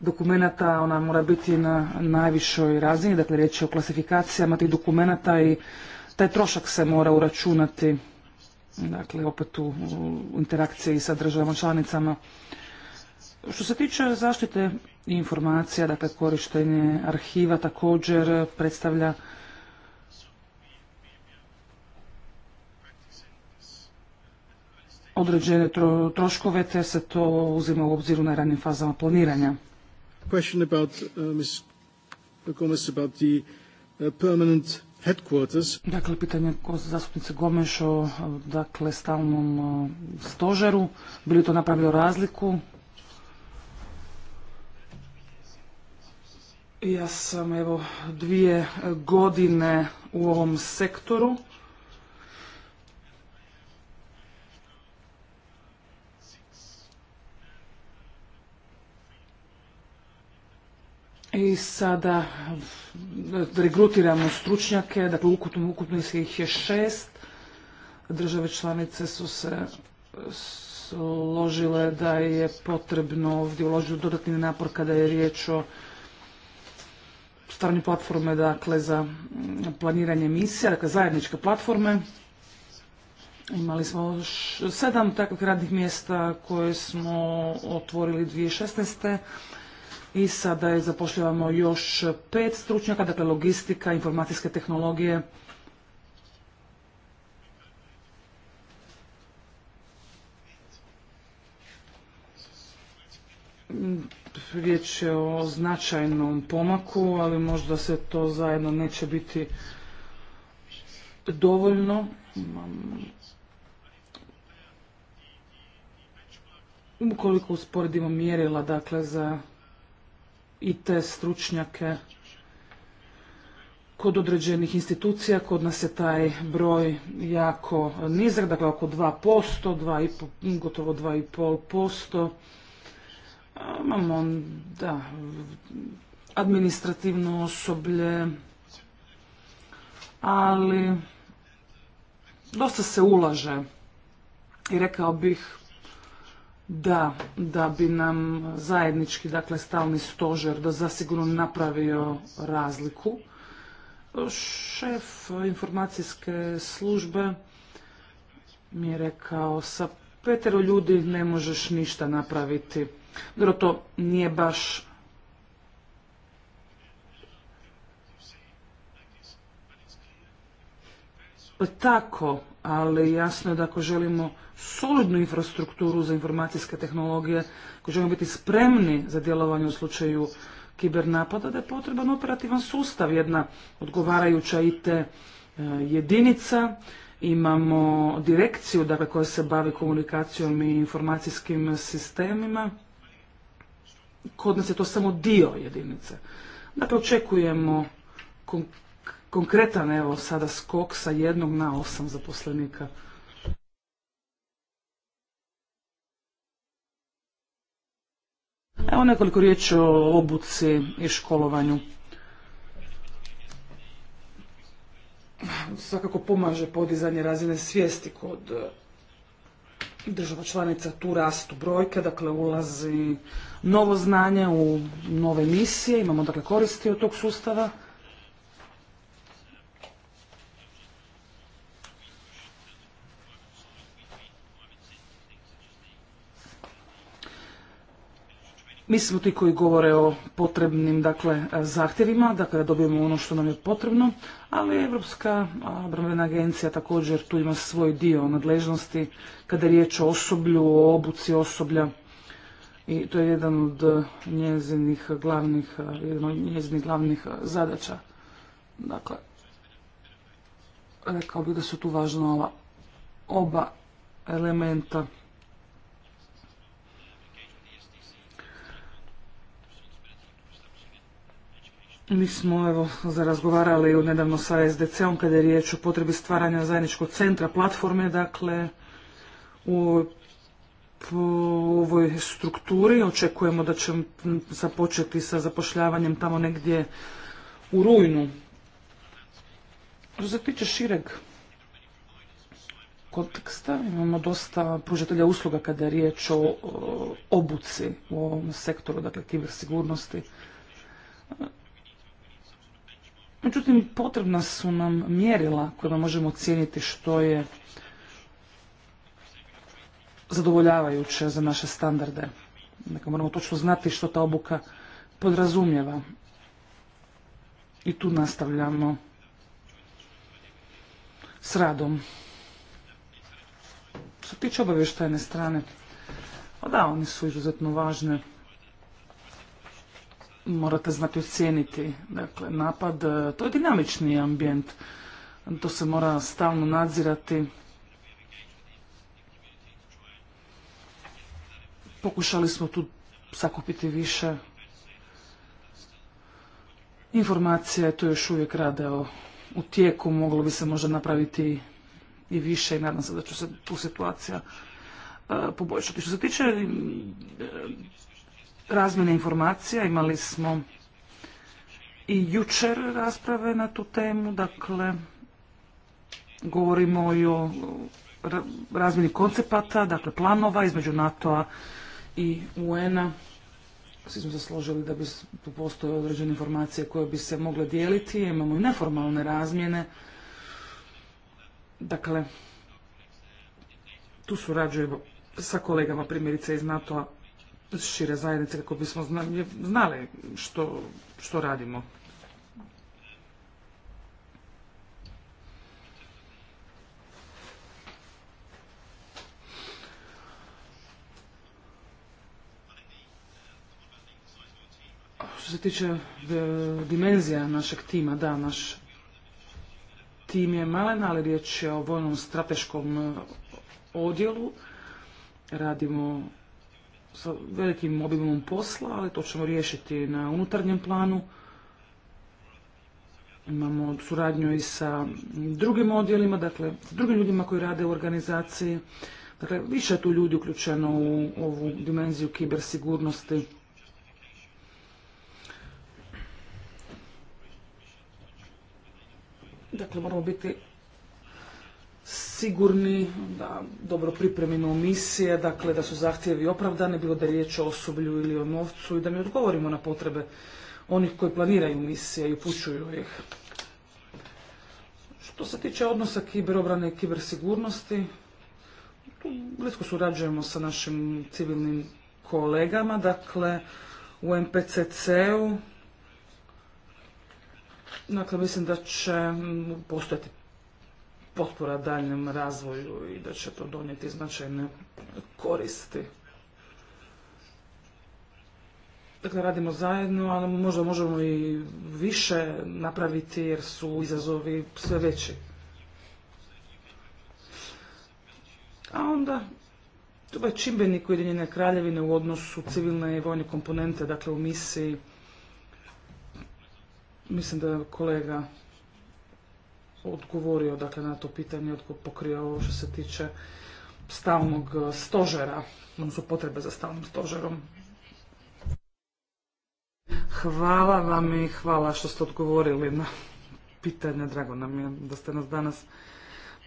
dokumenata, ona mora biti na najvišoj razini, dakle riječ je o klasifikacijama tih dokumenata i taj trošak se mora uračunati dakle opet u interakciji sa državama članicama. Što se tiče zaštite informacija, dakle korištenje arhiva također predstavlja određene troškove, te se to uzima u obzir na ranim fazama planiranja. Dakle, pitanje zastupnice Gomeš o dakle, stalnom uh, stožeru. Bili to napravilo razliku? Ja sam evo dvije godine u ovom sektoru I sada regrutiramo stručnjake, dakle ukupno, ih je šest. Države članice su se složile da je potrebno ovdje uložiti dodatni napor kada je riječ o stvarni platforme dakle, za planiranje misija, dakle zajedničke platforme. Imali smo sedam takvih radnih mjesta koje smo otvorili 2016 i sada je zapošljavamo još pet stručnjaka, dakle logistika, informacijske tehnologije, riječ je o značajnom pomaku, ali možda se to zajedno neće biti dovoljno. Ukoliko usporedimo mjerila dakle, za i te stručnjake kod određenih institucija. Kod nas je taj broj jako nizak, dakle oko 2%, 2,5, gotovo 2,5%. Imamo da, administrativno osoblje, ali dosta se ulaže i rekao bih da, da bi nam zajednički, dakle, stalni stožer da zasigurno napravio razliku. Šef informacijske službe mi je rekao sa petero ljudi ne možeš ništa napraviti. Dobro, to nije baš tako, ali jasno je da ako želimo solidnu infrastrukturu za informacijske tehnologije, koji želimo biti spremni za djelovanje u slučaju kibernapada, da je potreban operativan sustav, jedna odgovarajuća IT e, jedinica, imamo direkciju dakle, koja se bavi komunikacijom i informacijskim sistemima. Kod nas je to samo dio jedinice. Dakle, očekujemo konkretan evo sada skok sa jednog na osam zaposlenika. Evo nekoliko riječi o obuci i školovanju. Svakako pomaže podizanje razine svijesti kod e, država članica. Tu rastu brojke, dakle ulazi novo znanje u nove misije, imamo dakle koristi od tog sustava. Mi smo ti koji govore o potrebnim dakle, zahtjevima, dakle da dobijemo ono što nam je potrebno, ali Europska obrambena agencija također tu ima svoj dio nadležnosti kada je riječ o osoblju, o obuci osoblja i to je jedan od njezinih glavnih, jedan njezinih glavnih zadaća. Dakle, rekao bih da su tu važna oba elementa Mi smo evo zarazgovarali nedavno sa SDC-om kada je riječ o potrebi stvaranja zajedničkog centra platforme, dakle u ovoj strukturi. Očekujemo da će započeti sa zapošljavanjem tamo negdje u rujnu. Što se tiče šireg konteksta, imamo dosta pružatelja usluga kada je riječ o obuci u ovom sektoru, dakle kibersigurnosti. Međutim, potrebna su nam mjerila kojima možemo ocijeniti što je zadovoljavajuće za naše standarde. Dakle, moramo točno znati što ta obuka podrazumijeva. I tu nastavljamo s radom. Što tiče obavještajne strane, pa da, oni su izuzetno važne morate znati ocijeniti. Dakle, napad, e, to je dinamični ambijent. To se mora stalno nadzirati. Pokušali smo tu sakupiti više informacija, to još uvijek rade u tijeku, moglo bi se možda napraviti i više i nadam se da će se tu situacija e, poboljšati. Što se tiče razmjene informacija. Imali smo i jučer rasprave na tu temu, dakle govorimo i o razmjeni koncepata, dakle planova između NATO-a i UN-a. Svi smo se složili da bi tu postoje određene informacije koje bi se mogle dijeliti. Imamo i neformalne razmjene. Dakle, tu surađujemo sa kolegama primjerice iz NATO-a šire zajednice kako bismo znali što, radimo. Što se tiče e, dimenzija našeg tima, da, naš tim je malen, ali riječ je o vojnom strateškom e, odjelu. Radimo sa velikim obimom posla, ali to ćemo riješiti na unutarnjem planu. Imamo suradnju i sa drugim odjelima, dakle, drugim ljudima koji rade u organizaciji. Dakle, više je tu ljudi uključeno u ovu dimenziju kibersigurnosti. Dakle, moramo biti sigurni, da dobro pripremimo misije, dakle da su zahtjevi opravdani, bilo da je riječ o osoblju ili o novcu i da mi odgovorimo na potrebe onih koji planiraju misije i upućuju ih. Što se tiče odnosa kiberobrane i kibersigurnosti, blisko surađujemo sa našim civilnim kolegama, dakle u MPCC-u, Dakle, mislim da će postojati potpora daljem razvoju i da će to donijeti značajne koristi. Dakle, radimo zajedno, ali možda možemo i više napraviti jer su izazovi sve veći. A onda, to je čimbenik Ujedinjene kraljevine u odnosu civilne i vojne komponente, dakle u misiji. Mislim da je kolega odgovorio dakle, na to pitanje, pokrio ovo što se tiče stalnog e, stožera, odnosno potrebe za stalnim stožerom. Hvala vam i hvala što ste odgovorili na pitanje. Drago nam je da ste nas danas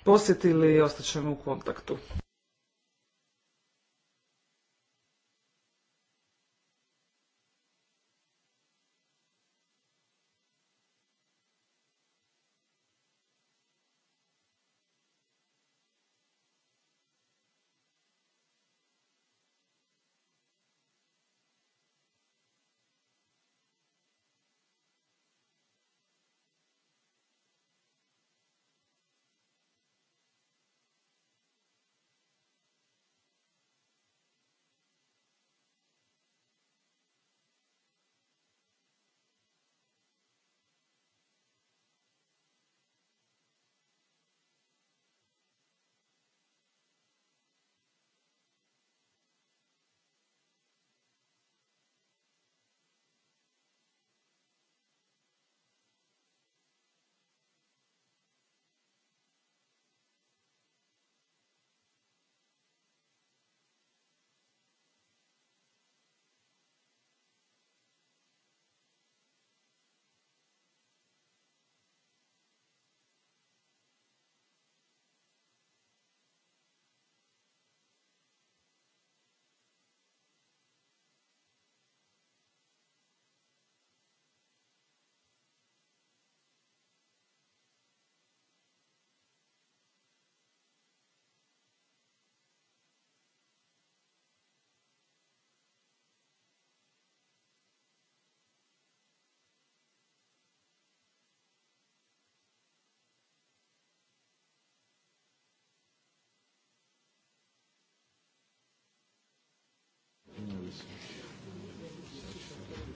posjetili i ostaćemo u kontaktu.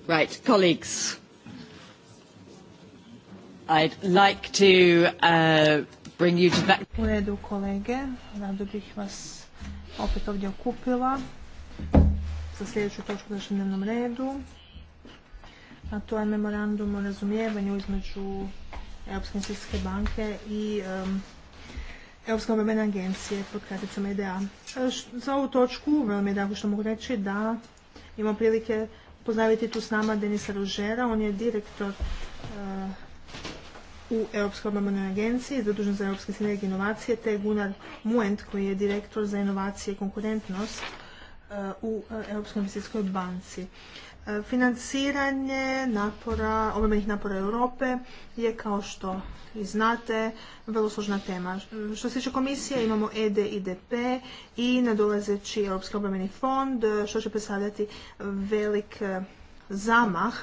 Right, colleagues, I'd like to uh, bring you to back. U redu kolege, rado bih vas opet ovdje okupila za sljedeću točku za dnevnom redu, a to je memorandum o razumijevanju između Europske investicijske banke i um, Europske obrambene agencije pod kraticom EDA. Za ovu točku vrlo mi je drago što mogu reći da imam prilike pozdraviti tu s nama Denisa Ružera, on je direktor e, u Europskoj obrambenoj agenciji, zadužen za europske sinergije inovacije, te Gunnar Muent koji je direktor za inovacije i konkurentnost e, u e, Europskoj investicijskoj banci. E, financiranje napora, obrambenih napora Europe je kao što i znate vrlo složna tema. E, što se tiče komisije imamo ED i nadolazeći Europski obrambeni fond e, što će predstavljati velik zamah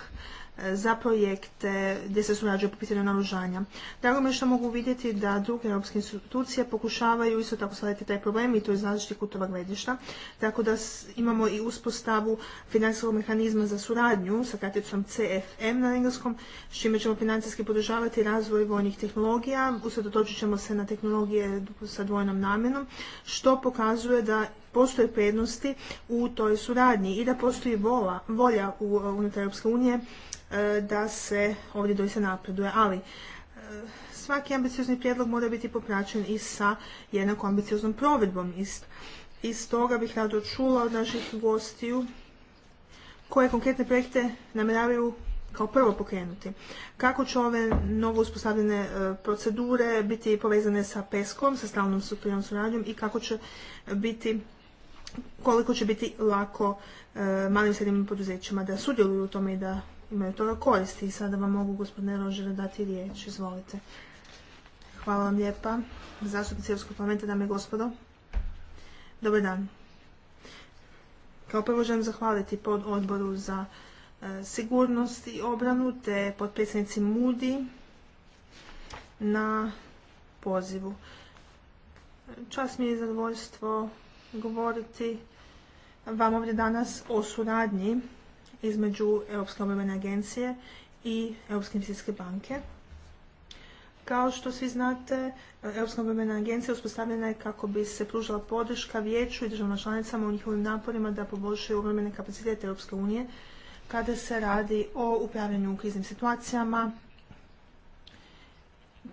za projekte gdje se surađuje po pitanju naružanja. Drago mi je što mogu vidjeti da druge europske institucije pokušavaju isto tako sladiti taj problem i to je različitih kutova gledišta, tako da imamo i uspostavu financijskog mehanizma za suradnju sa kraticom CFM na engleskom, s čime ćemo financijski podržavati razvoj vojnih tehnologija, usredotočit ćemo se na tehnologije sa dvojnom namjenom, što pokazuje da postoje prednosti u toj suradnji i da postoji volja u, unutar Europske unije e, da se ovdje doista napreduje. Ali e, svaki ambiciozni prijedlog mora biti popraćen i sa jednako ambicioznom provedbom. Iz toga bih rado čula od naših gostiju koje konkretne projekte namjeravaju kao prvo pokrenuti. Kako će ove novo uspostavljene e, procedure biti povezane sa PESCOM, sa stalnom strukturnom suradnjom i kako će biti koliko će biti lako e, malim i srednjim poduzećima da sudjeluju u tome i da imaju toga koristi. I sada vam mogu, gospodine Rožere, dati riječ. Izvolite. Hvala vam lijepa. Zastupnici Europskog parlamenta, dame i gospodo. Dobar dan. Kao prvo želim zahvaliti pod odboru za e, sigurnost i obranu te potpredsjednici Mudi na pozivu. Čas mi je zadovoljstvo govoriti vam ovdje danas o suradnji između Europske obrvene agencije i Europske investicijske banke. Kao što svi znate, Europska obrvena agencija uspostavljena je kako bi se pružila podrška vijeću i državama članicama u njihovim naporima da poboljšaju obrvene kapacitete Europske unije kada se radi o upravljanju u kriznim situacijama,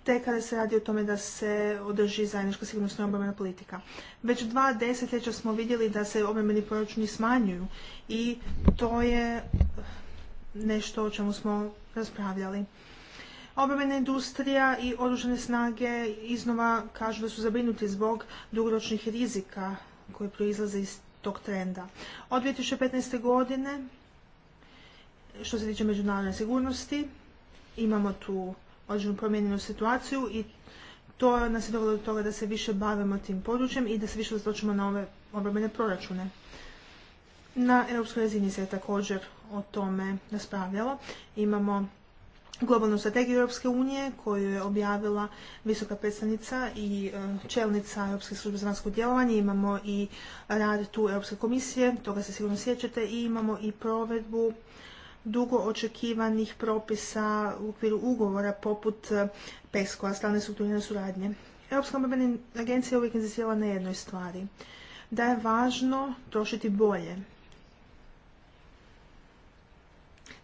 te kada se radi o tome da se održi zajednička sigurnosna i obrambena politika. Već dva desetljeća smo vidjeli da se obrambeni proračuni smanjuju i to je nešto o čemu smo raspravljali. Obrambena industrija i oružane snage iznova kažu da su zabrinuti zbog dugoročnih rizika koji proizlaze iz tog trenda. Od 2015. godine, što se tiče međunarodne sigurnosti, imamo tu određenu promijenjenu situaciju i to nas je dovelo do toga da se više bavimo tim područjem i da se više uzdočimo na ove obrambene proračune. Na europskoj razini se je također o tome raspravljalo. Imamo globalnu strategiju Europske unije koju je objavila visoka predstavnica i e, čelnica Europske službe za vanjsko djelovanje. Imamo i rad tu Europske komisije, toga se sigurno sjećate, i imamo i provedbu dugo očekivanih propisa u okviru ugovora poput e, PESCO-a, stalne strukturne suradnje. Europska obrambena agencija uvijek insistira na jednoj stvari, da je važno trošiti bolje.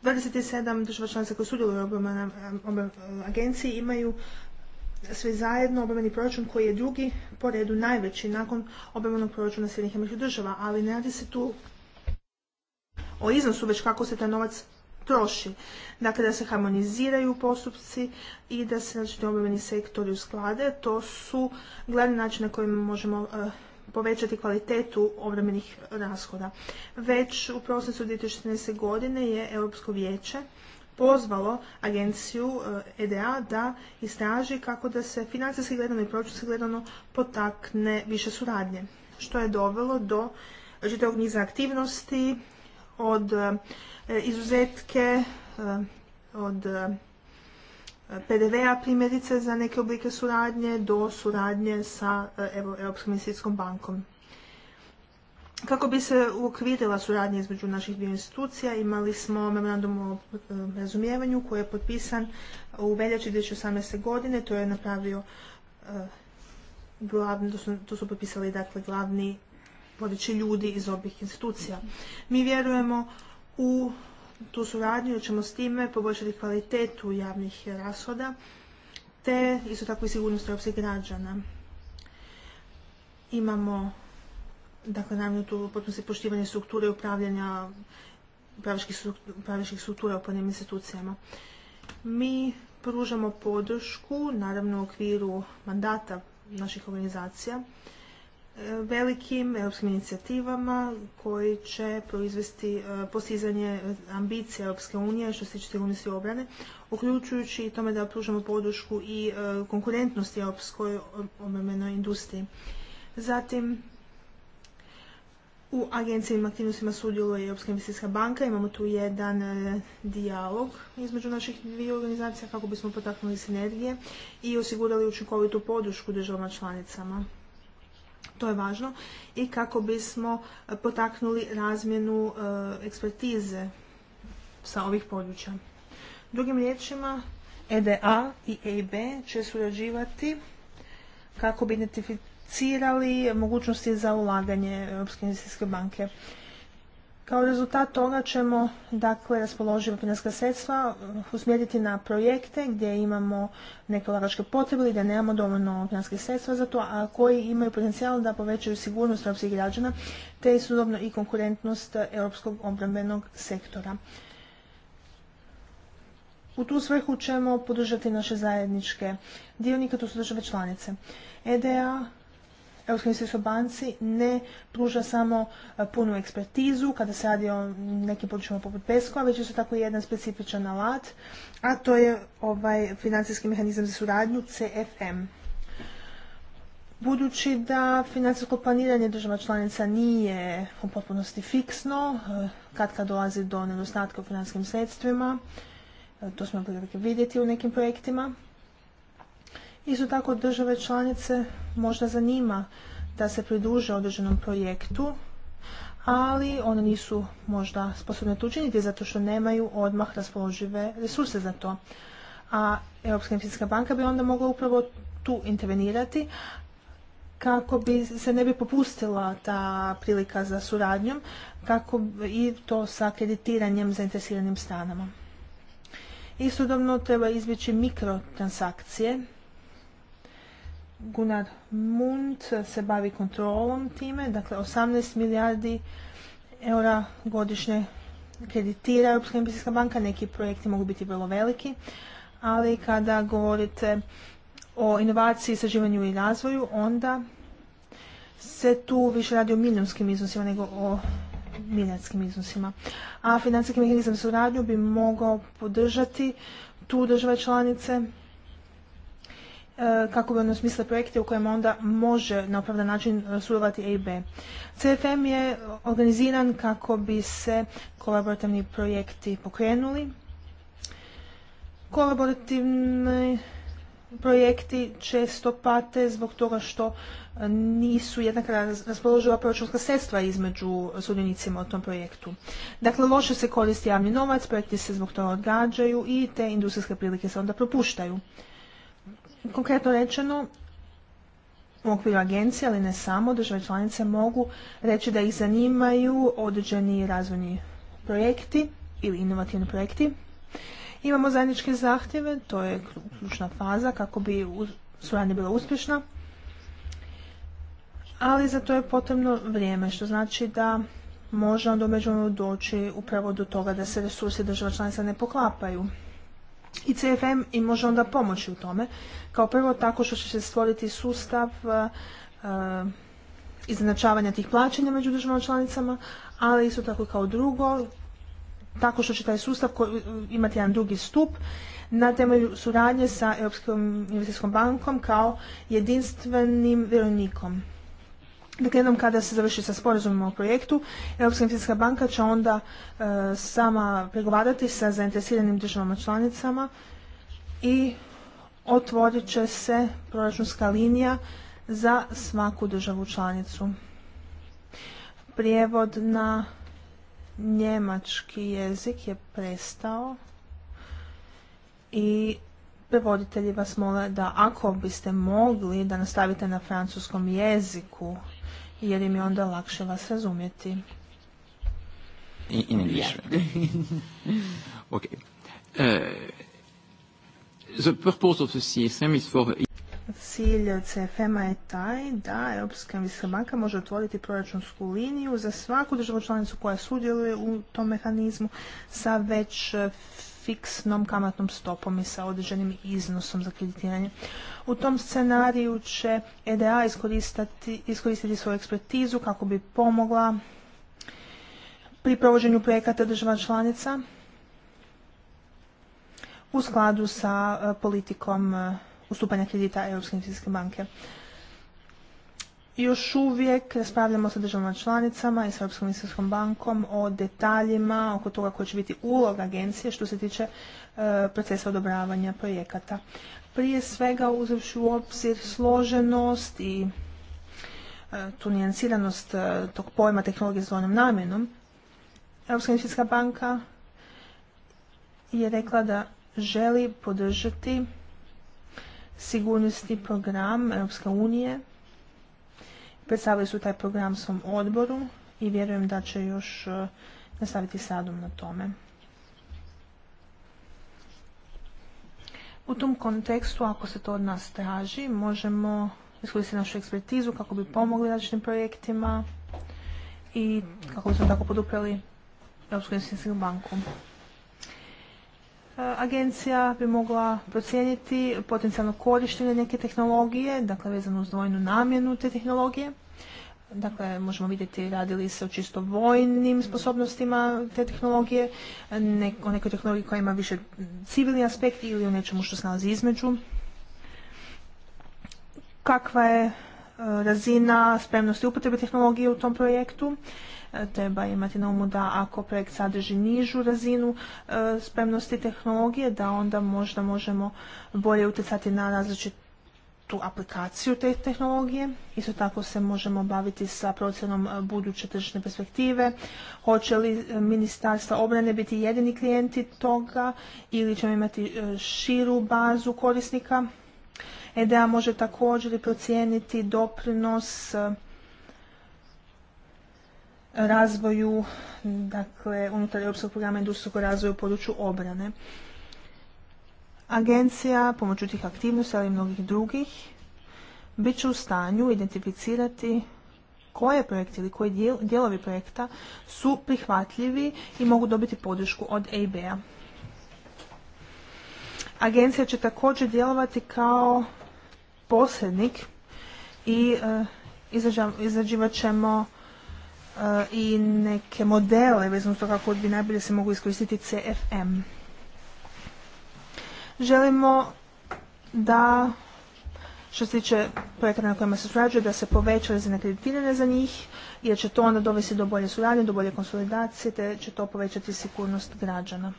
27 država članica koje sudjeluju u agenciji imaju sve zajedno obrambeni proračun koji je drugi po redu najveći nakon obrambenog proračuna Sjedinjenih američkih država, ali ne radi se tu o iznosu, već kako se taj novac troši. Dakle, da se harmoniziraju postupci i da se znači, sektori usklade. To su glavni način na kojima možemo eh, povećati kvalitetu obrambenih rashoda. Već u prosincu 2014. godine je Europsko vijeće pozvalo agenciju EDA eh, e da istraži kako da se financijski gledano i proračunski gledano potakne više suradnje, što je dovelo do čitavog niza aktivnosti od e, izuzetke, e, od e, PDV-a primjerice za neke oblike suradnje do suradnje sa Europskom investicijskom bankom. Kako bi se uokvirila suradnja između naših dvije institucija, imali smo memorandum o razumijevanju koji je potpisan u veljači 2018. godine. To je napravio to su, to su potpisali dakle glavni podići ljudi iz ovih institucija. Mi vjerujemo u tu suradnju jer ćemo s time poboljšati kvalitetu javnih rashoda te isto tako i sigurnost europskih građana. Imamo dakle naravno tu potpuno poštivanje strukture upravljanja upravljačkih struktura u pojedinim institucijama. Mi pružamo podršku, naravno u okviru mandata naših organizacija, velikim europskim inicijativama koji će proizvesti e, postizanje ambicija Europske unije što se tiče sigurnosti obrane, uključujući i tome da pružamo podršku i e, konkurentnosti europskoj obrambenoj industriji. Zatim, u agencijnim aktivnostima sudjeluje Europska investicijska banka. Imamo tu jedan e, dijalog između naših dvije organizacija kako bismo potaknuli sinergije i osigurali učinkovitu podršku državama članicama to je važno, i kako bismo e, potaknuli razmjenu e, ekspertize sa ovih područja. Drugim riječima, EDA i EIB će surađivati kako bi identificirali mogućnosti za ulaganje Europske investicijske banke. Kao rezultat toga ćemo dakle, raspoloživa finanska sredstva uh, usmjeriti na projekte gdje imamo neke ulagačke potrebe i da nemamo dovoljno finanskih sredstva za to, a koji imaju potencijal da povećaju sigurnost europskih građana te sudobno i konkurentnost europskog obrambenog sektora. U tu svrhu ćemo podržati naše zajedničke dionike, to su države članice. EDA Europskoj banci ne pruža samo punu ekspertizu kada se radi o nekim područjima poput PESCO-a, već isto tako jedan specifičan alat, a to je ovaj financijski mehanizam za suradnju CFM. Budući da financijsko planiranje država članica nije u potpunosti fiksno, e, kad kad dolazi do nedostatka u financijskim sredstvima, e, to smo mogli vidjeti u nekim projektima, Isto tako države članice možda zanima da se pridruže određenom projektu, ali one nisu možda sposobne to učiniti zato što nemaju odmah raspoložive resurse za to. A Europska investicijska banka bi onda mogla upravo tu intervenirati kako bi se ne bi popustila ta prilika za suradnjom kako i to sa kreditiranjem zainteresiranim stranama. Istodobno treba izbjeći mikrotransakcije Gunnar Mund se bavi kontrolom time, dakle 18 milijardi eura godišnje kreditira Europska investicijska banka, neki projekti mogu biti vrlo veliki, ali kada govorite o inovaciji, istraživanju i razvoju, onda se tu više radi o milijonskim iznosima nego o milijardskim iznosima. A financijski mehanizam suradnju bi mogao podržati tu države članice E, kako bi ono smisle projekte u kojem onda može na opravdan način e, sudjelovati B. CFM je organiziran kako bi se kolaborativni projekti pokrenuli. Kolaborativni projekti često pate zbog toga što e, nisu jednako raspoložila proračunska sredstva između sudionicima u tom projektu. Dakle, loše se koristi javni novac, projekti se zbog toga odgađaju i te industrijske prilike se onda propuštaju. Konkretno rečeno, u okviru agencije, ali ne samo, države članice mogu reći da ih zanimaju određeni razvojni projekti ili inovativni projekti. Imamo zajedničke zahtjeve, to je ključna faza kako bi suradnja bila uspješna, ali za to je potrebno vrijeme, što znači da može onda umeđu doći upravo do toga da se resursi država članica ne poklapaju i CFM im može onda pomoći u tome. Kao prvo tako što će se stvoriti sustav uh, izjednačavanja tih plaćanja među državama članicama, ali isto tako kao drugo, tako što će taj sustav imati jedan drugi stup na temelju suradnje sa Europskom investicijskom bankom kao jedinstvenim vjerovnikom. Dakle, jednom kada se završi sa sporazumom o projektu, Europska investicijska banka će onda e, sama pregovarati sa zainteresiranim državama članicama i otvorit će se proračunska linija za svaku državu članicu. Prijevod na njemački jezik je prestao i prevoditelji vas mole da ako biste mogli da nastavite na francuskom jeziku jer im je onda lakše vas razumjeti. i e, the purpose of the is for... Cilj CFM-a je taj da Europska investicijska banka može otvoriti proračunsku liniju za svaku državu članicu koja sudjeluje u tom mehanizmu sa već fiksnom kamatnom stopom i sa određenim iznosom za kreditiranje. U tom scenariju će EDA iskoristiti svoju ekspertizu kako bi pomogla pri provođenju projekata država članica u skladu sa e, politikom e, ustupanja kredita Europske investicijske banke još uvijek raspravljamo sa državama članicama i s Europskom investicijskom bankom o detaljima oko toga koja će biti uloga agencije što se tiče e, procesa odobravanja projekata. Prije svega uzevši u obzir složenost i e, tu nijansiranost e, tog pojma tehnologije s namjenom, Europska investicijska banka je rekla da želi podržati sigurnosni program Europske unije predstavili su taj program svom odboru i vjerujem da će još e, nastaviti sadom na tome. U tom kontekstu, ako se to od nas traži, možemo iskoristiti našu ekspertizu kako bi pomogli različitim projektima i kako smo tako poduprali Europsku investicijsku banku. E, agencija bi mogla procijeniti potencijalno korištenje neke tehnologije, dakle vezano uz dvojnu namjenu te tehnologije. Dakle, možemo vidjeti radi li se o čisto vojnim sposobnostima te tehnologije, o nekoj tehnologiji koja ima više civilni aspekt ili o nečemu što se nalazi između. Kakva je e, razina spremnosti upotrebe tehnologije u tom projektu? treba imati na umu da ako projekt sadrži nižu razinu e, spremnosti tehnologije, da onda možda možemo bolje utjecati na različitu aplikaciju te tehnologije. Isto tako se možemo baviti sa procjenom e, buduće tržišne perspektive. Hoće li e, ministarstva obrane biti jedini klijenti toga ili ćemo imati širu bazu korisnika? EDA može također procijeniti doprinos razvoju, dakle, unutar Europskog programa industrijskog razvoja u području obrane. Agencija, pomoću tih aktivnosti, ali i mnogih drugih, bit će u stanju identificirati koje projekte ili koji dijelovi projekta su prihvatljivi i mogu dobiti podršku od EIB-a. Agencija će također djelovati kao posrednik i e, izrađivat ćemo E, i neke modele vezano to kako bi najbolje se mogu iskoristiti CFM. Želimo da što se tiče projekata na kojima se surađuje, da se poveća razine kreditiranja za njih, jer će to onda dovesti do bolje suradnje, do bolje konsolidacije, te će to povećati sigurnost građana.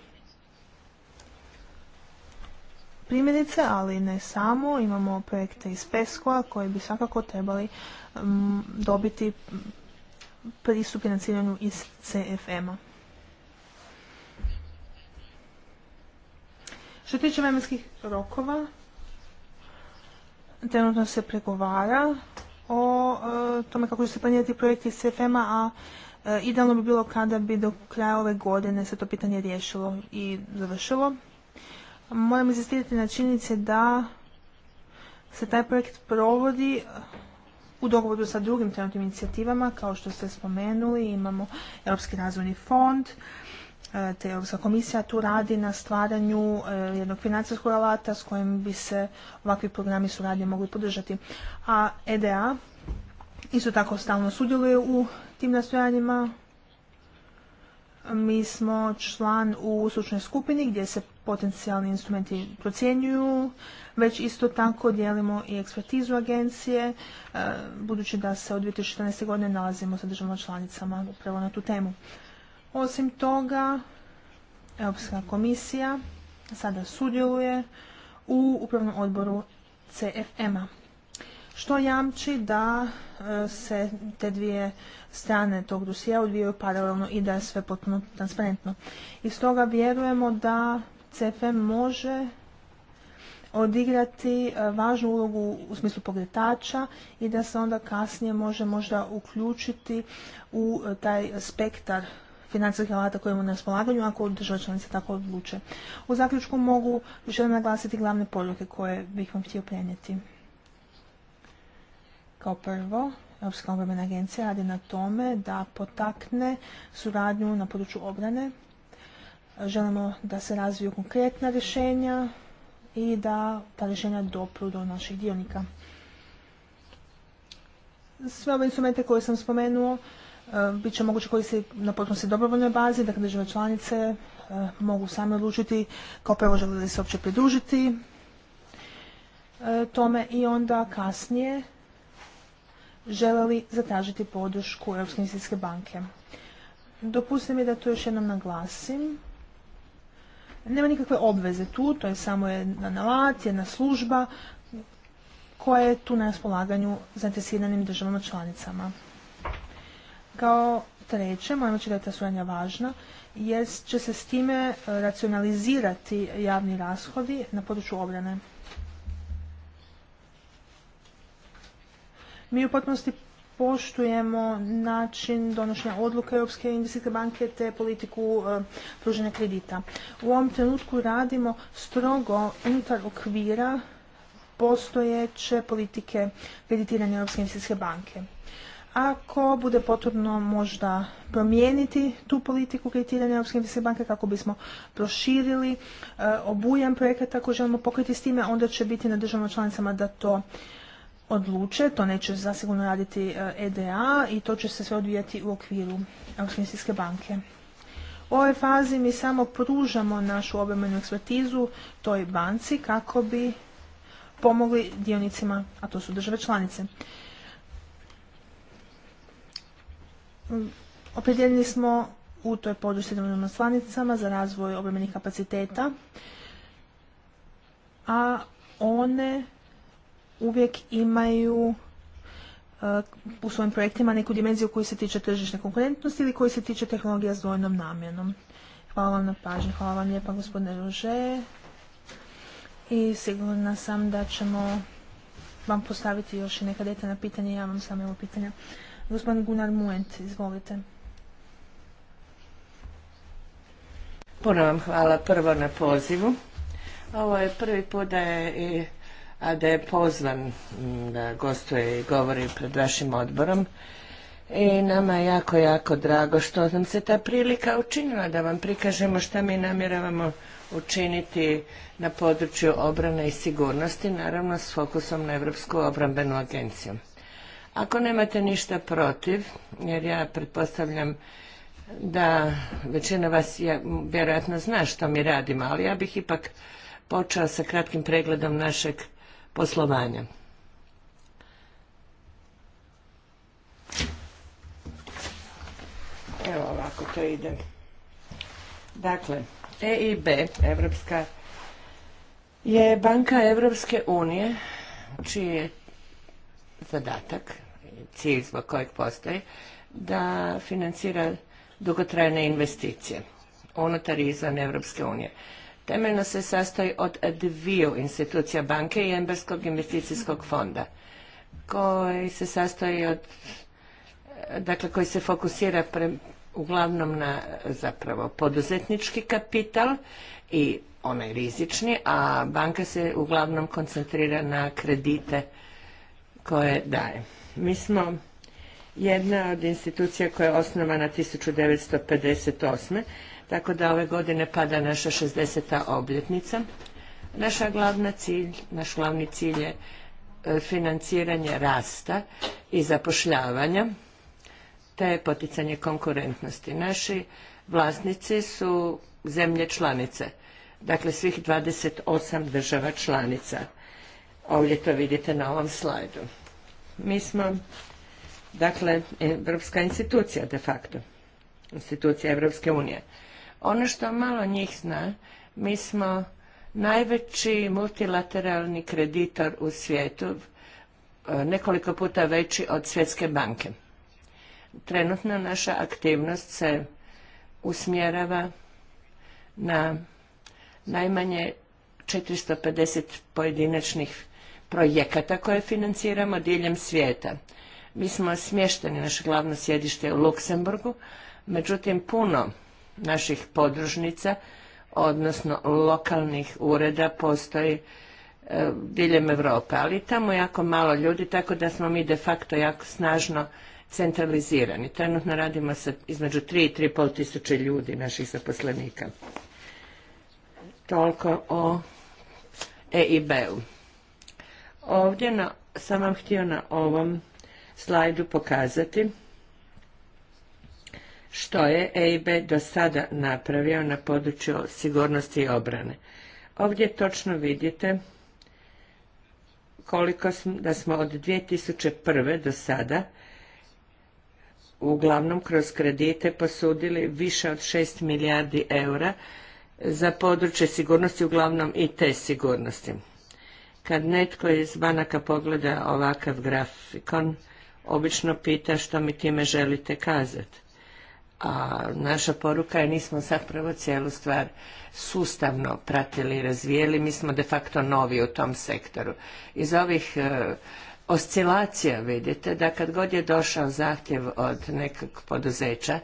Primjerice, ali ne samo, imamo projekte iz PESCO-a koji bi svakako trebali dobiti pristup financiranju iz CFM-a. Što tiče vremenskih rokova, trenutno se pregovara o e, tome kako će se planirati projekti iz CFM-a, a, e, idealno bi bilo kada bi do kraja ove godine se to pitanje riješilo i završilo. Moram insistirati na činjenice da se taj projekt provodi u dogovoru sa drugim trenutnim inicijativama, kao što ste spomenuli, imamo Europski razvojni fond, e, te Europska komisija tu radi na stvaranju e, jednog financijskog alata s kojim bi se ovakvi programi suradnje mogli podržati. A EDA isto tako stalno sudjeluje u tim nastojanjima. Mi smo član u slučnoj skupini gdje se potencijalni instrumenti procjenjuju, već isto tako dijelimo i ekspertizu agencije, e, budući da se od 2014. godine nalazimo sa državama članicama upravo na tu temu. Osim toga, Europska komisija sada sudjeluje u upravnom odboru CFM-a što jamči da e, se te dvije strane tog dosija odvijaju paralelno i da je sve potpuno transparentno. I stoga vjerujemo da CFM može odigrati e, važnu ulogu u smislu pogretača i da se onda kasnije može možda uključiti u e, taj spektar financijskih alata koje imamo na raspolaganju ako država članice tako odluče. U zaključku mogu jednom naglasiti glavne poruke koje bih vam htio prenijeti. Kao prvo, Europska obrambena agencija radi na tome da potakne suradnju na području obrane. Želimo da se razviju konkretna rješenja i da ta rješenja dopru do naših dionika. Sve ove instrumente koje sam spomenuo e, bit će moguće se na potpunosti dobrovoljnoj bazi, dakle države članice e, mogu same odlučiti kao prvo žele li se uopće pridružiti e, tome i onda kasnije žele li zatražiti podršku Europske investicijske banke. Dopustite mi da to još jednom naglasim nema nikakve obveze tu, to je samo jedna nalat, jedna služba koja je tu na raspolaganju zainteresiranim državama članicama. Kao treće, moramo da je ta suradnja važna, jer će se s time e, racionalizirati javni rashodi na području obrane. Mi u potpunosti poštujemo način donošenja odluka Europske investicijske banke te politiku e, pružanja kredita. U ovom trenutku radimo strogo unutar okvira postojeće politike kreditiranja Europske investicijske banke. Ako bude potrebno možda promijeniti tu politiku kreditiranja Europske investicijske banke kako bismo proširili e, obujam projekata koji želimo pokriti s time, onda će biti na državama članicama da to odluče, to neće zasigurno raditi EDA e i to će se sve odvijati u okviru europske banke. U ovoj fazi mi samo pružamo našu obrambenu ekspertizu toj banci kako bi pomogli dionicima, a to su države članice. Opredjeljeni smo u toj području državnim članicama za razvoj obrambenih kapaciteta, a one uvijek imaju e, u svojim projektima neku dimenziju koji se tiče tržišne konkurentnosti ili koji se tiče tehnologija s dvojnom namjenom. Hvala vam na pažnji, hvala vam lijepa gospodine Ruže i sigurna sam da ćemo vam postaviti još i neka detaljna pitanja, ja vam sam evo pitanja. Gospodin Gunnar Muent, izvolite. Puno vam hvala prvo na pozivu. Ovo je prvi put i a da je pozvan mm, da gostuje i govori pred vašim odborom. I nama je jako, jako drago što nam se ta prilika učinila da vam prikažemo šta mi namjeravamo učiniti na području obrane i sigurnosti, naravno s fokusom na Europsku obrambenu agenciju. Ako nemate ništa protiv, jer ja pretpostavljam da većina vas vjerojatno zna što mi radimo, ali ja bih ipak počeo sa kratkim pregledom našeg poslovanja. Evo ovako to ide. Dakle, EIB, Evropska, je banka Evropske unije, čiji je zadatak, cilj zbog kojeg postoji, da financira dugotrajne investicije unutar i izvan Evropske unije temeljno se sastoji od dviju institucija banke i Emberskog investicijskog fonda koji se sastoji od dakle koji se fokusira pre, uglavnom na zapravo poduzetnički kapital i onaj rizični, a banka se uglavnom koncentrira na kredite koje daje. Mi smo jedna od institucija koja je osnovana 1958 tako da ove godine pada naša 60. obljetnica. Naša glavna cilj, naš glavni cilj je e, financiranje rasta i zapošljavanja te poticanje konkurentnosti. Naši vlasnici su zemlje članice, dakle svih 28 država članica. Ovdje to vidite na ovom slajdu. Mi smo, dakle, evropska institucija de facto, institucija Evropske unije. Ono što malo njih zna, mi smo najveći multilateralni kreditor u svijetu, e, nekoliko puta veći od Svjetske banke. Trenutno naša aktivnost se usmjerava na najmanje 450 pojedinačnih projekata koje financiramo diljem svijeta. Mi smo smješteni, naše glavno sjedište u Luksemburgu, međutim puno naših podružnica, odnosno lokalnih ureda postoji e, diljem Evrope, ali tamo jako malo ljudi, tako da smo mi de facto jako snažno centralizirani. Trenutno radimo sa između 3 i 3,5 tisuće ljudi naših zaposlenika. Toliko o EIB-u. Ovdje sam vam htio na ovom slajdu pokazati što je EIB do sada napravio na području sigurnosti i obrane. Ovdje točno vidite koliko smo, da smo od 2001. do sada uglavnom kroz kredite posudili više od 6 milijardi eura za područje sigurnosti, uglavnom i te sigurnosti. Kad netko iz banaka pogleda ovakav grafikon, obično pita što mi time želite kazati. A naša poruka je nismo zapravo cijelu stvar sustavno pratili i razvijeli, mi smo de facto novi u tom sektoru. Iz ovih e, oscilacija vidite da kad god je došao zahtjev od nekog poduzeća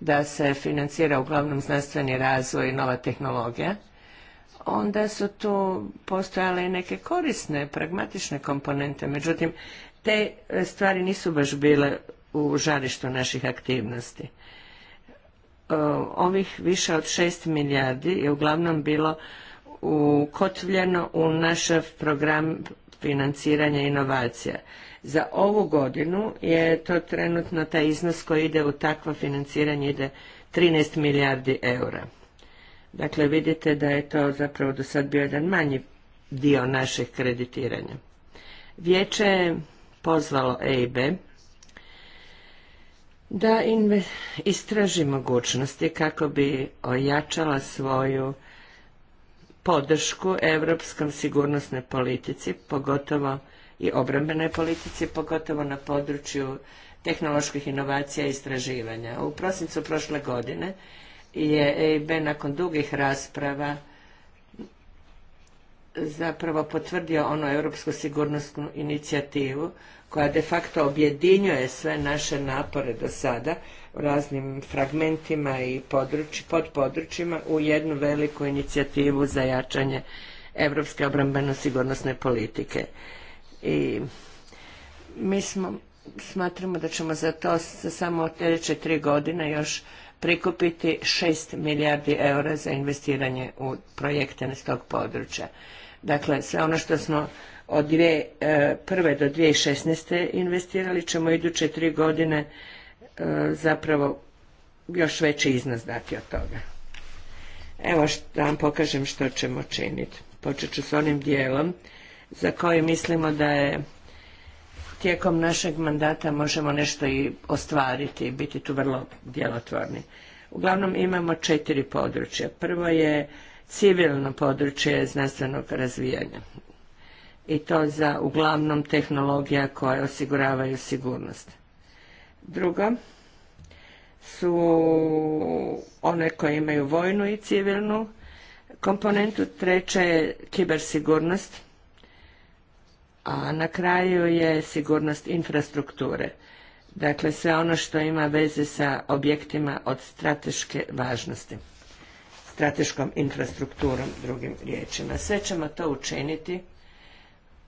da se financira uglavnom znanstveni razvoj i nova tehnologija, onda su tu postojale i neke korisne, pragmatične komponente. Međutim, te e, stvari nisu baš bile u žarištu naših aktivnosti. E, ovih više od 6 milijardi je uglavnom bilo ukotvljeno u naš program financiranja inovacija. Za ovu godinu je to trenutno taj iznos koji ide u takvo financiranje ide 13 milijardi eura. Dakle, vidite da je to zapravo do sad bio jedan manji dio našeg kreditiranja. Vijeće je pozvalo EIB da istraži mogućnosti kako bi ojačala svoju podršku europskom sigurnosnoj politici, pogotovo i obrambenoj politici, pogotovo na području tehnoloških inovacija i istraživanja. U prosincu prošle godine je EIB nakon dugih rasprava zapravo potvrdio onu europsku sigurnosnu inicijativu koja de facto objedinjuje sve naše napore do sada u raznim fragmentima i pod podpodručjima u jednu veliku inicijativu za jačanje europske obrambeno-sigurnosne politike. I mi smo, smatramo da ćemo za to za samo sljedeće tri godine još prikupiti šest milijardi eura za investiranje u projekte s tog područja. Dakle, sve ono što smo od 2001. E, do 2016. investirali ćemo iduće tri godine e, zapravo još veći iznos dati od toga. Evo da vam pokažem što ćemo činiti. Počet ću s onim dijelom za koji mislimo da je tijekom našeg mandata možemo nešto i ostvariti i biti tu vrlo djelotvorni. Uglavnom imamo četiri područja. Prvo je civilno područje znanstvenog razvijanja i to za uglavnom tehnologija koje osiguravaju sigurnost. Drugo su one koje imaju vojnu i civilnu komponentu. Treće je kibersigurnost, a na kraju je sigurnost infrastrukture. Dakle, sve ono što ima veze sa objektima od strateške važnosti, strateškom infrastrukturom, drugim riječima. Sve ćemo to učiniti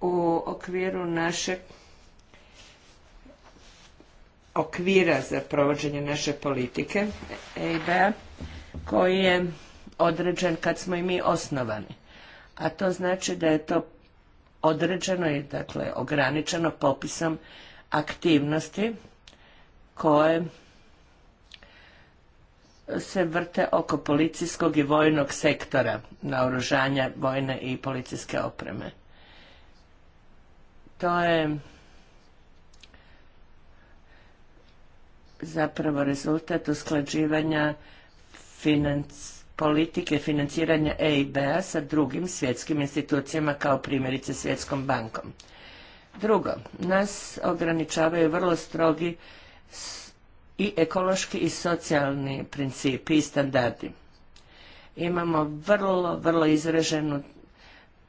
u okviru našeg okvira za provođenje naše politike eib koji je određen kad smo i mi osnovani. A to znači da je to određeno i dakle ograničeno popisom aktivnosti koje se vrte oko policijskog i vojnog sektora naoružanja vojne i policijske opreme to je zapravo rezultat usklađivanja politike financiranja EIB-a sa drugim svjetskim institucijama kao primjerice Svjetskom bankom. Drugo, nas ograničavaju vrlo strogi i ekološki i socijalni principi i standardi. Imamo vrlo, vrlo izraženu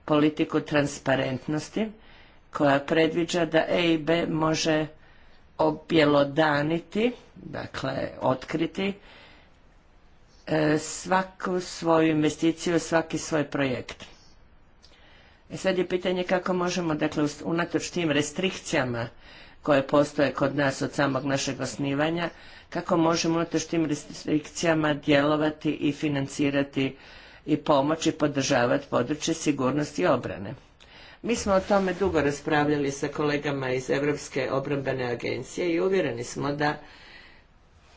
politiku transparentnosti koja predviđa da EIB može objelodaniti, dakle otkriti e, svaku svoju investiciju, svaki svoj projekt. E sad je pitanje kako možemo, dakle, unatoč tim restrikcijama koje postoje kod nas od samog našeg osnivanja, kako možemo unatoč tim restrikcijama djelovati i financirati i pomoći podržavati područje sigurnosti i obrane. Mi smo o tome dugo raspravljali sa kolegama iz Europske obrambene agencije i uvjereni smo da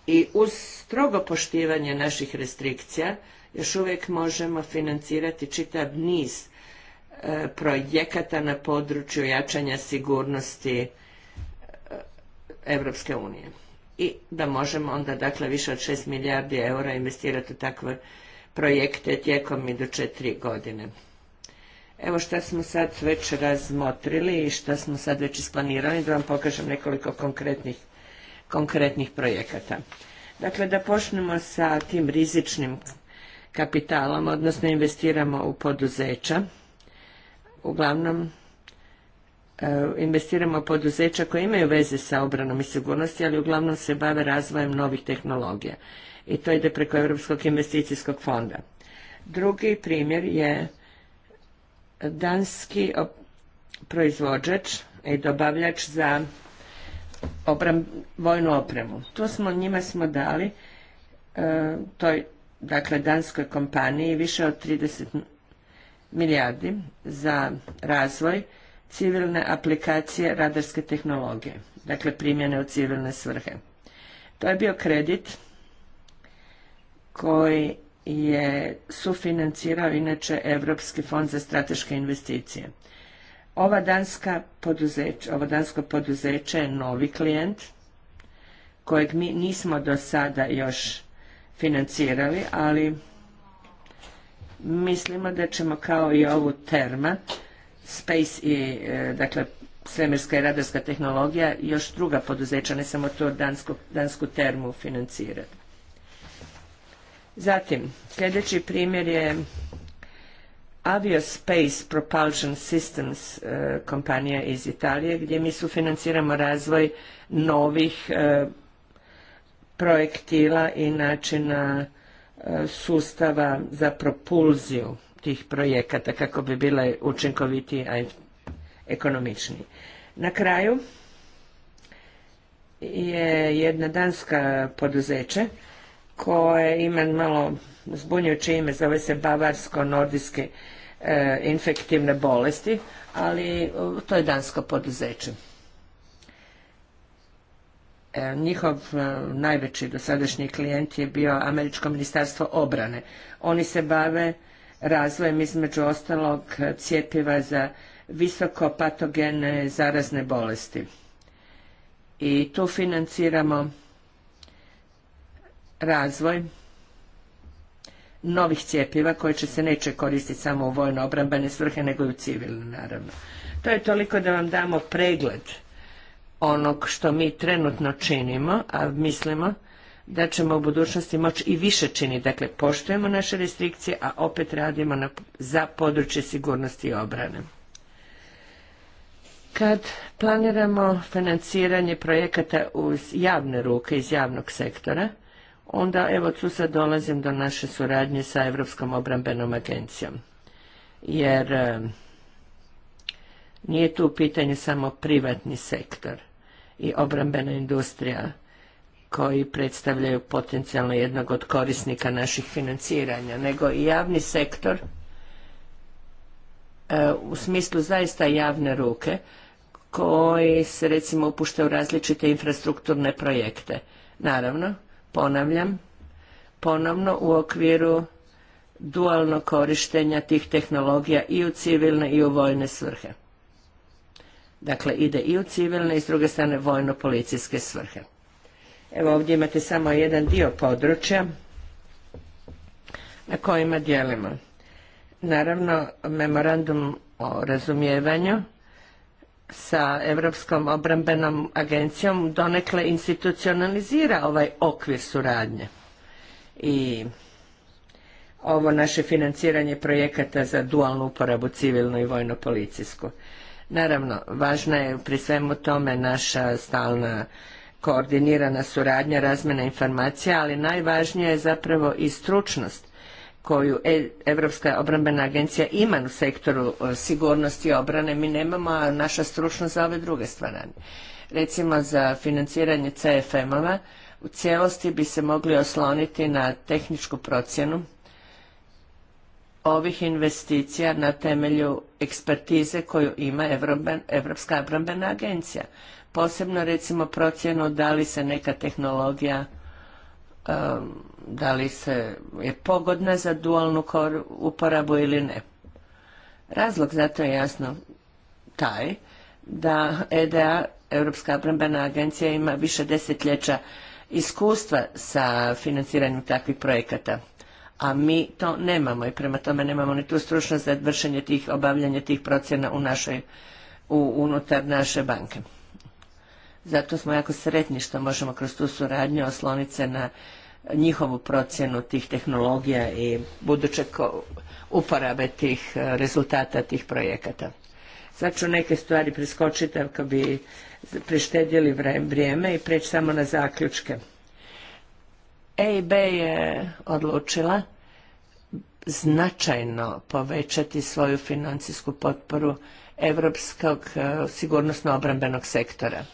i uz strogo poštivanje naših restrikcija još uvijek možemo financirati čitav niz e, projekata na području jačanja sigurnosti e, Evropske unije. I da možemo onda dakle više od 6 milijardi eura investirati u takve projekte tijekom do tri godine. Evo šta smo sad već razmotrili i što smo sad već isplanirali, da vam pokažem nekoliko konkretnih, konkretnih projekata. Dakle, da počnemo sa tim rizičnim kapitalom, odnosno investiramo u poduzeća, uglavnom e, investiramo u poduzeća koje imaju veze sa obranom i sigurnosti, ali uglavnom se bave razvojem novih tehnologija. I to ide preko Europskog investicijskog fonda. Drugi primjer je danski proizvođač i dobavljač za vojnu opremu. Tu smo, njima smo dali e, toj, dakle, danskoj kompaniji više od 30 milijardi za razvoj civilne aplikacije radarske tehnologije, dakle primjene u civilne svrhe. To je bio kredit koji je sufinancirao inače Europski fond za strateške investicije. Ova danska ovo dansko poduzeće je novi klijent kojeg mi nismo do sada još financirali, ali mislimo da ćemo kao i ovu terma, space i e, dakle svemirska i radarska tehnologija, još druga poduzeća, ne samo to dansku termu financirati. Zatim, sljedeći primjer je Aviospace Propulsion Systems e, kompanija iz Italije gdje mi sufinanciramo razvoj novih e, projektila i načina e, sustava za propulziju tih projekata kako bi bile učinkovitiji, a ekonomičniji. Na kraju je jedna danska poduzeće koje ima malo zbunjujuće ime, zove se bavarsko-nordijske e, infektivne bolesti, ali e, to je dansko poduzeće. E, njihov najveći dosadašnji klijent je bio Američko ministarstvo obrane. Oni se bave razvojem između ostalog cjepiva za visoko patogene zarazne bolesti. I tu financiramo razvoj novih cjepiva koje će se neće koristiti samo u vojno svrhe nego i u civilne naravno. To je toliko da vam damo pregled onog što mi trenutno činimo, a mislimo da ćemo u budućnosti moći i više činiti. Dakle, poštujemo naše restrikcije, a opet radimo na, za područje sigurnosti i obrane. Kad planiramo financiranje projekata uz javne ruke iz javnog sektora, onda evo tu sad dolazim do naše suradnje sa Europskom obrambenom agencijom. Jer e, nije tu u pitanju samo privatni sektor i obrambena industrija koji predstavljaju potencijalno jednog od korisnika naših financiranja, nego i javni sektor e, u smislu zaista javne ruke koji se recimo upušta u različite infrastrukturne projekte. Naravno, ponavljam, ponovno u okviru dualnog korištenja tih tehnologija i u civilne i u vojne svrhe. Dakle, ide i u civilne i s druge strane vojno-policijske svrhe. Evo ovdje imate samo jedan dio područja na kojima dijelimo. Naravno, memorandum o razumijevanju sa Europskom obrambenom agencijom donekle institucionalizira ovaj okvir suradnje i ovo naše financiranje projekata za dualnu uporabu civilnu i vojno-policijsku. Naravno, važna je pri svemu tome naša stalna koordinirana suradnja, razmjena informacija, ali najvažnija je zapravo i stručnost koju e, Evropska obrambena agencija ima u sektoru e, sigurnosti i obrane, mi nemamo, a naša stručnost za ove druge stvarane. Recimo za financiranje CFM-ova u cijelosti bi se mogli osloniti na tehničku procjenu ovih investicija na temelju ekspertize koju ima Europska obrambena agencija. Posebno recimo procjenu da li se neka tehnologija da li se je pogodna za dualnu uporabu ili ne. Razlog za to je jasno taj da EDA, Europska obrambena agencija, ima više desetljeća iskustva sa financiranjem takvih projekata. A mi to nemamo i prema tome nemamo ni tu stručnost za vršenje tih, obavljanje tih procjena u unutar naše banke. Zato smo jako sretni što možemo kroz tu suradnju osloniti se na njihovu procjenu tih tehnologija i buduće uporabe tih e, rezultata tih projekata. Sad ću neke stvari preskočiti ako bi prištedjeli vrijeme i preći samo na zaključke. EIB je odlučila značajno povećati svoju financijsku potporu europskog e, sigurnosno-obrambenog sektora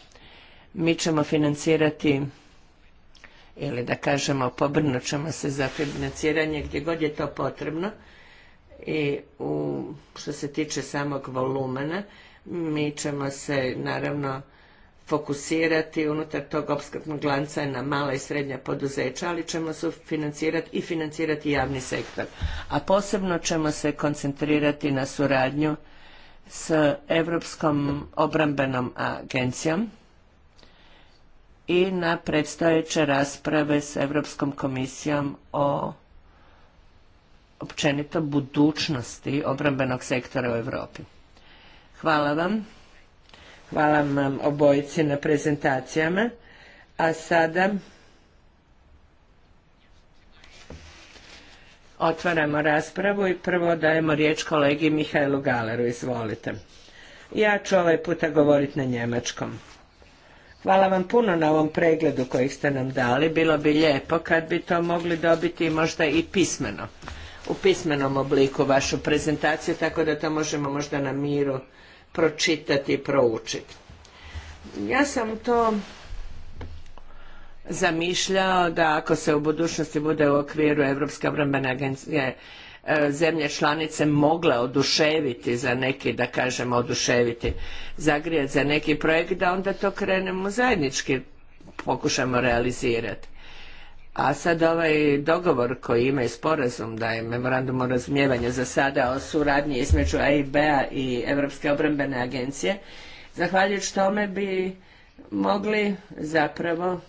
mi ćemo financirati ili da kažemo pobrnut ćemo se za financiranje gdje god je to potrebno i u, što se tiče samog volumena mi ćemo se naravno fokusirati unutar tog opskrbnog lanca na mala i srednja poduzeća, ali ćemo se financirati i financirati javni sektor. A posebno ćemo se koncentrirati na suradnju s Europskom obrambenom agencijom i na predstojeće rasprave s Europskom komisijom o općenito budućnosti obrambenog sektora u Europi. Hvala vam. Hvala vam obojici na prezentacijama. A sada otvaramo raspravu i prvo dajemo riječ kolegi Mihajlu Galeru. Izvolite. Ja ću ovaj puta govoriti na njemačkom. Hvala vam puno na ovom pregledu koji ste nam dali. Bilo bi lijepo kad bi to mogli dobiti možda i pismeno, u pismenom obliku vašu prezentaciju, tako da to možemo možda na miru pročitati i proučiti. Ja sam to zamišljao da ako se u budućnosti bude u okviru Europske obrambene agencije E, zemlje članice mogle oduševiti za neki, da kažemo oduševiti, zagrijati za neki projekt, da onda to krenemo zajednički, pokušamo realizirati. A sad ovaj dogovor koji ima i sporazum da je memorandum o razumijevanju za sada o suradnji između AIB-a i Europske obrambene agencije, zahvaljujući tome bi mogli zapravo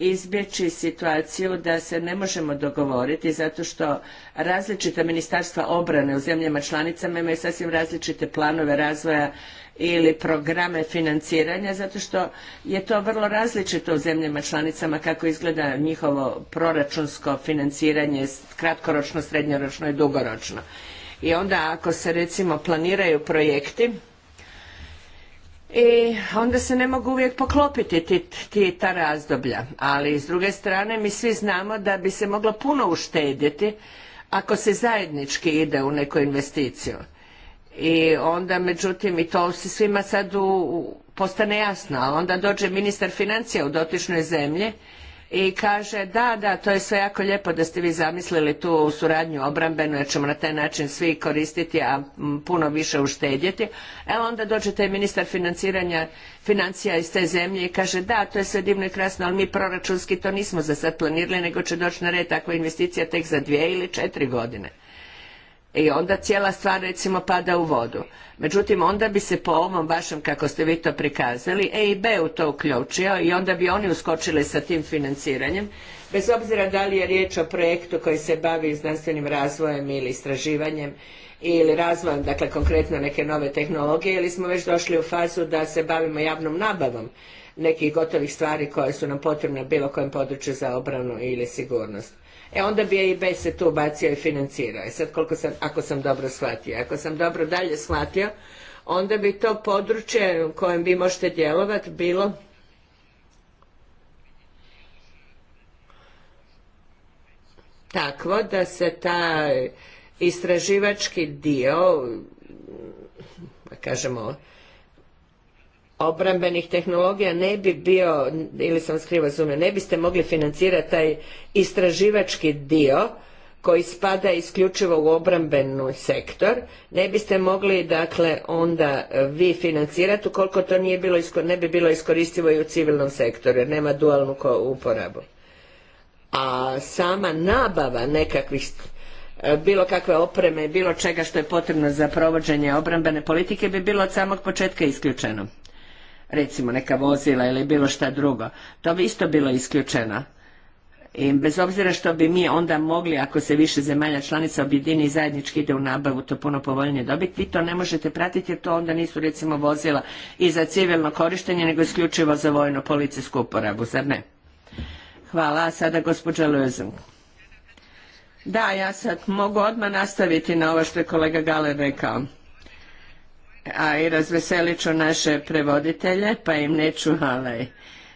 izbjeći situaciju da se ne možemo dogovoriti zato što različita ministarstva obrane u zemljama članicama imaju sasvim različite planove razvoja ili programe financiranja zato što je to vrlo različito u zemljama članicama kako izgleda njihovo proračunsko financiranje kratkoročno, srednjoročno i dugoročno. I onda ako se recimo planiraju projekti i onda se ne mogu uvijek poklopiti ti, ta razdoblja. Ali s druge strane mi svi znamo da bi se moglo puno uštedjeti ako se zajednički ide u neku investiciju. I onda međutim i to se svima sad postane jasno, a onda dođe ministar financija u dotičnoj zemlji i kaže da, da, to je sve jako lijepo da ste vi zamislili tu suradnju obrambenu jer ćemo na taj način svi koristiti, a puno više uštedjeti. E onda dođe taj ministar financiranja financija iz te zemlje i kaže da, to je sve divno i krasno, ali mi proračunski to nismo za sad planirali, nego će doći na red takva investicija tek za dvije ili četiri godine i onda cijela stvar recimo pada u vodu. Međutim, onda bi se po ovom vašem, kako ste vi to prikazali, EIB u to uključio i onda bi oni uskočili sa tim financiranjem, bez obzira da li je riječ o projektu koji se bavi znanstvenim razvojem ili istraživanjem ili razvojem, dakle konkretno neke nove tehnologije, ili smo već došli u fazu da se bavimo javnom nabavom nekih gotovih stvari koje su nam potrebne u bilo kojem području za obranu ili sigurnost. E onda bi je EIB se tu bacio i financirao. E sad koliko sam, ako sam dobro shvatio. Ako sam dobro dalje shvatio, onda bi to područje u kojem vi možete djelovati bilo takvo da se taj istraživački dio kažemo obrambenih tehnologija ne bi bio, ili sam skrivo zumio, ne biste mogli financirati taj istraživački dio koji spada isključivo u obrambeni sektor, ne biste mogli dakle onda vi financirati ukoliko to nije bilo, ne bi bilo iskoristivo i u civilnom sektoru jer nema dualnu uporabu. A sama nabava nekakvih e, bilo kakve opreme, bilo čega što je potrebno za provođenje obrambene politike bi bilo od samog početka isključeno recimo neka vozila ili bilo šta drugo. To bi isto bilo isključeno. I bez obzira što bi mi onda mogli, ako se više zemalja članica objedini i zajednički ide u nabavu, to puno povoljnije dobiti, vi to ne možete pratiti jer to onda nisu recimo vozila i za civilno korištenje, nego isključivo za vojno policijsku uporabu, zar ne? Hvala, a sada gospođa Lözung. Da, ja sad mogu odmah nastaviti na ovo što je kolega Galer rekao a i razveselit ću naše prevoditelje, pa im neću, ovaj,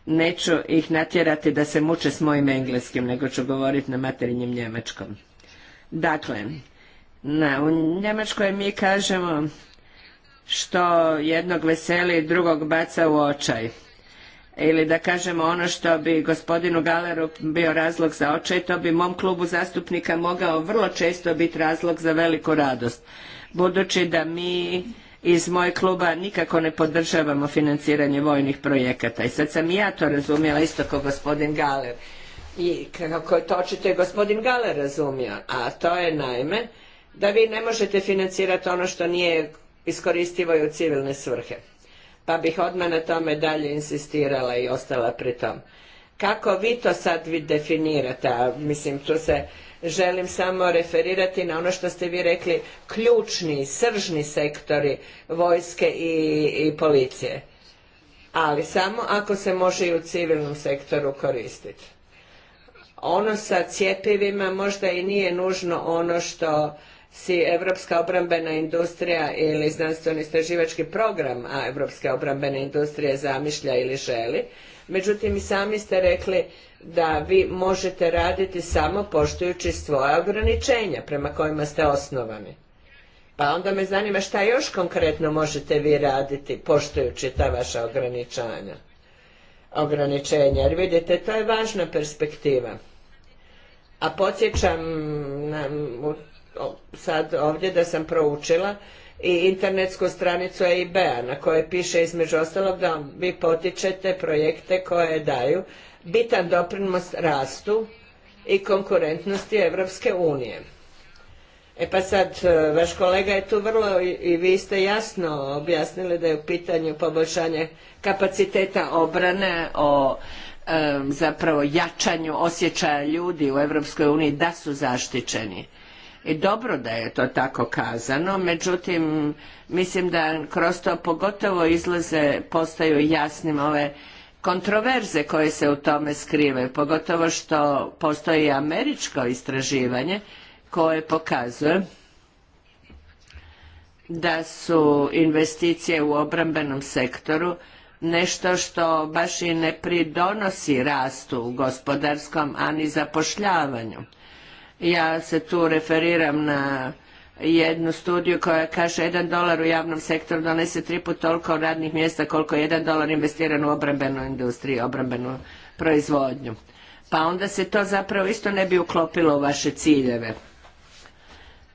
neću ih natjerati da se muče s mojim engleskim, nego ću govoriti na materinjem njemačkom. Dakle, na, u Njemačkoj mi kažemo što jednog veseli, drugog baca u očaj. Ili da kažemo ono što bi gospodinu Galeru bio razlog za očaj, to bi mom klubu zastupnika mogao vrlo često biti razlog za veliku radost. Budući da mi iz mojeg kluba nikako ne podržavamo financiranje vojnih projekata. I sad sam i ja to razumjela isto kao gospodin Galer. I kako to očito je gospodin Galer razumio. A to je naime da vi ne možete financirati ono što nije iskoristivo i u civilne svrhe. Pa bih odmah na tome dalje insistirala i ostala pri tom. Kako vi to sad definirate? A, mislim, tu se želim samo referirati na ono što ste vi rekli ključni, sržni sektori vojske i, policije. Ali samo ako se može i u civilnom sektoru koristiti. Ono sa cjepivima možda i nije nužno ono što si europska obrambena industrija ili znanstveno istraživački program a europske obrambene industrije zamišlja ili želi međutim i sami ste rekli da vi možete raditi samo poštujući svoja ograničenja prema kojima ste osnovani. Pa onda me zanima šta još konkretno možete vi raditi poštujući ta vaša ograničanja. Ograničenja, jer vidite, to je važna perspektiva. A podsjećam sad ovdje da sam proučila i internetsku stranicu EIB-a na kojoj piše između ostalog da vi potičete projekte koje daju bitan doprinos rastu i konkurentnosti Evropske unije. E pa sad, e, vaš kolega je tu vrlo i vi ste jasno objasnili da je u pitanju poboljšanje kapaciteta obrane, o e, zapravo jačanju osjećaja ljudi u Evropskoj uniji da su zaštićeni. I dobro da je to tako kazano, međutim mislim da kroz to pogotovo izlaze, postaju jasnim ove kontroverze koje se u tome skrivaju, pogotovo što postoji američko istraživanje koje pokazuje da su investicije u obrambenom sektoru nešto što baš i ne pridonosi rastu u gospodarskom, a ni zapošljavanju. Ja se tu referiram na jednu studiju koja kaže jedan dolar u javnom sektoru donese tri puta toliko radnih mjesta koliko jedan dolar investiran u obrambenu industriju, obrambenu proizvodnju. Pa onda se to zapravo isto ne bi uklopilo u vaše ciljeve.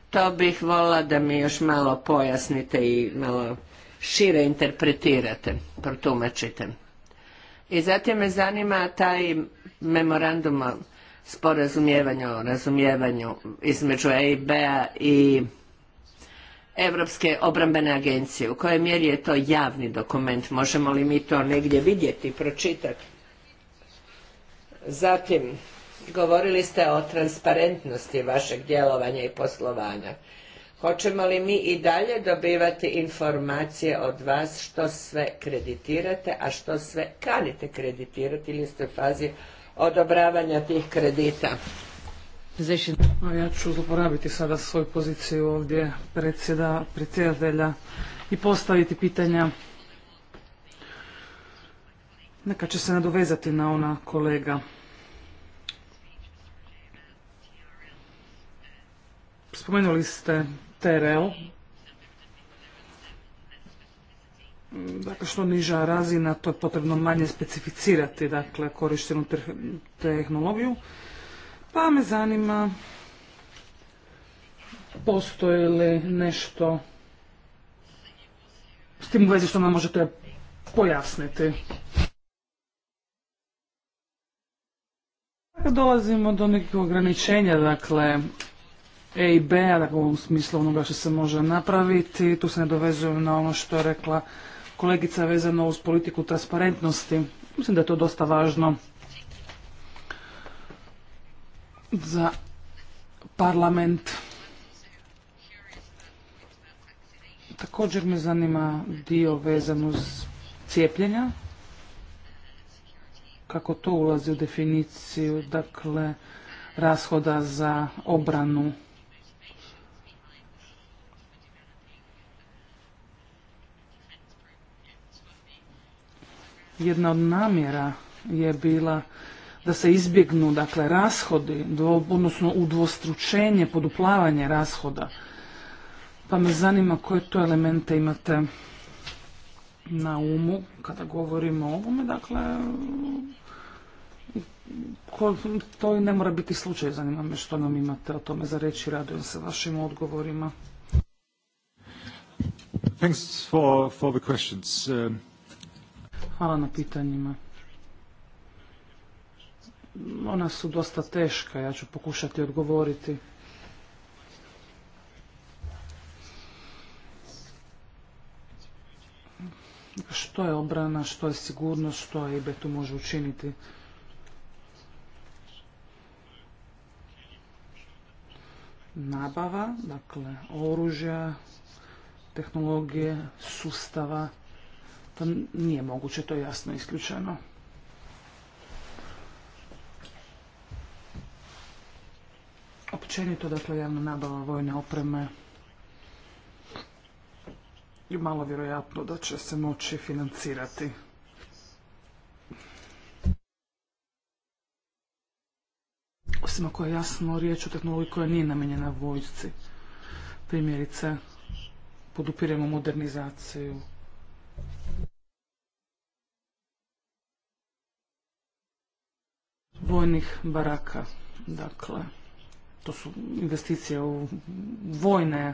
To bih volila da mi još malo pojasnite i malo šire interpretirate, protumačite. I zatim me zanima taj memorandum sporazumijevanju, razumijevanju između EIB-a i Europske obrambene agencije. U kojoj mjeri je to javni dokument? Možemo li mi to negdje vidjeti, pročitati? Zatim, govorili ste o transparentnosti vašeg djelovanja i poslovanja. Hoćemo li mi i dalje dobivati informacije od vas što sve kreditirate, a što sve kanite kreditirati ili ste u fazi odobravanja tih kredita. Ja ću zloporabiti sada svoju poziciju ovdje predsjeda, predsjedatelja i postaviti pitanja neka će se nadovezati na ona kolega. Spomenuli ste TRL, dakle što niža razina, to je potrebno manje specificirati, dakle, korištenu tehnologiju. Pa me zanima postoji li nešto s tim u vezi što nam možete pojasniti. Dakle, dolazimo do nekih ograničenja, dakle, E i B, dakle, u ovom smislu onoga što se može napraviti. Tu se ne dovezujem na ono što je rekla kolegica vezano uz politiku transparentnosti. Mislim da je to dosta važno za parlament. Također me zanima dio vezan uz cijepljenja. Kako to ulazi u definiciju, dakle, rashoda za obranu Jedna od namjera je bila da se izbjegnu dakle rashodi, odnosno udvostručenje, poduplavanje rashoda. Pa me zanima koje to elemente imate na umu kada govorimo o ovome, dakle to ne mora biti slučaj, zanima me što nam imate o tome za reći, radujem se vašim odgovorima. Thanks for, for the questions. Um, Hvala na pitanjima. Ona su dosta teška, ja ću pokušati odgovoriti. Što je obrana, što je sigurnost, što je IBE tu može učiniti? Nabava, dakle, oružja, tehnologije, sustava, to nije moguće, to je jasno isključeno. Općenito, dakle, javna nabava vojne opreme i malo vjerojatno da će se moći financirati. Osim ako je jasno riječ o tehnologiji koja nije namenjena vojsci. Primjerice, podupiremo modernizaciju vojnih baraka. Dakle, to su investicije u vojne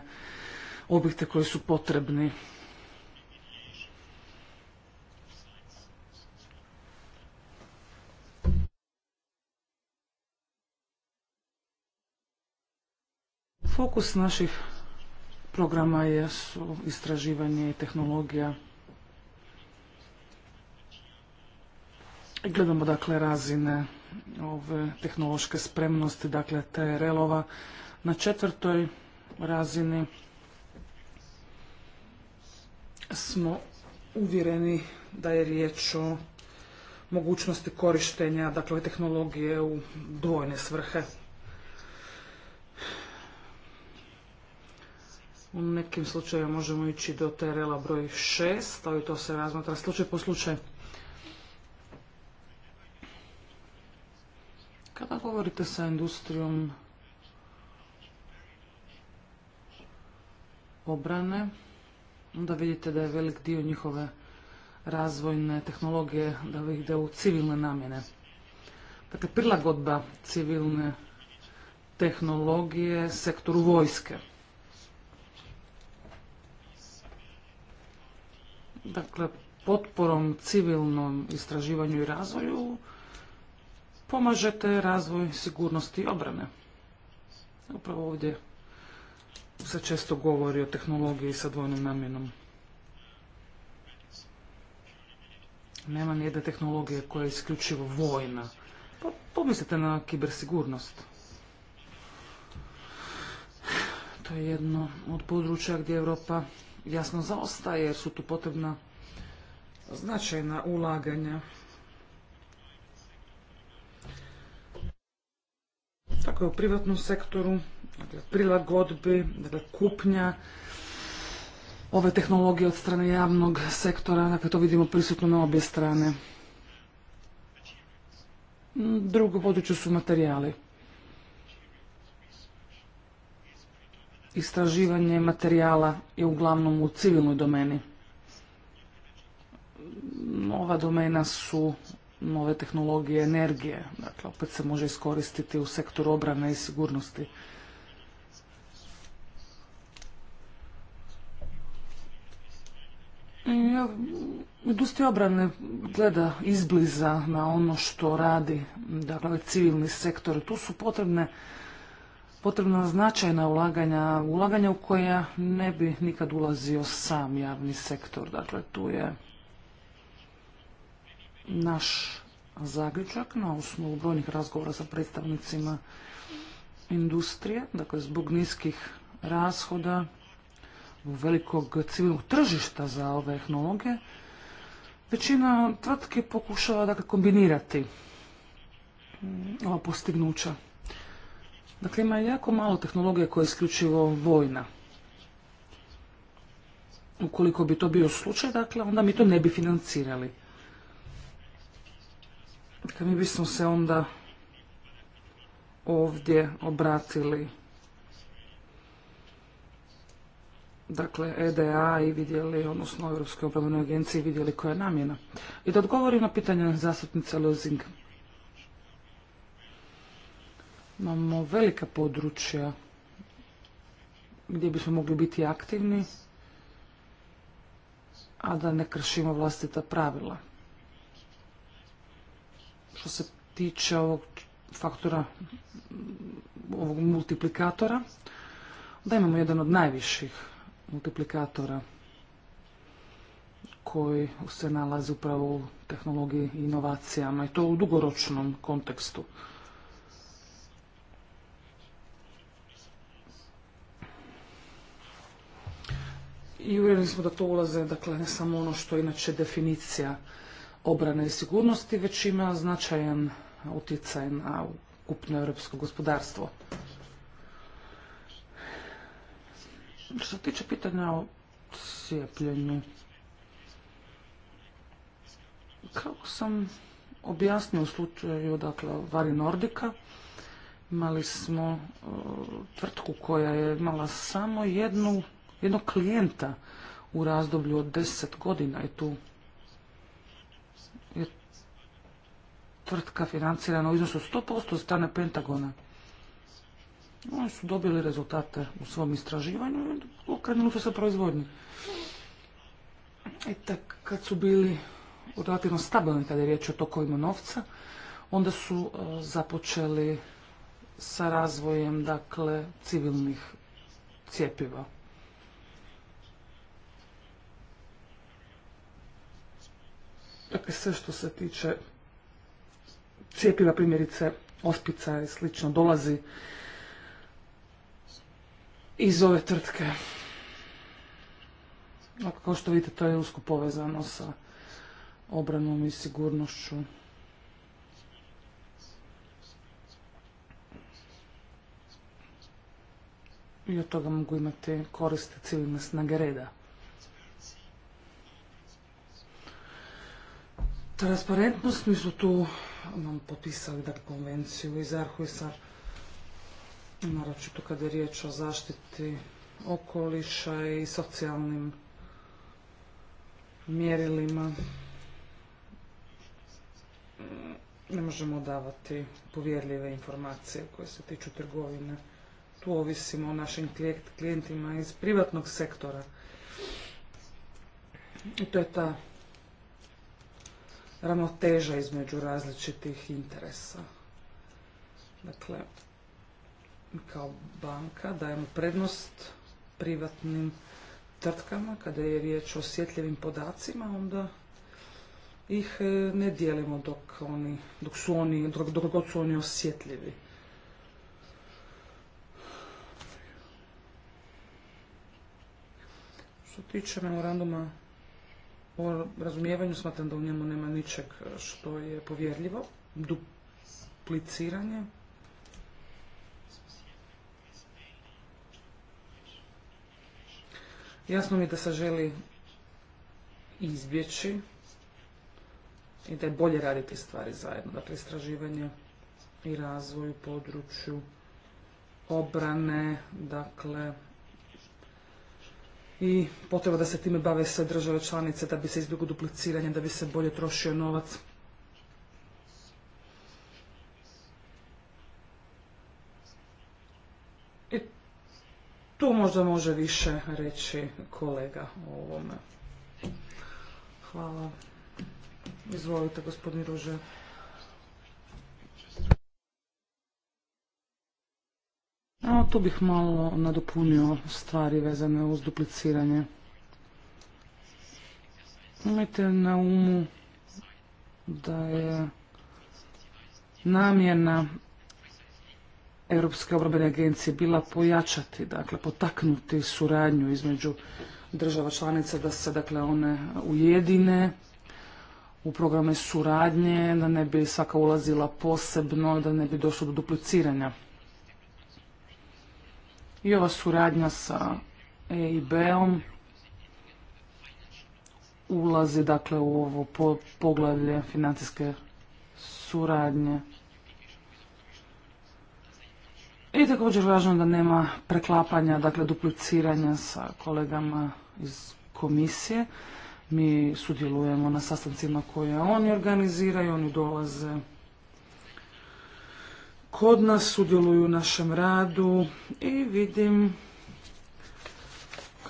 objekte koji su potrebni. Fokus naših programa je su istraživanje i tehnologija. Gledamo dakle razine ove tehnološke spremnosti, dakle TRL-ova na četvrtoj razini smo uvjereni da je riječ o mogućnosti korištenja dakle tehnologije u dvojne svrhe. U nekim slučajevima možemo ići do TRL-a broj 6, ali to se razmatra slučaj po slučaju. Kada govorite sa industrijom obrane, onda vidite da je velik dio njihove razvojne tehnologije da ide u civilne namjene. Dakle, prilagodba civilne tehnologije sektoru vojske. Dakle, potporom civilnom istraživanju i razvoju pomažete razvoj sigurnosti i obrane. Upravo ovdje se često govori o tehnologiji sa dvojnom namjenom. Nema nijedne tehnologije koja je isključivo vojna. Pa pomislite na kibersigurnost. To je jedno od područja gdje Europa jasno zaostaje jer su tu potrebna značajna ulaganja tako je u privatnom sektoru, dakle, prilagodbi, dakle, kupnja ove tehnologije od strane javnog sektora, dakle, to vidimo prisutno na obje strane. Drugo područje su materijali. Istraživanje materijala je uglavnom u civilnoj domeni. Ova domena su nove tehnologije energije. Dakle, opet se može iskoristiti u sektoru obrane i sigurnosti. Industrija obrane gleda izbliza na ono što radi dakle, ovaj civilni sektor. Tu su potrebne potrebna značajna ulaganja, ulaganja u koja ne bi nikad ulazio sam javni sektor. Dakle, tu je naš zaključak na osnovu brojnih razgovora sa predstavnicima industrije, dakle zbog niskih rashoda, velikog civilnog tržišta za ove tehnologije, većina tvrtki pokušava dakle, kombinirati ova postignuća. Dakle, ima jako malo tehnologije koja je isključivo vojna. Ukoliko bi to bio slučaj, dakle, onda mi to ne bi financirali. Dakle, mi bismo se onda ovdje obratili dakle EDA i vidjeli, odnosno Europskoj obrambenoj agenciji vidjeli koja je namjena. I da odgovorim na pitanje zastupnice Lozing. Imamo velika područja gdje bismo mogli biti aktivni, a da ne kršimo vlastita pravila što se tiče ovog faktora, ovog multiplikatora, da imamo jedan od najviših multiplikatora koji se nalazi upravo u tehnologiji i inovacijama i to u dugoročnom kontekstu. I uvjereni smo da to ulaze, dakle, ne samo ono što je inače definicija obrane i sigurnosti, već ima značajan utjecaj na ukupno europsko gospodarstvo. Što se tiče pitanja o kako sam objasnio u slučaju dakle, Vari Nordika, imali smo e, tvrtku koja je imala samo jednu, jednog klijenta u razdoblju od deset godina i tu tvrtka financirana u iznosu 100% od Pentagona. Oni su dobili rezultate u svom istraživanju i okrenuli su se proizvodnje I tak, kad su bili relativno stabilni kada je riječ o tokovima novca, onda su e, započeli sa razvojem dakle civilnih cijepiva. Dakle, sve što se tiče cijepiva, primjerice ospica i slično, dolazi iz ove tvrtke. Dakle, kao što vidite, to je usko povezano sa obranom i sigurnošću. I od toga mogu imati koriste civilne snage reda. Transparentnost, mi su tu nam potpisali da dakle, konvenciju iz Arhuisar naročito kada je riječ o zaštiti okoliša i socijalnim mjerilima. Ne možemo davati povjerljive informacije koje se tiču trgovine. Tu ovisimo o našim klijentima iz privatnog sektora. I to je ta ravnoteža između različitih interesa. Dakle, kao banka dajemo prednost privatnim tvrtkama kada je riječ o osjetljivim podacima, onda ih e, ne dijelimo dok, oni, dok, su oni, dok, dok god su oni osjetljivi. Što tiče memoranduma u razumijevanju smatram da u njemu nema ničeg e, što je povjerljivo, dupliciranje. Jasno mi je da se želi izbjeći i da je bolje raditi stvari zajedno, dakle istraživanje i razvoj u području obrane, dakle i potreba da se time bave sve države članice da bi se izbjegu dupliciranje, da bi se bolje trošio novac. I tu možda može više reći kolega o ovome. Hvala. Izvolite, gospodin Ruže. a tu bih malo nadopunio stvari vezane uz dupliciranje. Imajte na umu da je namjena Europske obrambene agencije bila pojačati, dakle potaknuti suradnju između država članica da se dakle one ujedine u programe suradnje, da ne bi svaka ulazila posebno, da ne bi došlo do dupliciranja i ova suradnja sa EIB-om ulazi dakle u ovo poglavlje financijske suradnje. I također važno da nema preklapanja, dakle dupliciranja sa kolegama iz komisije. Mi sudjelujemo na sastancima koje oni organiziraju, oni dolaze kod nas, sudjeluju u našem radu i vidim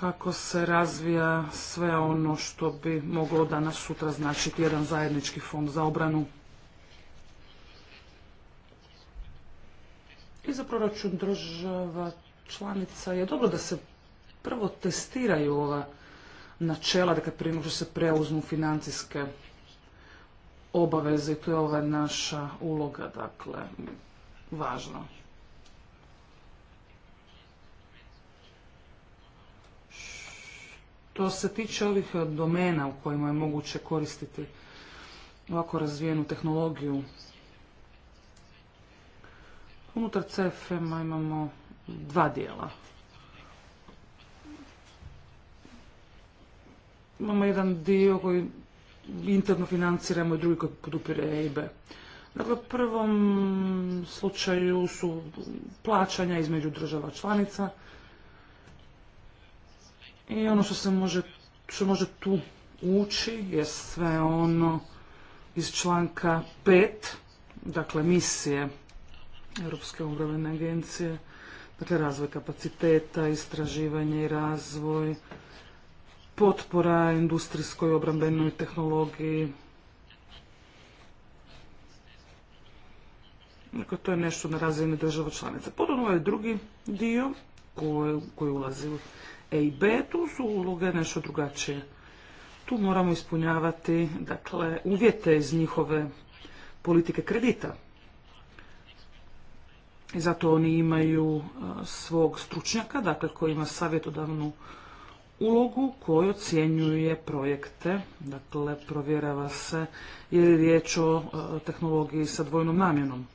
kako se razvija sve ono što bi moglo danas sutra značiti jedan zajednički fond za obranu. I za proračun država članica je dobro da se prvo testiraju ova načela, da dakle, kad prije se preuzmu financijske obaveze i to je ova naša uloga, dakle, važno. Što se tiče ovih domena u kojima je moguće koristiti ovako razvijenu tehnologiju, unutar CFM-a imamo dva dijela. Imamo jedan dio koji interno financiramo i drugi koji podupire EIB. Dakle, u prvom slučaju su plaćanja između država članica i ono što se može, što može tu ući je sve ono iz članka 5, dakle misije Europske obrambene agencije, dakle razvoj kapaciteta, istraživanje i razvoj, potpora industrijskoj obrambenoj tehnologiji, Dakle, to je nešto na razini država članica. Potom ovaj drugi dio koji, ulazi u E i B, tu su uloge nešto drugačije. Tu moramo ispunjavati dakle, uvjete iz njihove politike kredita. I zato oni imaju e, svog stručnjaka, dakle koji ima savjetodavnu ulogu koji ocjenjuje projekte, dakle provjerava se je li riječ o e, tehnologiji sa dvojnom namjenom.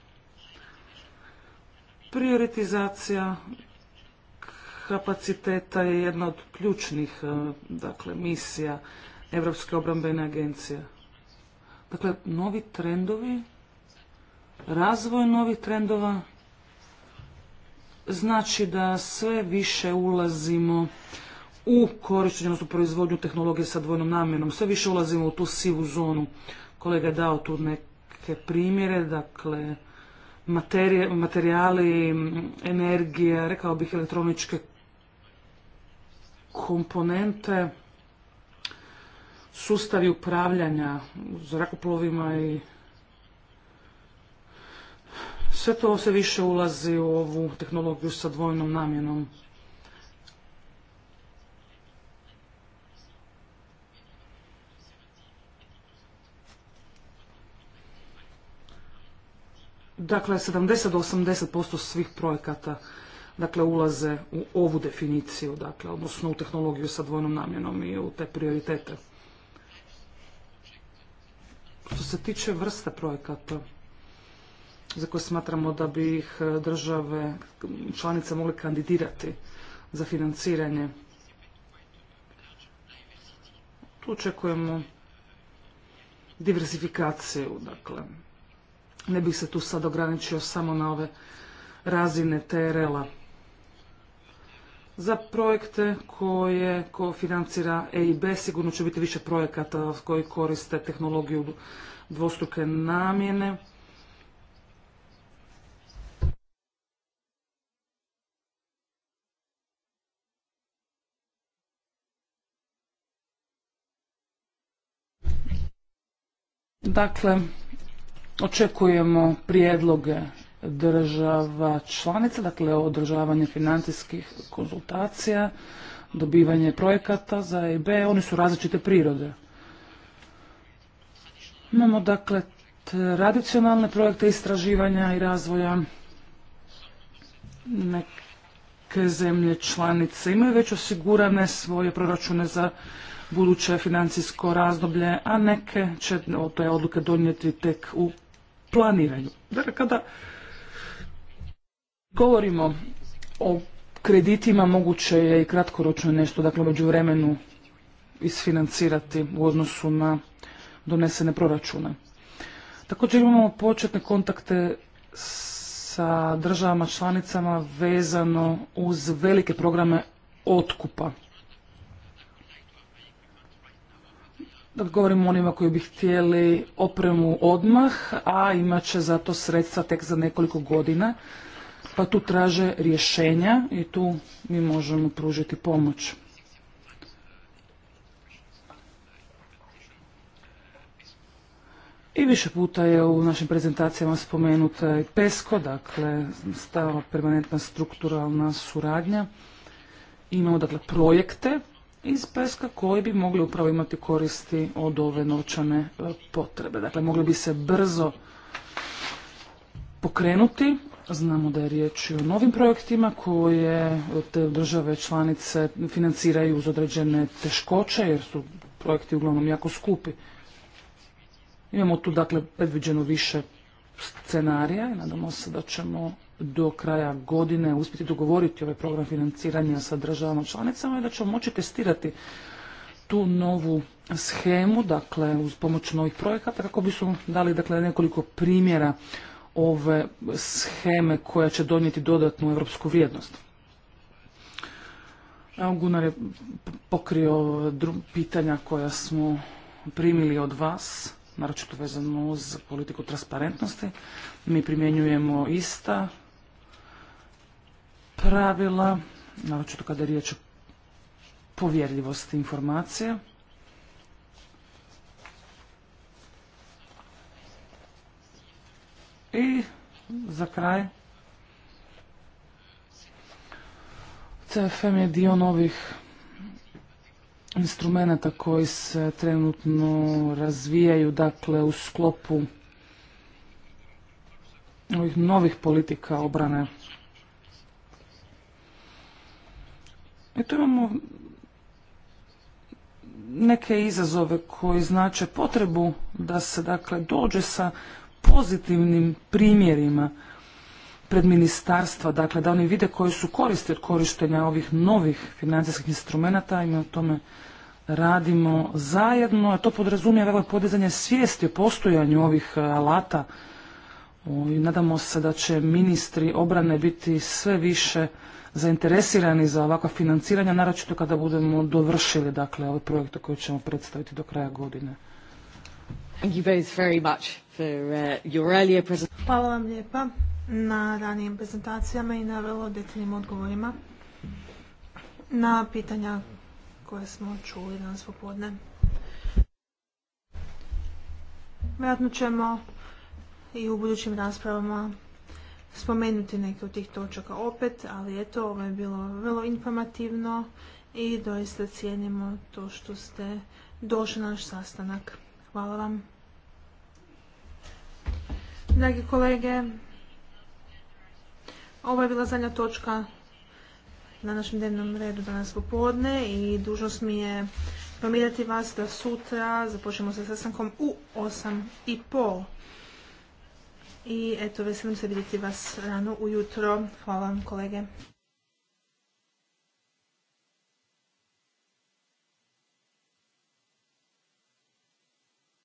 Prioritizacija kapaciteta je jedna od ključnih e, dakle, misija Europske obrambene agencije. Dakle, novi trendovi, razvoj novih trendova znači da sve više ulazimo u korištenje, odnosno proizvodnju tehnologije sa dvojnom namjenom. Sve više ulazimo u tu sivu zonu. Kolega je dao tu neke primjere, dakle, materijali, energije, rekao bih elektroničke komponente, sustavi upravljanja zrakoplovima i sve to se više ulazi u ovu tehnologiju sa dvojnom namjenom. dakle 70 do 80% svih projekata dakle ulaze u ovu definiciju, dakle odnosno u tehnologiju sa dvojnom namjenom i u te prioritete. Što se tiče vrste projekata za koje smatramo da bi ih e, države članice mogle kandidirati za financiranje, tu očekujemo diversifikaciju, dakle, ne bih se tu sad ograničio samo na ove razine TRL-a. Za projekte koje ko financira EIB sigurno će biti više projekata koji koriste tehnologiju dvostruke namjene. Dakle, Očekujemo prijedloge država članica, dakle održavanje financijskih konzultacija, dobivanje projekata za EIB, oni su različite prirode. Imamo dakle tradicionalne projekte istraživanja i razvoja. Neke zemlje članice imaju već osigurane svoje proračune za buduće financijsko razdoblje, a neke će te odluke donijeti tek u planiranju. Dakle, kada govorimo o kreditima, moguće je i kratkoročno nešto, dakle, među vremenu isfinancirati u odnosu na donesene proračune. Također imamo početne kontakte sa državama članicama vezano uz velike programe otkupa da govorimo onima koji bi htjeli opremu odmah, a imat će za to sredstva tek za nekoliko godina, pa tu traže rješenja i tu mi možemo pružiti pomoć. I više puta je u našim prezentacijama spomenuta i PESCO, dakle stava permanentna strukturalna suradnja. Imamo dakle projekte iz peska koji bi mogli upravo imati koristi od ove novčane e, potrebe. Dakle, mogli bi se brzo pokrenuti. Znamo da je riječ o novim projektima koje te države članice financiraju uz određene teškoće jer su projekti uglavnom jako skupi. Imamo tu dakle predviđeno više scenarija i nadamo se da ćemo do kraja godine uspjeti dogovoriti ovaj program financiranja sa državama članicama i da ćemo moći testirati tu novu schemu, dakle uz pomoć novih projekata kako bismo dali dakle nekoliko primjera ove sheme koja će donijeti dodatnu europsku vrijednost. Gunar je pokrio pitanja koja smo primili od vas naročito vezano uz politiku transparentnosti. Mi primjenjujemo ista pravila, naročito kada je riječ o povjerljivosti informacija. I za kraj CFM je dio novih instrumenata koji se trenutno razvijaju, dakle u sklopu ovih novih politika obrane. I tu imamo neke izazove koji znače potrebu da se dakle dođe sa pozitivnim primjerima pred ministarstva, dakle da oni vide koje su koristi od korištenja ovih novih financijskih instrumenata i mi o tome radimo zajedno, a to podrazumijeva podizanje svijesti o postojanju ovih e, alata i nadamo se da će ministri obrane biti sve više zainteresirani za ovakva financiranja, naročito kada budemo dovršili dakle ove projekte koje ćemo predstaviti do kraja godine. Uh, Hvala vam lijepa na ranijim prezentacijama i na vrlo detaljnim odgovorima na pitanja koje smo čuli danas popodne. Vjerojatno ćemo i u budućim raspravama spomenuti neke od tih točaka opet, ali eto, ovo je bilo vrlo informativno i doista cijenimo to što ste došli na naš sastanak. Hvala vam. Dragi kolege, ovo je bila zadnja točka na našem dnevnom redu danas popodne i dužnost mi je informirati vas da sutra započnemo sa sastankom u pol. I eto, veselim se vidjeti vas rano ujutro. Hvala vam kolege.